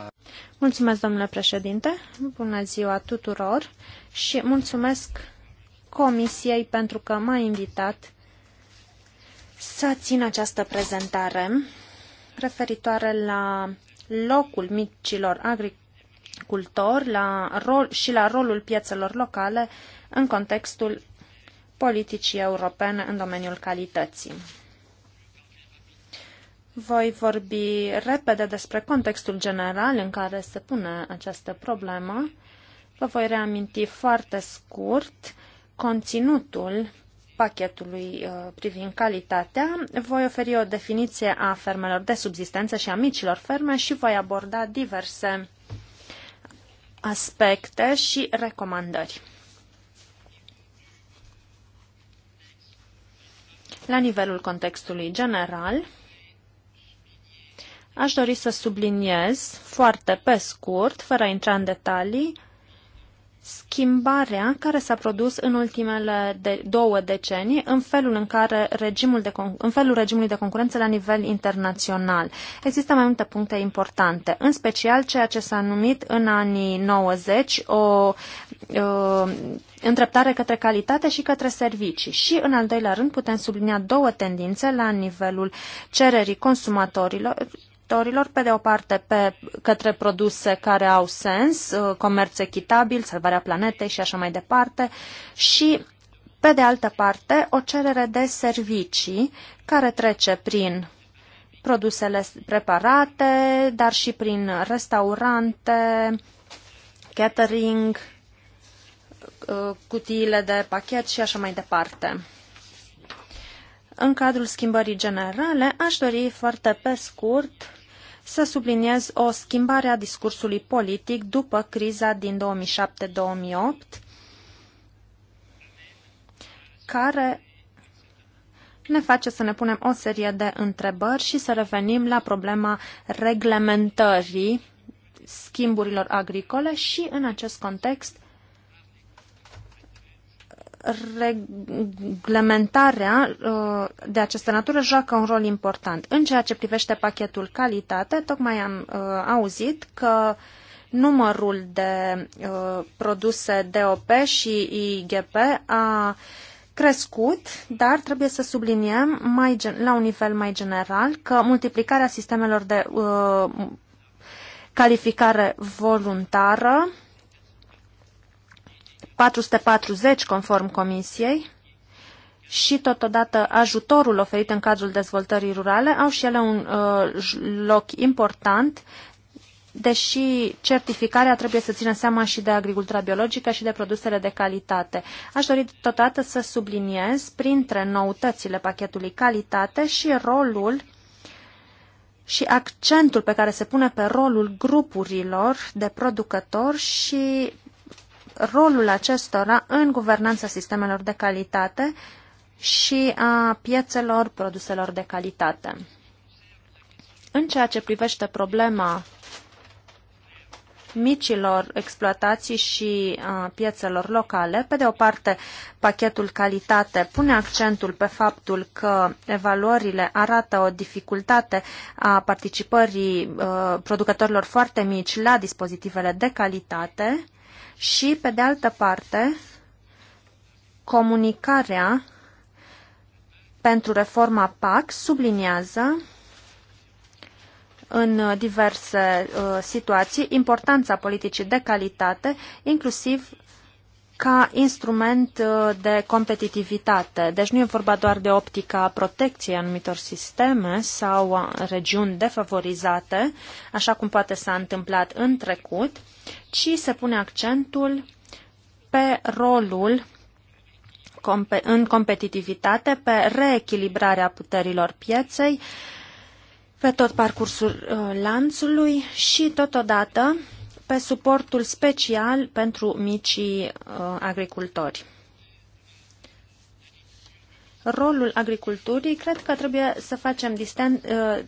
Mulțumesc, domnule președinte. Bună ziua tuturor și mulțumesc Comisiei pentru că m-a invitat să țin această prezentare referitoare la locul micilor agricultori la rol, și la rolul piețelor locale în contextul politicii europene în domeniul calității. Voi vorbi repede despre contextul general în care se pune această problemă. Vă voi reaminti foarte scurt conținutul pachetului uh, privind calitatea. Voi oferi o definiție a fermelor de subsistență și a micilor ferme și voi aborda diverse aspecte și recomandări. La nivelul contextului general, Aș dori să subliniez foarte pe scurt, fără a intra în detalii, schimbarea care s-a produs în ultimele de două decenii în felul în care regimul de în felul regimului de concurență la nivel internațional. Există mai multe puncte importante, în special ceea ce s-a numit în anii 90 o o întreptare către calitate și către servicii. Și, în al doilea rând, putem sublinia două tendințe la nivelul cererii consumatorilor consumatorilor, pe de o parte pe, către produse care au sens, uh, comerț echitabil, salvarea planetei și așa mai departe, și pe de altă parte o cerere de servicii care trece prin produsele preparate, dar și prin restaurante, catering, uh, cutiile de pachet și așa mai departe. În cadrul schimbării generale, aș dori foarte pe scurt să subliniez o schimbare a discursului politic după criza din 2007-2008, care ne face să ne punem o serie de întrebări și să revenim la problema reglementării schimburilor agricole și, în acest context, reglementarea uh, de această natură joacă un rol important. În ceea ce privește pachetul calitate, tocmai am uh, auzit că numărul de uh, produse DOP și IGP a crescut, dar trebuie să subliniem mai, la un nivel mai general că multiplicarea sistemelor de uh, calificare voluntară 440 conform Comisiei și totodată ajutorul oferit în cadrul dezvoltării rurale au și ele un uh, loc important, deși certificarea trebuie să țină seama și de agricultura biologică și de produsele de calitate. Aș dori totodată să subliniez printre noutățile pachetului calitate și rolul și accentul pe care se pune pe rolul grupurilor de producători și rolul acestora în guvernanța sistemelor de calitate și a piețelor produselor de calitate. În ceea ce privește problema micilor exploatații și a, piețelor locale. Pe de o parte, pachetul calitate pune accentul pe faptul că evaluările arată o dificultate a participării a, producătorilor foarte mici la dispozitivele de calitate și, pe de altă parte, comunicarea pentru reforma PAC subliniază în diverse uh, situații importanța politicii de calitate, inclusiv ca instrument uh, de competitivitate. Deci nu e vorba doar de optica protecției anumitor sisteme sau regiuni defavorizate, așa cum poate s-a întâmplat în trecut, ci se pune accentul pe rolul în competitivitate, pe reechilibrarea puterilor pieței, pe tot parcursul uh, lanțului și totodată pe suportul special pentru micii uh, agricultori. Rolul agriculturii, cred că trebuie să facem distan, uh,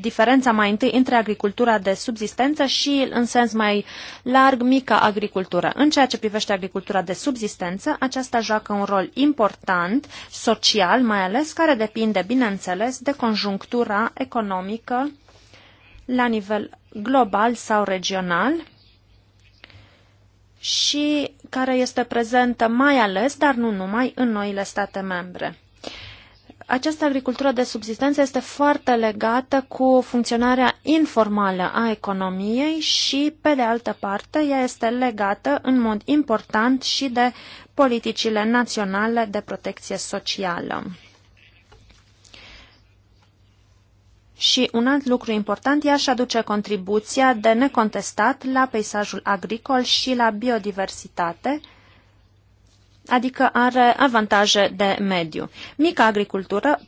diferența mai întâi între agricultura de subzistență și, în sens mai larg, mica agricultură. În ceea ce privește agricultura de subzistență, aceasta joacă un rol important, social mai ales, care depinde, bineînțeles, de conjunctura economică la nivel global sau regional și care este prezentă mai ales, dar nu numai, în noile state membre. Această agricultură de subsistență este foarte legată cu funcționarea informală a economiei și, pe de altă parte, ea este legată în mod important și de politicile naționale de protecție socială. Și un alt lucru important, ea își aduce contribuția de necontestat la peisajul agricol și la biodiversitate, adică are avantaje de mediu. Mica agricultură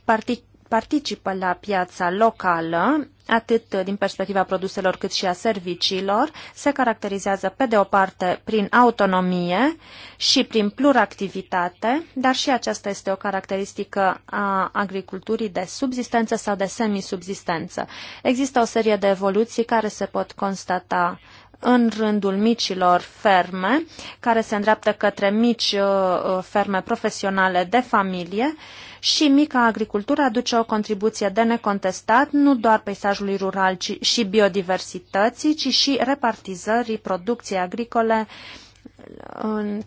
participă la piața locală, atât din perspectiva produselor cât și a serviciilor, se caracterizează pe de o parte prin autonomie și prin pluractivitate, dar și aceasta este o caracteristică a agriculturii de subsistență sau de semisubsistență. Există o serie de evoluții care se pot constata în rândul micilor ferme, care se îndreaptă către mici uh, ferme profesionale de familie, uh, și mica agricultură aduce o contribuție de necontestat nu doar peisajului rural ci și biodiversității, ci și repartizării producției agricole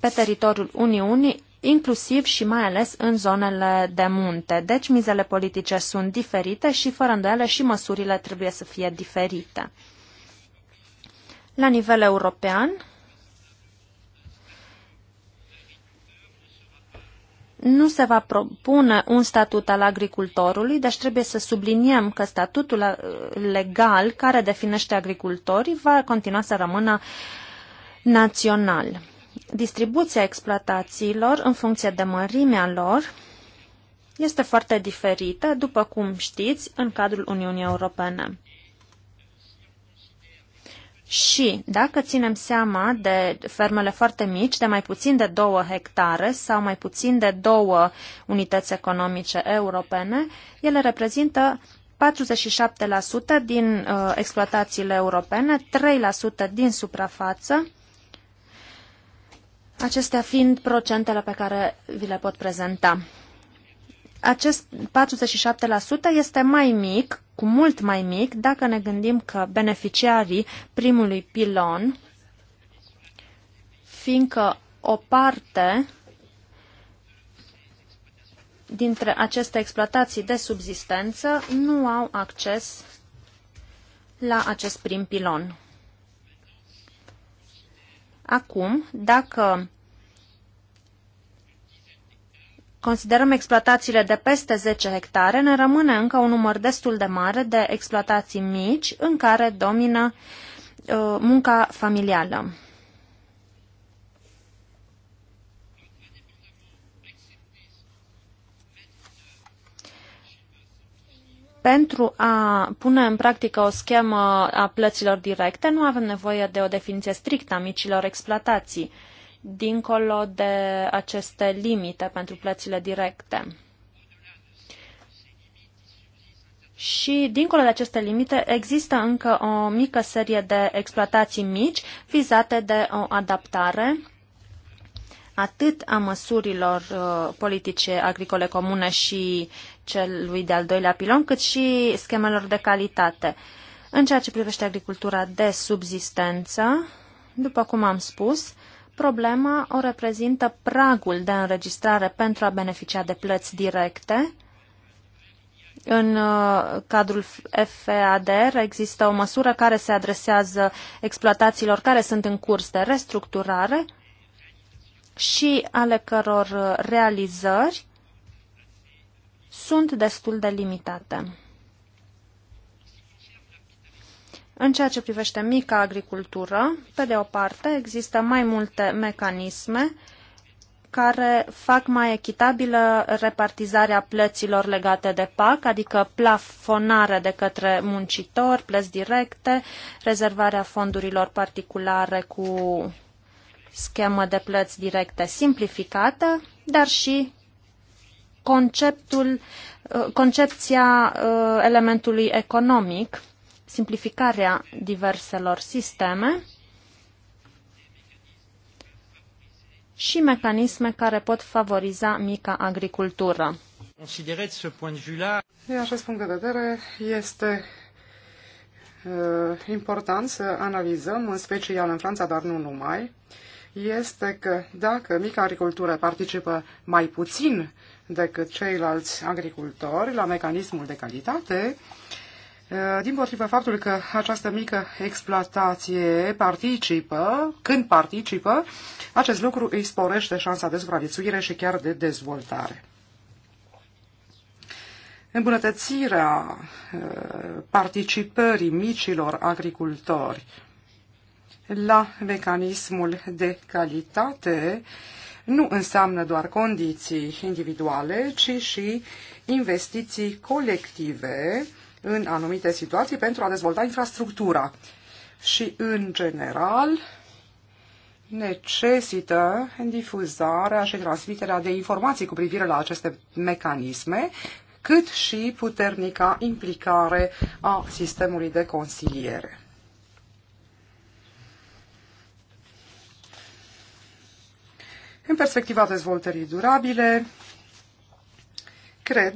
pe teritoriul Uniunii, inclusiv și mai ales în zonele de munte. Deci mizele politice sunt diferite și fără îndoială și măsurile trebuie să fie diferite. La nivel european, nu se va propune un statut al agricultorului, deci trebuie să subliniem că statutul uh, legal care definește agricultorii va continua să rămână național. Distribuția exploatațiilor în funcție de mărimea lor este foarte diferită, după cum știți, în cadrul Uniunii Europene. Și dacă ținem seama de fermele foarte mici, de mai puțin de 2 hectare sau mai puțin de 2 unități economice europene, ele reprezintă 47% din uh, exploatațiile europene, 3% din suprafață, acestea fiind procentele pe care vi le pot prezenta. Acest 47% este mai mic cu mult mai mic dacă ne gândim că beneficiarii primului pilon, fiindcă o parte dintre aceste exploatații de subzistență nu au acces la acest prim pilon. Acum, dacă considerăm exploatațiile de peste 10 hectare, ne rămâne încă un număr destul de mare de exploatații mici în care domină uh, munca familială. pentru a pune în practică o schemă a plăților directe, nu avem nevoie de o definiție strictă a micilor exploatații. Uh, dincolo de aceste limite pentru plățile directe. Și, dincolo de aceste limite, există încă o mică serie de exploatații mici vizate de o adaptare atât a măsurilor uh, politice agricole comune și celui de-al doilea pilon, cât și schemelor de calitate. În ceea ce privește agricultura de subzistență, după cum am spus, Problema o reprezintă pragul de înregistrare pentru a beneficia de plăți directe. În uh, cadrul FADR există o măsură care se adresează exploatațiilor care sunt în curs de restructurare și ale căror realizări sunt destul de limitate. În ceea ce privește mica agricultură, pe de o parte, există mai multe mecanisme care fac mai echitabilă repartizarea plăților legate de PAC, adică plafonarea de către muncitori, plăți directe, rezervarea fondurilor particulare cu schemă de plăți directe simplificată, dar și conceptul, concepția uh, elementului economic, simplificarea diverselor sisteme și mecanisme care pot favoriza mica agricultură. Din acest punct de vedere, este uh, important să analizăm, în special în Franța, dar nu numai, este că dacă mica agricultură participă mai puțin decât ceilalți agricultori la mecanismul de calitate, Eh, din potriva faptul că această mică exploatație participă, când participă, acest lucru îi sporește șansa de supraviețuire și chiar de dezvoltare. Îmbunătățirea eh, participării micilor agricultori la mecanismul de calitate nu înseamnă doar condiții individuale, ci și investiții colective în anumite situații pentru a dezvolta infrastructura. Și, în general, necesită difuzarea și transmiterea de informații cu privire la aceste mecanisme, cât și puternica implicare a sistemului de consiliere. În perspectiva dezvoltării durabile, cred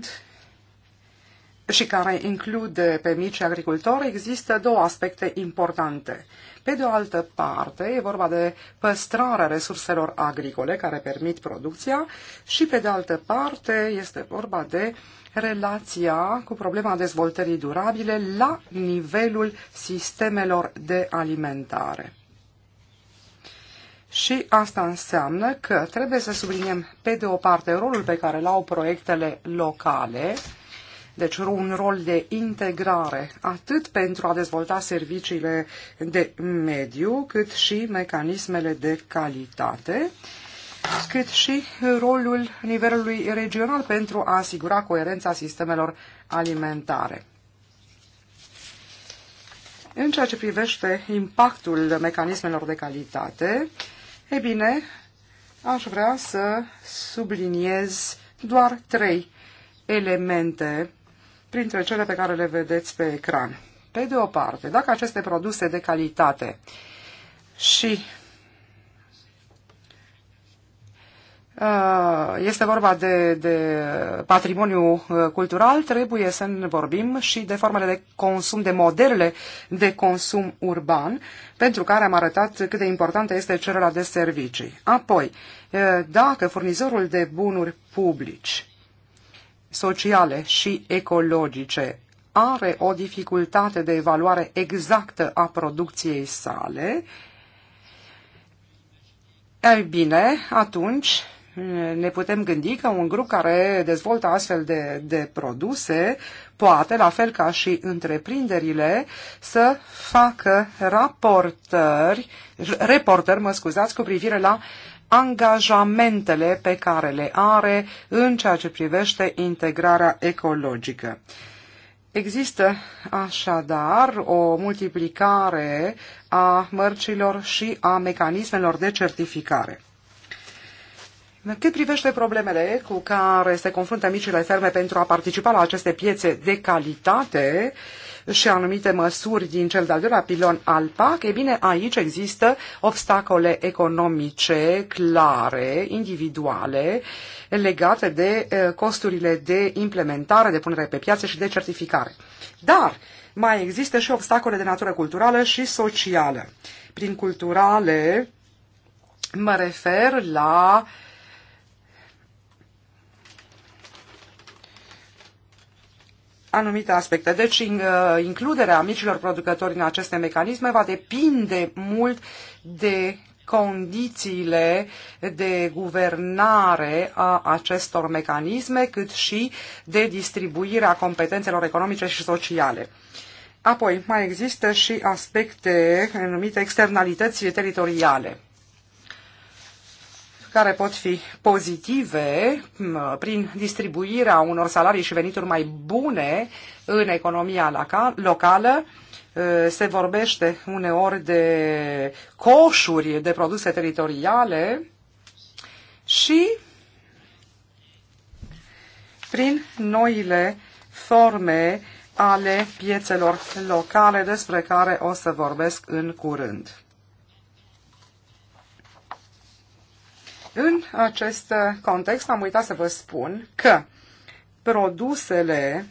și care include pe mici agricultori, există două aspecte importante. Pe de o altă parte, e vorba de păstrarea resurselor agricole care permit producția și pe de altă parte este vorba de relația cu problema dezvoltării durabile la nivelul sistemelor de alimentare. Și asta înseamnă că trebuie să subliniem pe de o parte rolul pe care l au proiectele locale, deci un rol de integrare, atât pentru a dezvolta serviciile de mediu, cât și mecanismele de calitate, cât și rolul nivelului regional pentru a asigura coerența sistemelor alimentare. În ceea ce privește impactul mecanismelor de calitate, e bine, aș vrea să subliniez doar trei elemente printre cele pe care le vedeți pe ecran. Pe de o parte, dacă aceste produse de calitate și uh, este vorba de, de patrimoniu uh, cultural, trebuie să ne vorbim și de formele de consum, de modele de consum urban, pentru care am arătat cât de importantă este cererea de servicii. Apoi, uh, dacă furnizorul de bunuri publici sociale și ecologice are o dificultate de evaluare exactă a producției sale, ei bine, atunci eh, ne putem gândi că un grup care dezvoltă astfel de, de produse poate, la fel ca și întreprinderile, să facă raportări, reportări, mă scuzați, cu privire la angajamentele pe care le are în ceea ce privește integrarea ecologică. Există așadar o multiplicare a mărcilor și a mecanismelor de certificare. Cât privește problemele cu care se confruntă micile ferme pentru a participa la aceste piețe de calitate, uh, și anumite măsuri din cel de-al doilea pilon al PAC, e bine, aici există obstacole economice clare, individuale, legate de costurile de implementare, de punere pe piață și de certificare. Dar mai există și obstacole de natură culturală și socială. Prin culturale mă refer la uh, anumite aspecte. Deci uh, includerea micilor producători în aceste mecanisme va depinde mult de condițiile de guvernare a acestor mecanisme, cât și de distribuirea competențelor economice și sociale. Apoi, mai există și aspecte numite externalități teritoriale care pot fi pozitive prin distribuirea unor salarii și venituri mai bune în economia locală. Se vorbește uneori de coșuri de produse teritoriale și prin noile forme ale piețelor locale despre care o să vorbesc în curând. În acest context am uitat să vă spun că produsele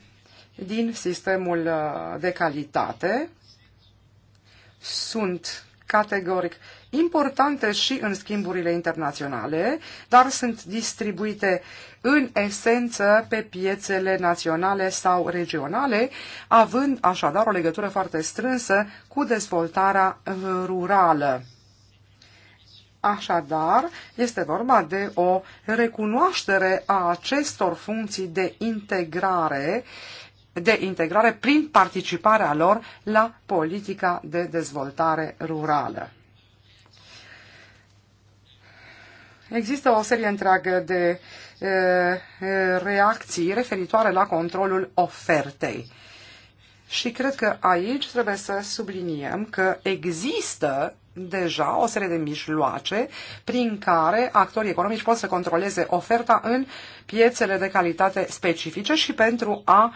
din sistemul uh, de calitate sunt categoric importante și în schimburile internaționale, dar sunt distribuite în esență pe piețele naționale sau regionale, având așadar o legătură foarte strânsă cu dezvoltarea rurală. Așadar, este vorba de o recunoaștere a acestor funcții de integrare, de integrare prin participarea lor la politica de dezvoltare rurală. Există o serie întreagă de e, reacții referitoare la controlul ofertei. Și cred că aici trebuie să subliniem că există deja o serie de mijloace prin care actorii economici pot să controleze oferta în piețele de calitate specifice și pentru a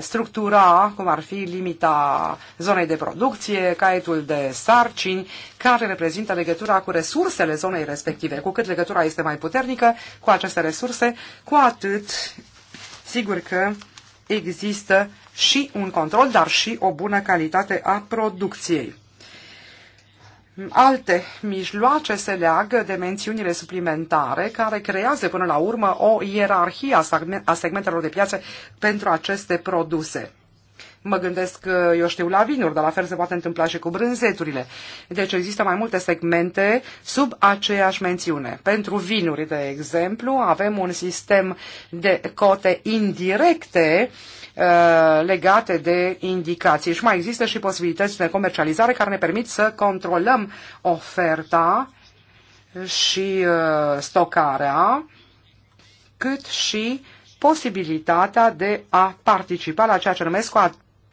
structura, cum ar fi limita zonei de producție, caietul de sarcini, care reprezintă legătura cu resursele zonei respective. Cu cât legătura este mai puternică cu aceste resurse, cu atât, sigur că există și un control, dar și o bună calitate a producției. Alte mijloace se leagă de mențiunile suplimentare care creează până la urmă o ierarhie a segmentelor de piață pentru aceste produse. Mă gândesc, uh, eu știu, la vinuri, dar la fel se poate întâmpla și cu brânzeturile. Deci există mai multe segmente sub aceeași mențiune. Pentru vinuri, de exemplu, avem un sistem de cote indirecte uh, Uh, legate de indicații. Și mai există și posibilități de comercializare care ne permit să controlăm oferta și uh, stocarea, cât și posibilitatea de a participa la ceea ce numesc o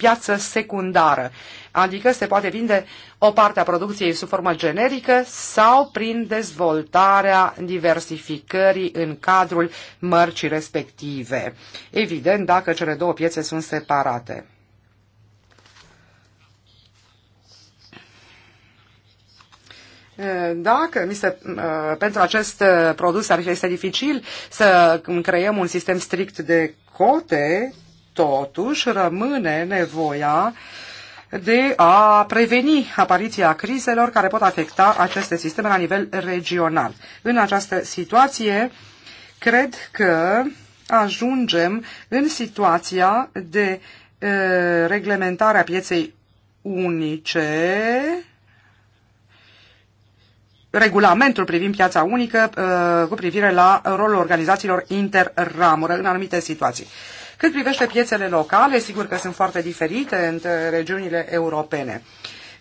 piață secundară, adică se poate vinde o parte a producției sub formă generică sau prin dezvoltarea diversificării în cadrul mărcii respective. Evident, dacă cele două piețe sunt separate. Dacă mi se, pentru acest produs ar fi este dificil să creăm un sistem strict de cote, Totuși, rămâne nevoia de a preveni apariția crizelor care pot afecta aceste sisteme la nivel regional. În această situație, cred că ajungem în situația de e, a pieței unice, regulamentul privind piața unică e, cu privire la rolul organizațiilor interramură în anumite situații. Cât privește piețele locale, sigur că sunt foarte diferite între regiunile europene.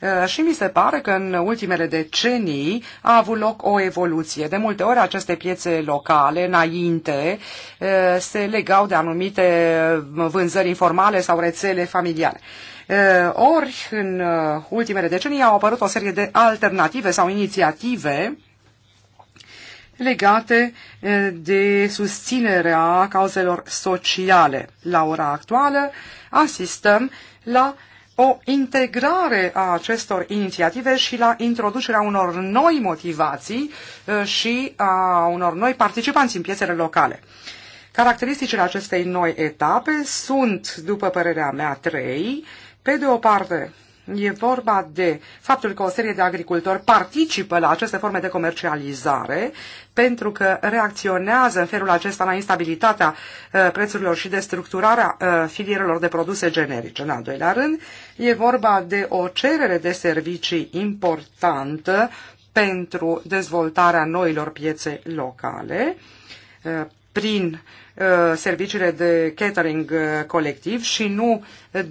Uh, și mi se pare că în ultimele decenii a avut loc o evoluție. De multe ori aceste piețe locale, înainte, uh, se legau de anumite uh, vânzări informale sau rețele familiale. Ori, în ultimele decenii, au apărut o serie de alternative sau inițiative legate de susținerea cauzelor sociale. La ora actuală asistăm la o integrare a acestor inițiative și la introducerea unor noi motivații și a unor noi participanți în piețele locale. Caracteristicile acestei noi etape sunt, după părerea mea, trei. Pe de o parte, E vorba de faptul că o serie de agricultori participă la aceste forme de comercializare pentru că reacționează în felul acesta la instabilitatea uh, prețurilor și destructurarea uh, filierelor de produse generice. În al doilea rând, e vorba de o cerere de servicii importantă pentru dezvoltarea noilor piețe locale uh, prin uh, serviciile de catering uh, colectiv și nu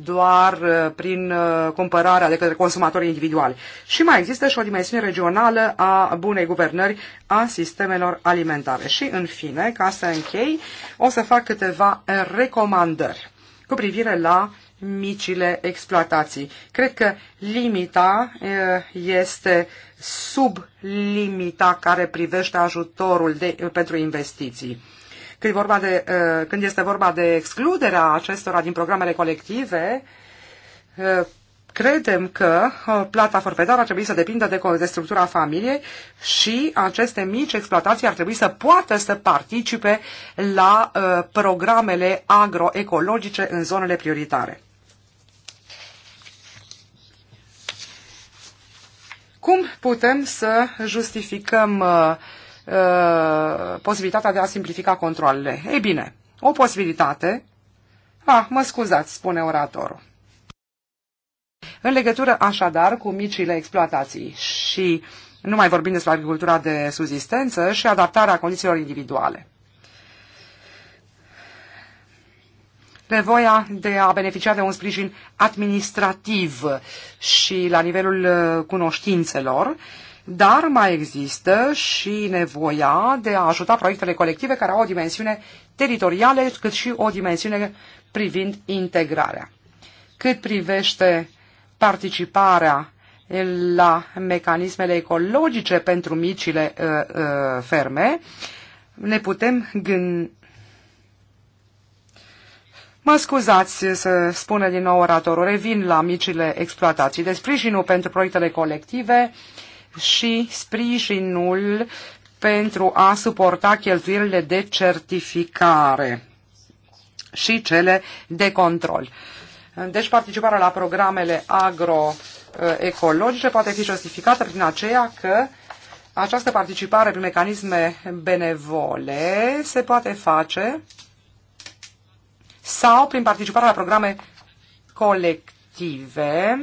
doar uh, prin cumpărarea de către consumatori individuali. Și mai există și o dimensiune regională a bunei guvernări a sistemelor alimentare. Și în fine, ca să închei, o să fac câteva recomandări cu privire la micile exploatații. Cred că limita este sub limita care privește ajutorul de, pentru investiții când, vorba de, uh, când este vorba de excluderea acestora din programele colective, uh, credem că uh, plata forfetară ar trebui să depindă de, de structura familiei și aceste mici exploatații ar trebui să poată să participe la programele agroecologice în zonele prioritare. Cum putem să justificăm uh, Uh, posibilitatea de a simplifica controlele. Ei bine, o posibilitate... Ah, mă scuzați, spune oratorul. În legătură așadar cu micile exploatații și nu mai vorbim despre agricultura de subsistență și adaptarea condițiilor individuale. nevoia de a beneficia de un sprijin administrativ și la nivelul uh, cunoștințelor dar mai există și nevoia de a ajuta proiectele colective care au o dimensiune teritorială, cât și o dimensiune privind integrarea. Cât privește participarea la mecanismele ecologice pentru micile uh, uh, ferme, ne putem gândi. Mă scuzați să spune din nou oratorul, revin la micile exploatații. De deci sprijinul pentru proiectele colective uh, și sprijinul pentru a suporta cheltuielile de certificare și cele de control. Deci participarea la programele agroecologice poate fi justificată prin aceea că această participare prin mecanisme benevole se poate face sau prin participarea la programe colective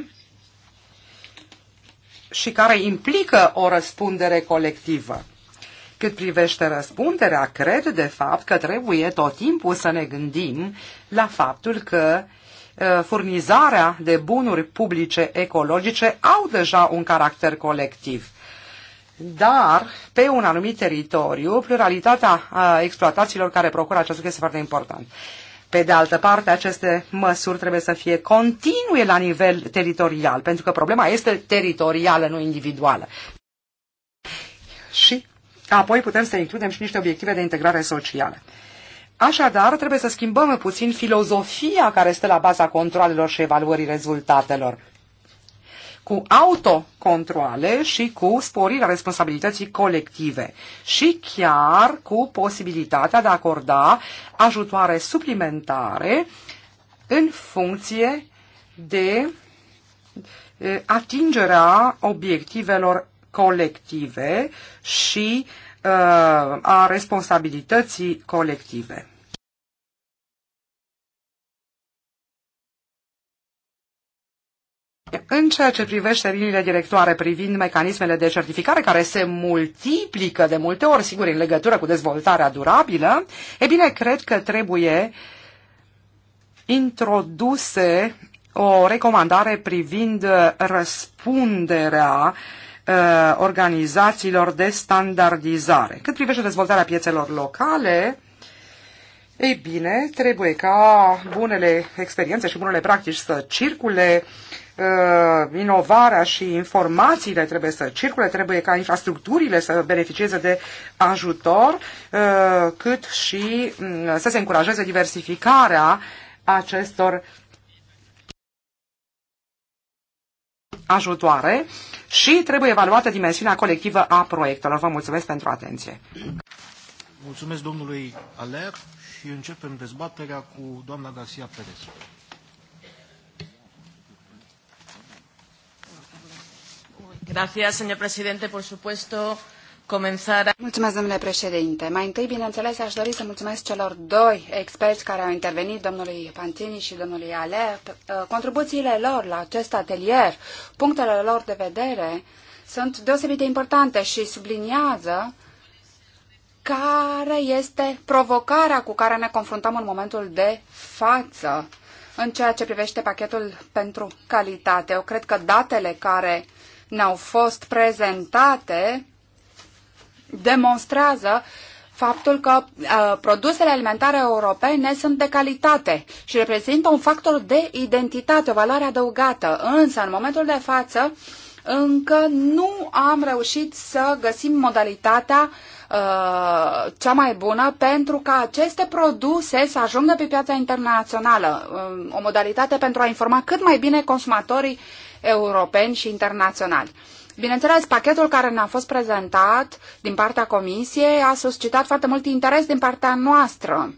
și care implică o răspundere colectivă. Cât privește răspunderea, cred de fapt că trebuie tot timpul să ne gândim la faptul că uh, furnizarea de bunuri publice ecologice au deja un caracter colectiv. Dar, pe un anumit teritoriu, pluralitatea uh, exploatațiilor care procură acest lucru este foarte important. Pe de altă parte, aceste măsuri trebuie să fie continue la nivel teritorial, pentru că problema este teritorială, nu individuală. Și apoi putem să includem și niște obiective de integrare socială. Așadar, trebuie să schimbăm puțin filozofia care stă la baza controlelor și evaluării rezultatelor cu autocontroale și cu sporirea responsabilității colective și chiar cu posibilitatea de a acorda ajutoare suplimentare în funcție de atingerea obiectivelor colective și a responsabilității colective. În ceea ce privește liniile directoare privind mecanismele de certificare care se multiplică de multe ori, sigur, în legătură cu dezvoltarea durabilă, e bine, cred că trebuie introduse o recomandare privind răspunderea uh, organizațiilor de standardizare. Cât privește dezvoltarea piețelor locale, ei bine, trebuie ca bunele experiențe și bunele practici să circule Uh, inovarea și informațiile trebuie să circule, trebuie ca infrastructurile să beneficieze de ajutor, uh, cât și mm, să se încurajeze diversificarea acestor ajutoare și trebuie evaluată dimensiunea colectivă a proiectelor. Vă mulțumesc pentru atenție. Mulțumesc domnului Aler și începem dezbaterea cu doamna Garcia Perez. Gracias, señor presidente. Por supuesto, comenzar... Mulțumesc, domnule președinte. Mai întâi, bineînțeles, aș dori să mulțumesc celor doi experți care au intervenit, domnului Pantini și domnului Ale. Contribuțiile lor la acest atelier, punctele lor de vedere, sunt deosebit de importante și subliniază care este provocarea cu care ne confruntăm în momentul de față în ceea ce privește pachetul pentru calitate. Eu cred că datele care ne-au fost prezentate demonstrează faptul că uh, produsele alimentare europene sunt de calitate și reprezintă un factor de identitate, o valoare adăugată. Însă, în momentul de față, încă nu am reușit să găsim modalitatea uh, cea mai bună pentru ca aceste produse să ajungă pe piața internațională. Uh, o modalitate pentru a informa cât mai bine consumatorii uh, europeni și internaționali. Bineînțeles, pachetul care ne-a fost prezentat din partea Comisiei a suscitat foarte mult interes din partea noastră.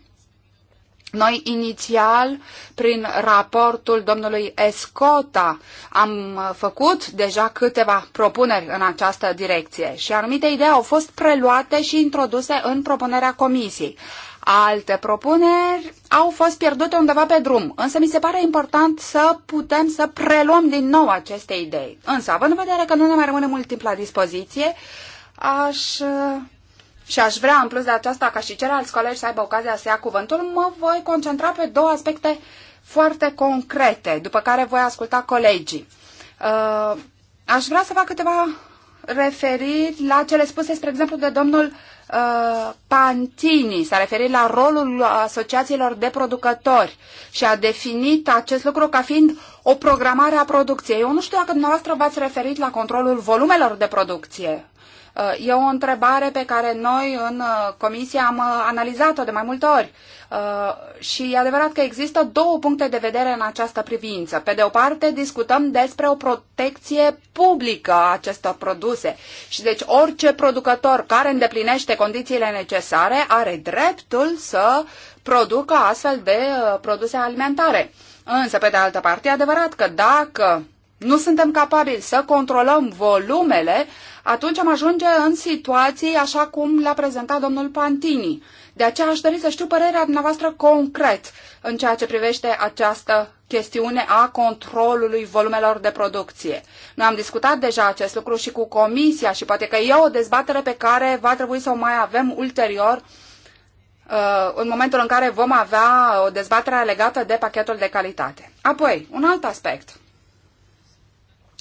Noi inițial, prin raportul domnului Escota, am făcut deja câteva propuneri în această direcție și anumite idei au fost preluate și introduse în propunerea comisiei alte propuneri au fost pierdute undeva pe drum, însă mi se pare important să putem să preluăm din nou aceste idei. Însă, având în vedere că nu ne mai rămâne mult timp la dispoziție, aș... Și aș vrea, în plus de aceasta, ca și ceilalți colegi să aibă ocazia să ia cuvântul, mă voi concentra pe două aspecte foarte concrete, după care voi asculta colegii. Uh, aș vrea să fac câteva referit la cele spuse, spre exemplu, de domnul uh, Pantini. S-a referit la rolul asociațiilor de producători și a definit acest lucru ca fiind o programare a producției. Eu nu știu dacă dumneavoastră v-ați referit la controlul volumelor de producție. Uh, e o întrebare pe care noi în uh, comisie am uh, analizat-o de mai multe ori Uh, și e adevărat că există două puncte de vedere în această privință. Pe de o parte, discutăm despre o protecție publică a acestor produse și deci orice producător care îndeplinește condițiile necesare are dreptul să producă astfel de uh, produse alimentare. Însă, pe de altă parte, e adevărat că dacă nu suntem capabili să controlăm volumele, atunci am ajunge în situații așa cum l-a prezentat domnul Pantini. De aceea aș dori să știu părerea dumneavoastră concret în ceea ce privește această chestiune a controlului volumelor de producție. Noi am discutat deja acest lucru și cu Comisia și poate că e o dezbatere pe care va trebui să o mai avem ulterior uh, în momentul în care vom avea o dezbatere legată de pachetul de calitate. Apoi, un alt aspect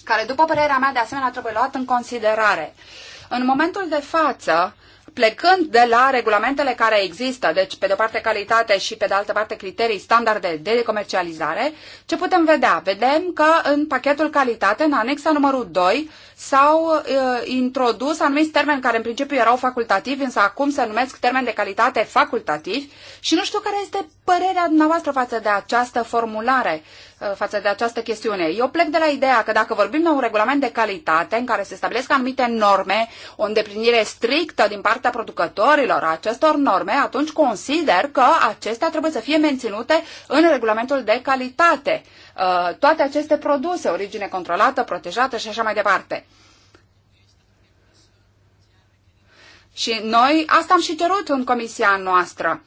care, după părerea mea, de asemenea trebuie luat în considerare. În momentul de față, uh, plecând de la regulamentele care există, deci pe de o parte calitate și pe de altă parte criterii standarde de comercializare, ce putem vedea? Vedem că în pachetul calitate, în anexa numărul 2, s-au uh, introdus anumiți termeni care în principiu erau facultativi, însă acum se numesc termeni de calitate facultativi și nu știu care este părerea dumneavoastră față de această formulare, uh, față de această chestiune. Eu plec de la ideea că dacă vorbim de un regulament de calitate în care se stabilesc anumite norme, o îndeplinire strictă din partea producătorilor a acestor norme, atunci consider că acestea trebuie să fie menținute în regulamentul de calitate. Uh, toate aceste produse, origine controlată, protejată și așa mai departe. Și noi asta am și cerut în comisia noastră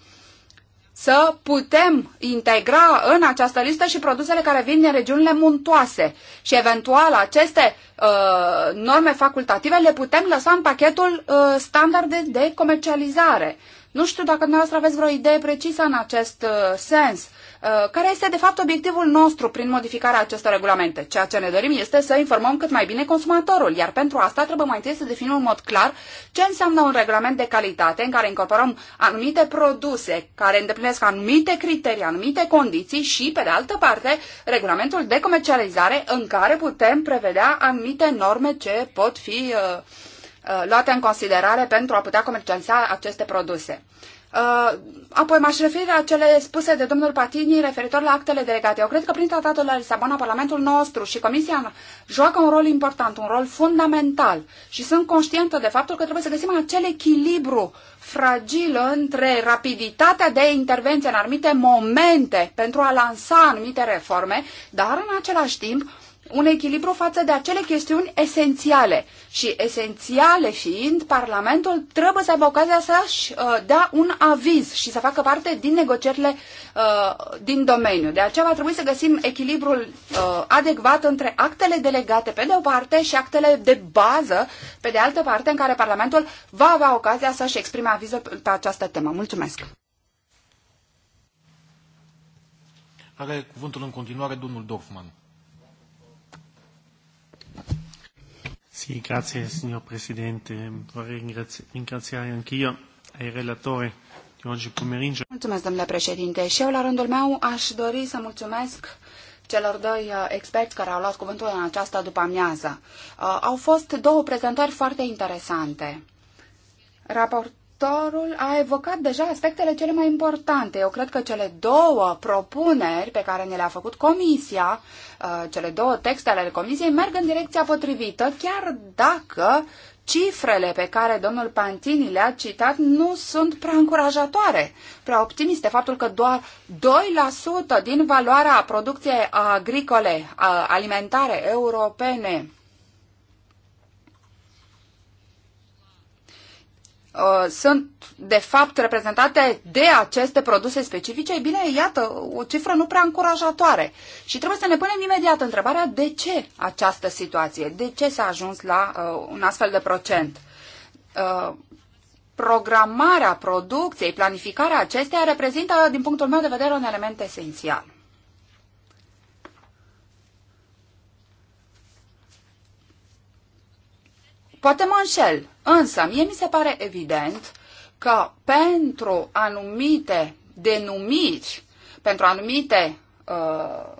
să putem integra în această listă și produsele care vin din regiunile muntoase și eventual aceste uh, norme facultative le putem lăsa în pachetul uh, standarde de comercializare. Nu știu dacă dumneavoastră aveți vreo idee precisă în acest uh, sens Uh, care este de fapt obiectivul nostru prin modificarea acestor regulamente. Ceea ce ne dorim este să informăm cât mai bine consumatorul, iar pentru asta trebuie mai întâi să definim în mod clar ce înseamnă un regulament de calitate în care incorporăm anumite produse care îndeplinesc anumite criterii, anumite condiții și, pe de altă parte, regulamentul de comercializare în care putem prevedea anumite norme ce pot fi uh, uh luate în considerare pentru a putea comercializa aceste produse. Uh, apoi m-aș referi la cele spuse de domnul Patini referitor la actele delegate. Eu cred că prin tratatul la Lisabona, Parlamentul nostru și Comisia joacă un rol important, un rol fundamental și sunt conștientă de faptul că trebuie să găsim acel echilibru fragil între rapiditatea de intervenție în anumite momente pentru a lansa anumite reforme, dar în același timp un echilibru față de acele chestiuni esențiale. Și esențiale fiind, Parlamentul trebuie să aibă ocazia să-și uh, dea un aviz și să facă parte din negocierile uh, din domeniu. De aceea va trebui să găsim echilibrul uh, adecvat între actele delegate pe de o parte și actele de bază pe de altă parte în care Parlamentul va avea ocazia să-și exprime avizul pe această temă. Mulțumesc! Are cuvântul în continuare domnul Dorfman. Sì, grazie signor Presidente. Vorrei ringraziare anch'io ai relatori di oggi pomeriggio. Mulțumesc, domnule președinte. Și eu, la rândul meu, aș dori să mulțumesc celor doi uh, experți care au luat cuvântul în această după-amiază. Uh, au fost două prezentări foarte interesante. Raport autorul a evocat deja aspectele cele mai importante. Eu cred că cele două propuneri pe care ne le-a făcut comisia, uh, cele două texte ale comisiei, merg în direcția potrivită, chiar dacă cifrele pe care domnul Pantini le-a citat nu sunt prea încurajatoare, prea optimiste. Faptul că doar 2% din valoarea producției agricole uh, alimentare europene Uh, sunt de fapt reprezentate de aceste produse specifice, e bine, iată, o cifră nu prea încurajatoare. Și trebuie să ne punem imediat întrebarea de ce această situație, de ce s-a ajuns la uh, un astfel de procent. Uh, programarea producției, planificarea acesteia reprezintă, din punctul meu de vedere, un element esențial. Poate mă înșel, însă mie mi se pare evident că pentru anumite denumiri, pentru anumite uh,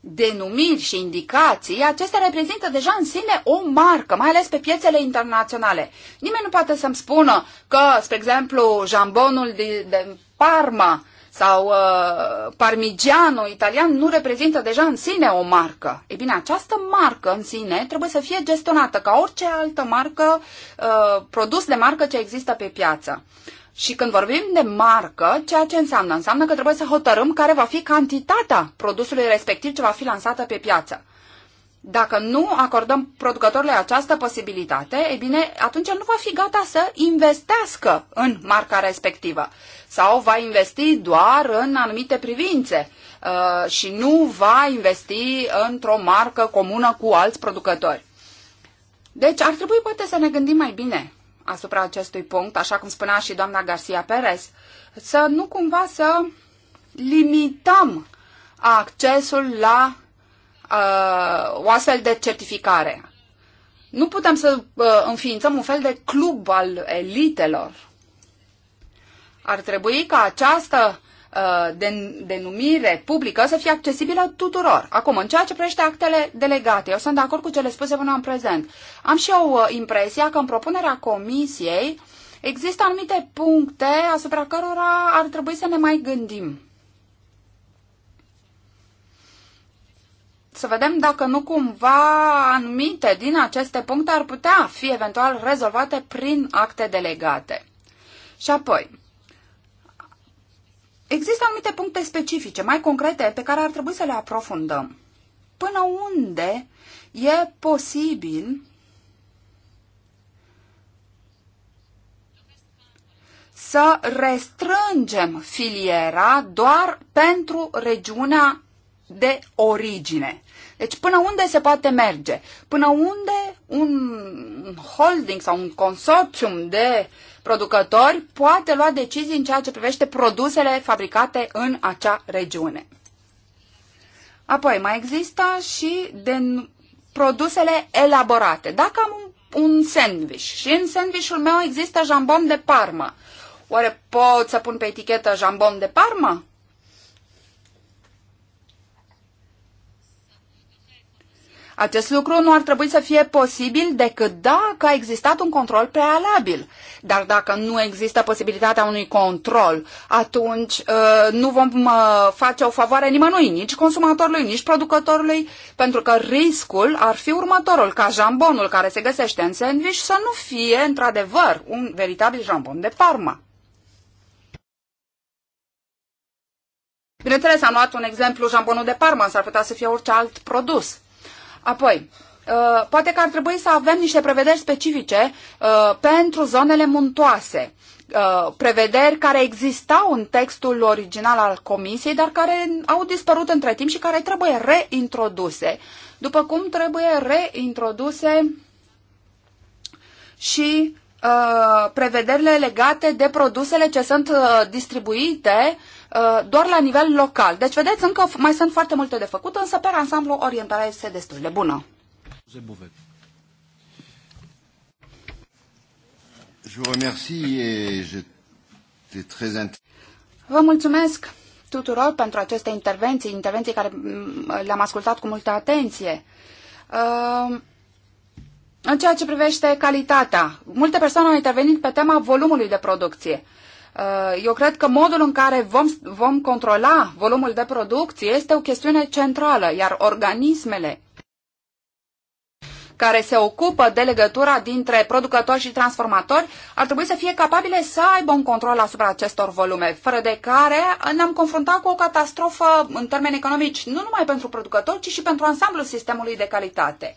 denumiri și indicații, acestea reprezintă deja în sine o marcă, mai ales pe piețele internaționale. Nimeni nu poate să-mi spună că, spre exemplu, jambonul de, de Parma sau uh, parmigiano italian nu reprezintă deja în sine o marcă. E bine, această marcă în sine trebuie să fie gestionată ca orice altă marcă, uh, produs de marcă ce există pe piață. Și când vorbim de marcă, ceea ce înseamnă? Înseamnă că trebuie să hotărâm care va fi cantitatea produsului respectiv ce va fi lansată pe piață. Dacă nu acordăm producătorilor această posibilitate, e bine, atunci nu va fi gata să investească în marca respectivă sau va investi doar în anumite privințe uh, și nu va investi într-o marcă comună cu alți producători. Deci ar trebui poate să ne gândim mai bine asupra acestui punct, așa cum spunea și doamna Garcia Perez, să nu cumva să limităm accesul la uh, o astfel de certificare. Nu putem să uh, înființăm un fel de club al elitelor. Ar trebui ca această uh, den, denumire publică să fie accesibilă tuturor. Acum, în ceea ce privește actele delegate, eu sunt de acord cu cele spuse până în prezent. Am și eu uh, impresia că în propunerea comisiei există anumite puncte asupra cărora ar trebui să ne mai gândim. să vedem dacă nu cumva anumite din aceste puncte ar putea fi eventual rezolvate prin acte delegate. Și apoi, există anumite puncte specifice, mai concrete, pe care ar trebui să le aprofundăm. Până unde e posibil să restrângem filiera doar pentru regiunea de origine. Deci până unde se poate merge? Până unde un holding sau un consorțium de producători poate lua decizii în ceea ce privește produsele fabricate în acea regiune? Apoi mai există și de produsele elaborate. Dacă am un sandwich și în sandwichul meu există jambon de parmă, oare pot să pun pe etichetă jambon de parmă? Acest lucru nu ar trebui să fie posibil decât dacă a existat un control prealabil. Dar dacă nu există posibilitatea unui control, atunci uh, nu vom uh, face o favoare nimănui, nici consumatorului, nici producătorului, pentru că riscul ar fi următorul, ca jambonul care se găsește în sandwich să nu fie, într-adevăr, un veritabil jambon de Parma. Bineînțeles, am luat un exemplu, jambonul de Parma, s-ar putea să fie orice alt produs. Apoi, uh, poate că ar trebui să avem niște prevederi specifice uh, pentru zonele muntoase uh, prevederi care existau în textul original al Comisiei, dar care au dispărut între timp și care trebuie reintroduse, după cum trebuie reintroduse și uh, prevederile legate de produsele ce sunt uh, distribuite Uh, doar la nivel local. Deci, vedeți, încă mai sunt foarte multe de făcut, însă, pe ansamblu, orientarea este destul de bună. Vă mulțumesc tuturor pentru aceste intervenții, intervenții care mm, le-am ascultat cu multă atenție. Uh, în ceea ce privește calitatea, multe persoane au intervenit pe tema volumului de producție. Uh, eu cred că modul în care vom, vom controla volumul de producție este o chestiune centrală, iar organismele care se ocupă de legătura dintre producători și transformatori ar trebui să fie capabile să aibă un control asupra acestor volume, fără de care ne-am confruntat cu o catastrofă în termeni economici, nu numai pentru producători, ci și pentru ansamblul sistemului de calitate.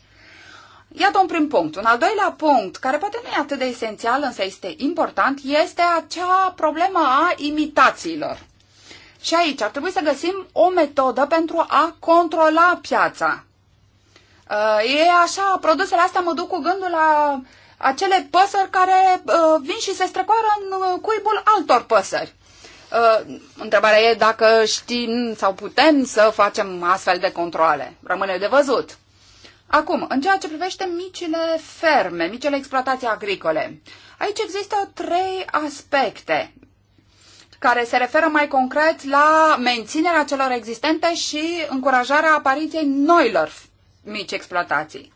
Iată un prim punct. Un al doilea punct, care poate nu e atât de esențial, însă este important, este acea problemă a imitațiilor. Și aici ar trebui să găsim o metodă pentru a controla piața. Uh, e așa, produsele astea mă duc cu gândul la acele păsări care uh, vin și se strecoară în uh, cuibul altor păsări. Uh, întrebarea e dacă știm sau putem să facem astfel de controle. Rămâne de văzut. Acum, în ceea ce privește micile ferme, micile exploatații agricole, aici există trei aspecte care se referă mai concret la menținerea celor existente și încurajarea apariției noilor mici exploatații.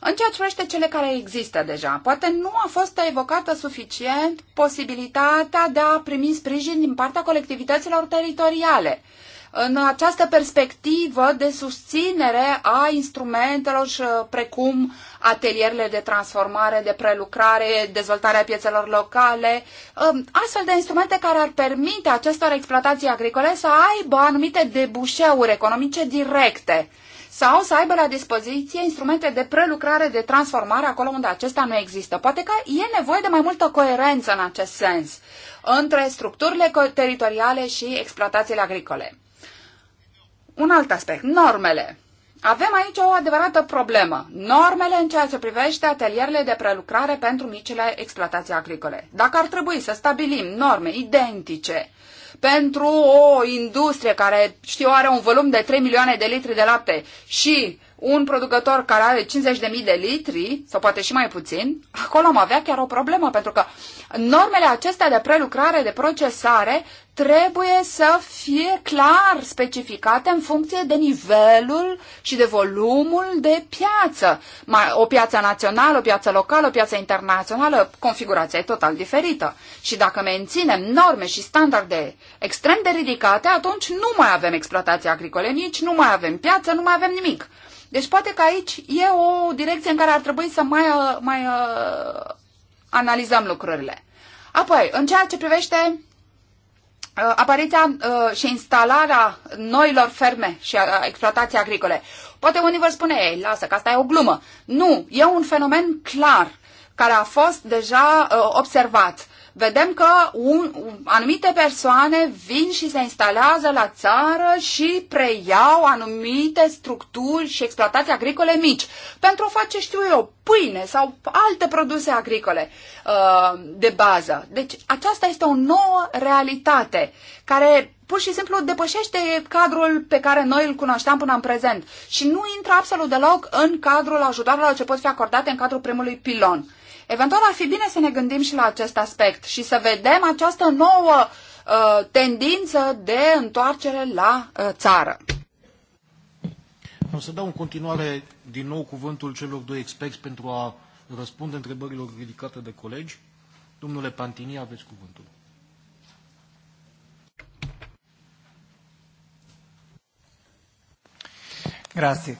În ceea ce privește cele care există deja, poate nu a fost evocată suficient posibilitatea de a primi sprijin din partea colectivităților teritoriale în această perspectivă de susținere a instrumentelor uh, precum atelierele de transformare, de prelucrare, dezvoltarea piețelor locale, um, astfel de instrumente care ar permite acestor exploatații agricole să aibă anumite debușeuri economice directe sau să aibă la dispoziție instrumente de prelucrare, de transformare acolo unde acesta nu există. Poate că e nevoie de mai multă coerență în acest sens între structurile teritoriale și exploatațiile agricole. Un alt aspect, normele. Avem aici o adevărată problemă. Normele în ceea ce privește atelierele de prelucrare pentru micile exploatații agricole. Dacă ar trebui să stabilim norme identice pentru o industrie care, știu, are un volum de 3 milioane de litri de lapte și un producător care are 50.000 de litri, sau poate și mai puțin, acolo am avea chiar o problemă, pentru că normele acestea de prelucrare, de procesare, trebuie să fie clar specificate în funcție de nivelul și de volumul de piață. O piață națională, o piață locală, o piață internațională, configurația e total diferită. Și dacă menținem norme și standarde extrem de ridicate, atunci nu mai avem exploatații agricole nici, nu mai avem piață, nu mai avem nimic. Deci poate că aici e o direcție în care ar trebui să mai, uh, mai uh, analizăm lucrurile. Apoi, în ceea ce privește uh, apariția uh, și instalarea noilor ferme și a, uh, exploatații agricole. Poate unii vor spune, ei, lasă, că asta e o glumă. Nu, e un fenomen clar care a fost deja uh, observat vedem că un, anumite persoane vin și se instalează la țară și preiau anumite structuri și exploatații agricole mici pentru a face, știu eu, pâine sau alte produse agricole uh, de bază. Deci aceasta este o nouă realitate care pur și simplu depășește cadrul pe care noi îl cunoșteam până în prezent și nu intră absolut deloc în cadrul ajutoarelor ce pot fi acordate în cadrul primului pilon. Eventual ar fi bine să ne gândim și la acest aspect și să vedem această nouă uh, tendință de întoarcere la uh, țară. Am să dau în continuare din nou cuvântul celor doi experți pentru a răspunde întrebărilor ridicate de colegi. Domnule Pantini, aveți cuvântul. Grazie.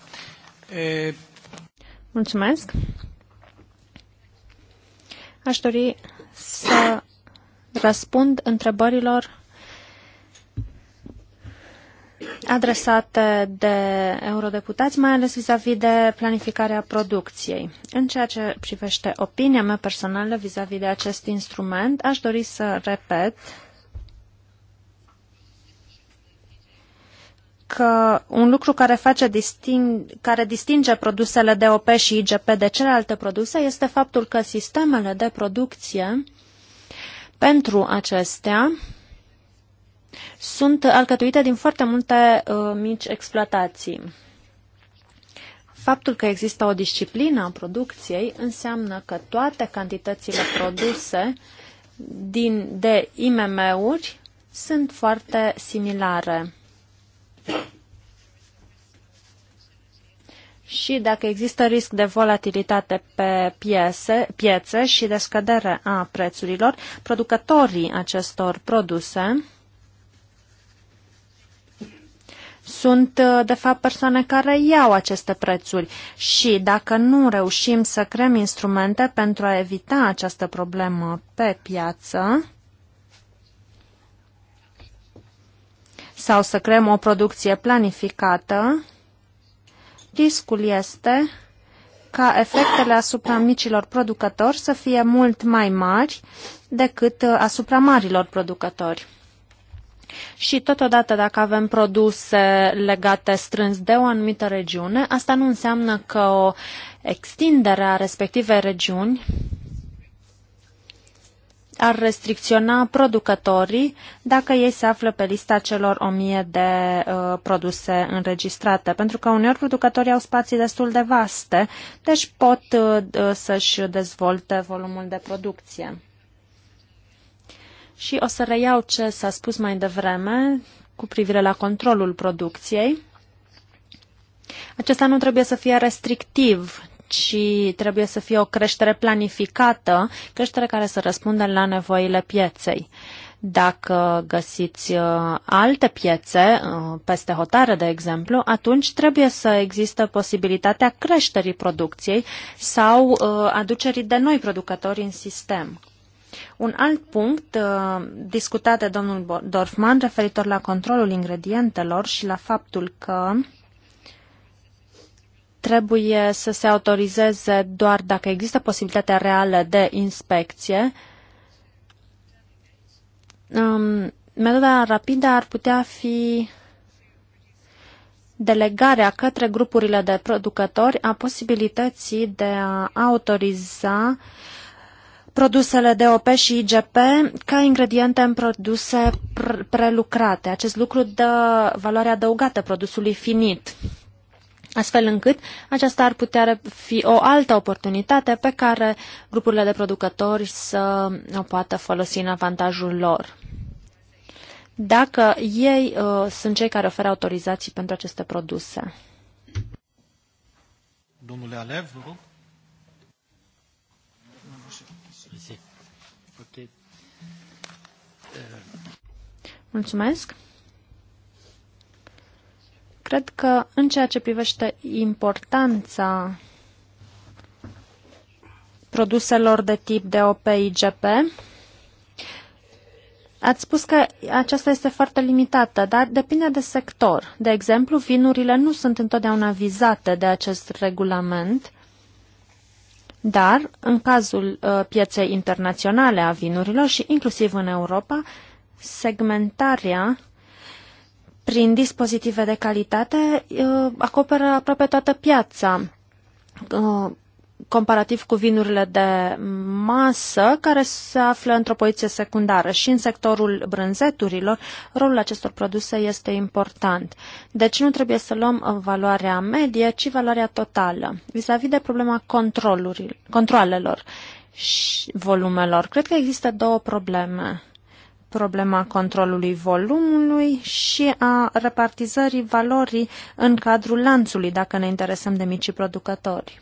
E... Mulțumesc. Aș dori să răspund întrebărilor adresate de eurodeputați, mai ales vis-a-vis -vis de planificarea producției. În ceea ce privește opinia mea personală vis-a-vis -vis de acest instrument, aș dori să repet că un lucru care, face disting, care distinge produsele DOP și IGP de celelalte produse este faptul că sistemele de producție pentru acestea sunt alcătuite din foarte multe uh, mici exploatații. Faptul că există o disciplină a producției înseamnă că toate cantitățile produse din, de IMM-uri sunt foarte similare. Și dacă există risc de volatilitate pe piese, piețe și de scădere a prețurilor, producătorii acestor produse sunt, de fapt, persoane care iau aceste prețuri și dacă nu reușim să creăm instrumente pentru a evita această problemă pe piață, sau să creăm o producție planificată, riscul este ca efectele asupra micilor producători să fie mult mai mari decât uh, asupra marilor producători. Și totodată dacă avem produse legate strâns de o anumită regiune, asta nu înseamnă că o extindere a respectivei regiuni ar restricționa producătorii dacă ei se află pe lista celor 1000 de uh, produse înregistrate, pentru că uneori producătorii au spații destul de vaste, deci pot uh, să-și dezvolte volumul de producție. Și o să reiau ce s-a spus mai devreme cu privire la controlul producției. Acesta nu trebuie să fie restrictiv, ci trebuie să fie o creștere planificată, creștere care să răspundă la nevoile pieței. Dacă găsiți uh, alte piețe, uh, peste hotare, de exemplu, atunci trebuie să există posibilitatea creșterii producției sau uh, aducerii de noi producători în sistem. Un alt punct discutat de domnul Dorfman referitor la controlul ingredientelor și la faptul că trebuie să se autorizeze doar dacă există posibilitatea reală de inspecție. Um, metoda rapidă ar putea fi delegarea către grupurile de producători a posibilității de a autoriza produsele OP și IGP ca ingrediente în produse prelucrate. Acest lucru dă valoare adăugată produsului finit astfel încât aceasta ar putea fi o altă oportunitate pe care grupurile de producători să o poată folosi în avantajul lor. Dacă ei uh, sunt cei care oferă autorizații pentru aceste produse. Domnule Alev, vă rog. Mulțumesc. Cred că în ceea ce privește importanța produselor de tip de OPIGP. Ați spus că aceasta este foarte limitată, dar depinde de sector. De exemplu, vinurile nu sunt întotdeauna vizate de acest regulament, dar în cazul uh, pieței internaționale a vinurilor și inclusiv în Europa, segmentarea prin dispozitive de calitate acoperă aproape toată piața comparativ cu vinurile de masă, care se află într-o poziție secundară. Și în sectorul brânzeturilor, rolul acestor produse este important. Deci nu trebuie să luăm valoarea medie, ci valoarea totală, vis-a-vis -vis de problema controlelor și volumelor. Cred că există două probleme problema controlului volumului și a repartizării valorii în cadrul lanțului, dacă ne interesăm de micii producători.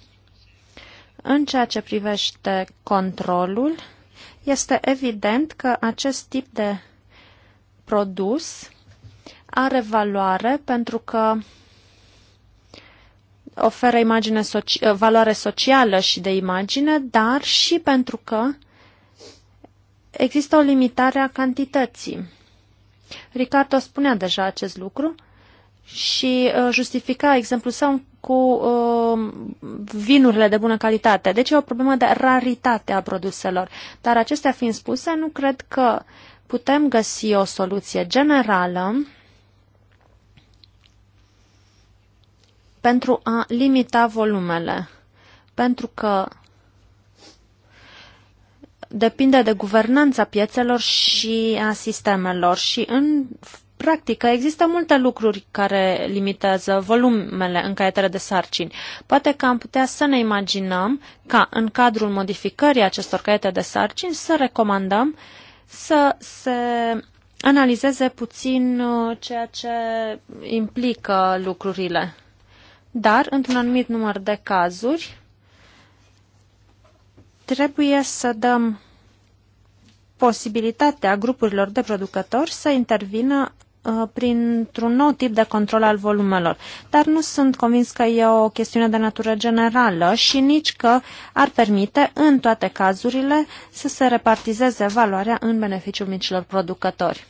În ceea ce privește controlul, este evident că acest tip de produs are valoare pentru că oferă imagine soci- valoare socială și de imagine, dar și pentru că există o limitare a cantității. Ricardo spunea deja acest lucru și uh, justifica exemplul său cu uh, vinurile de bună calitate. Deci e o problemă de raritate a produselor. Dar acestea fiind spuse, nu cred că putem găsi o soluție generală pentru a limita volumele. Pentru că depinde de guvernanța piețelor și a sistemelor și în practică există multe lucruri care limitează volumele în caietele de sarcini. Poate că am putea să ne imaginăm ca în cadrul modificării acestor caiete de sarcini să recomandăm să se analizeze puțin uh, ceea ce implică lucrurile. Dar, într-un anumit număr de cazuri, Trebuie să dăm posibilitatea grupurilor de producători să intervină uh, printr-un nou tip de control al volumelor. Dar nu sunt convins că e o chestiune de natură generală și nici că ar permite, în toate cazurile, să se repartizeze valoarea în beneficiul micilor producători.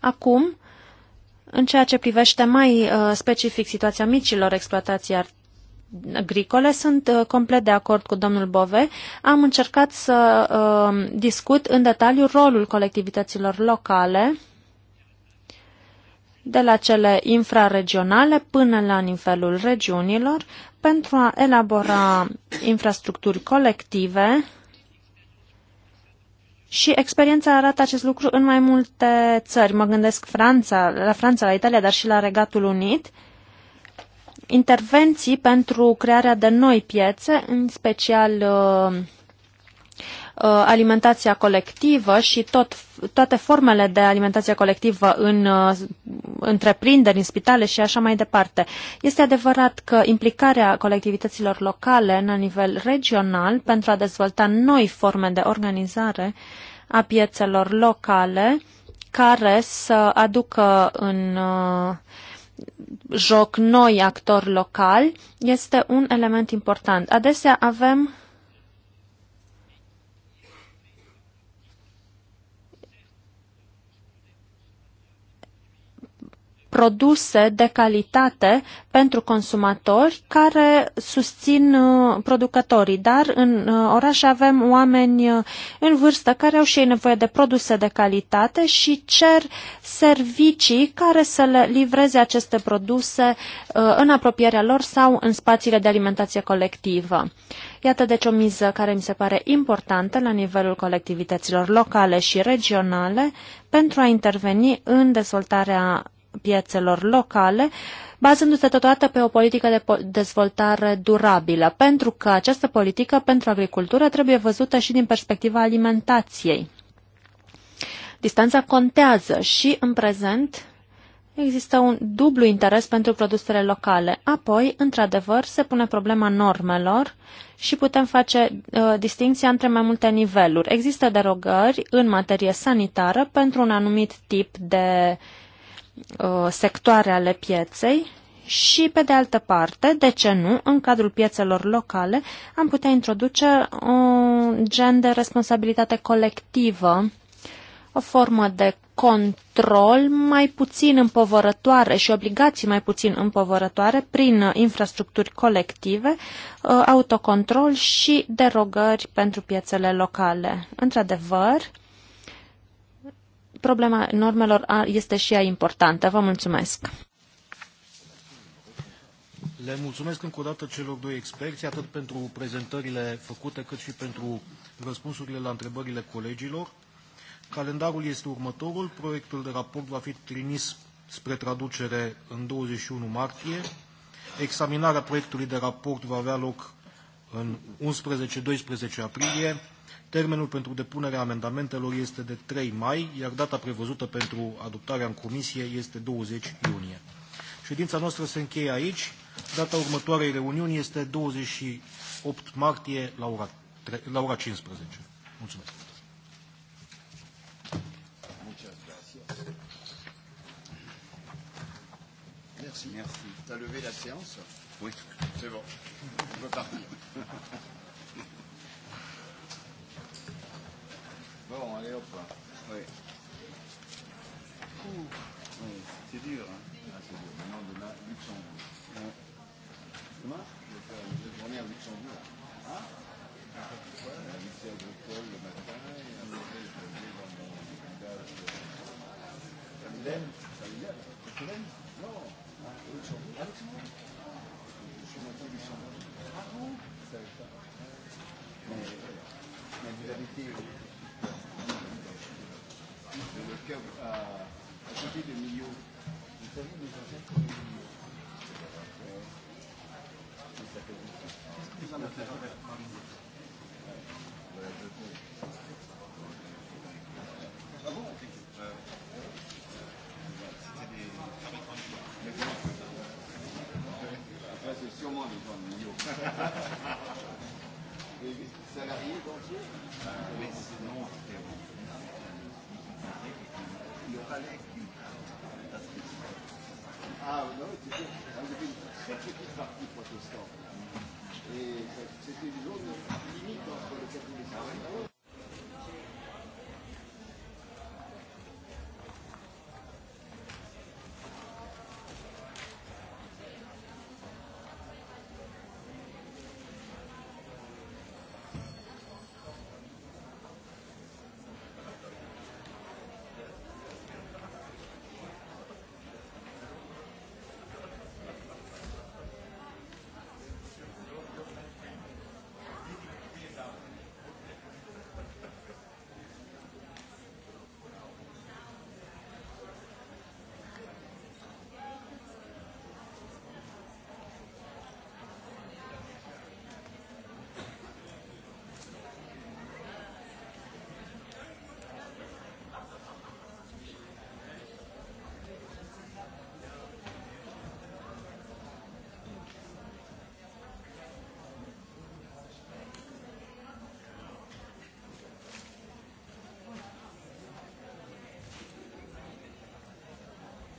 Acum, în ceea ce privește mai uh, specific situația micilor exploatații agricole. Sunt uh, complet de acord cu domnul Bove. Am încercat să uh, discut în detaliu rolul colectivităților locale de la cele infraregionale până la nivelul regiunilor, pentru a elabora infrastructuri colective și experiența arată acest lucru în mai multe țări. Mă gândesc Franța, la Franța, la Italia, dar și la Regatul Unit. Uh, intervenții pentru crearea de noi piețe, în special uh, uh, alimentația colectivă și tot, toate formele de alimentație colectivă în uh, întreprinderi, în spitale și așa mai departe. Este adevărat că implicarea colectivităților locale la nivel regional pentru a dezvolta noi forme de organizare a piețelor locale care să aducă în uh, joc noi actori locali este un element important. Adesea avem produse de calitate pentru consumatori care susțin uh, producătorii, dar în uh, oraș avem oameni uh, în vârstă care au și ei nevoie de produse de calitate și cer servicii care să le livreze aceste produse în apropierea lor sau în spațiile de alimentație colectivă. Iată deci o miză care mi se pare importantă la nivelul colectivităților locale și regionale pentru a interveni în dezvoltarea piețelor locale, bazându-se totodată pe o politică de dezvoltare durabilă, pentru că această politică pentru agricultură trebuie văzută și din perspectiva alimentației. Distanța contează și, în prezent, există un dublu interes pentru produsele locale. Apoi, într-adevăr, se pune problema normelor și putem face uh, distinția între mai multe niveluri. Există derogări în materie sanitară pentru un anumit tip de uh, Uh, sectoare ale pieței și, pe de altă parte, de ce nu, în cadrul piețelor locale, am putea introduce un gen de responsabilitate colectivă, o formă de control mai puțin împovărătoare și obligații mai puțin împovărătoare prin infrastructuri colective, uh, autocontrol și derogări pentru piețele locale. Într-adevăr, problema normelor este și ea importantă. Vă mulțumesc! Le mulțumesc încă o dată celor doi experți, atât pentru prezentările făcute, cât și pentru răspunsurile la întrebările colegilor. Calendarul este următorul. Proiectul de raport va fi trimis spre traducere în 21 martie. Examinarea proiectului de raport va avea loc în 11-12 aprilie Termenul pentru depunerea amendamentelor este de 3 mai, iar data prevăzută pentru adoptarea în comisie este 20 iunie. Ședința noastră se încheie aici. Data următoarei reuniuni este 28 martie la ora, 3, la ora 15. Mulțumesc! Merci. Merci. T'as levé la séance Oui. C'est bon. On peut partir. Bon, allez hop là. Oui. Oui, c'est dur. Hein. Ah, c'est dur. Maintenant, demain, Luxembourg. Ouais. Demain Je vais faire une journée à Luxembourg. Hein Ouais, à 8 de le matin, et après, je vais aller dans mon village de. Samuel Samuel Samuel Non. Ah, ah, Luxembourg À Luxembourg Je suis monté à Luxembourg. Ah bon mais vous habitez où à côté de Millau. Vous savez, nous avons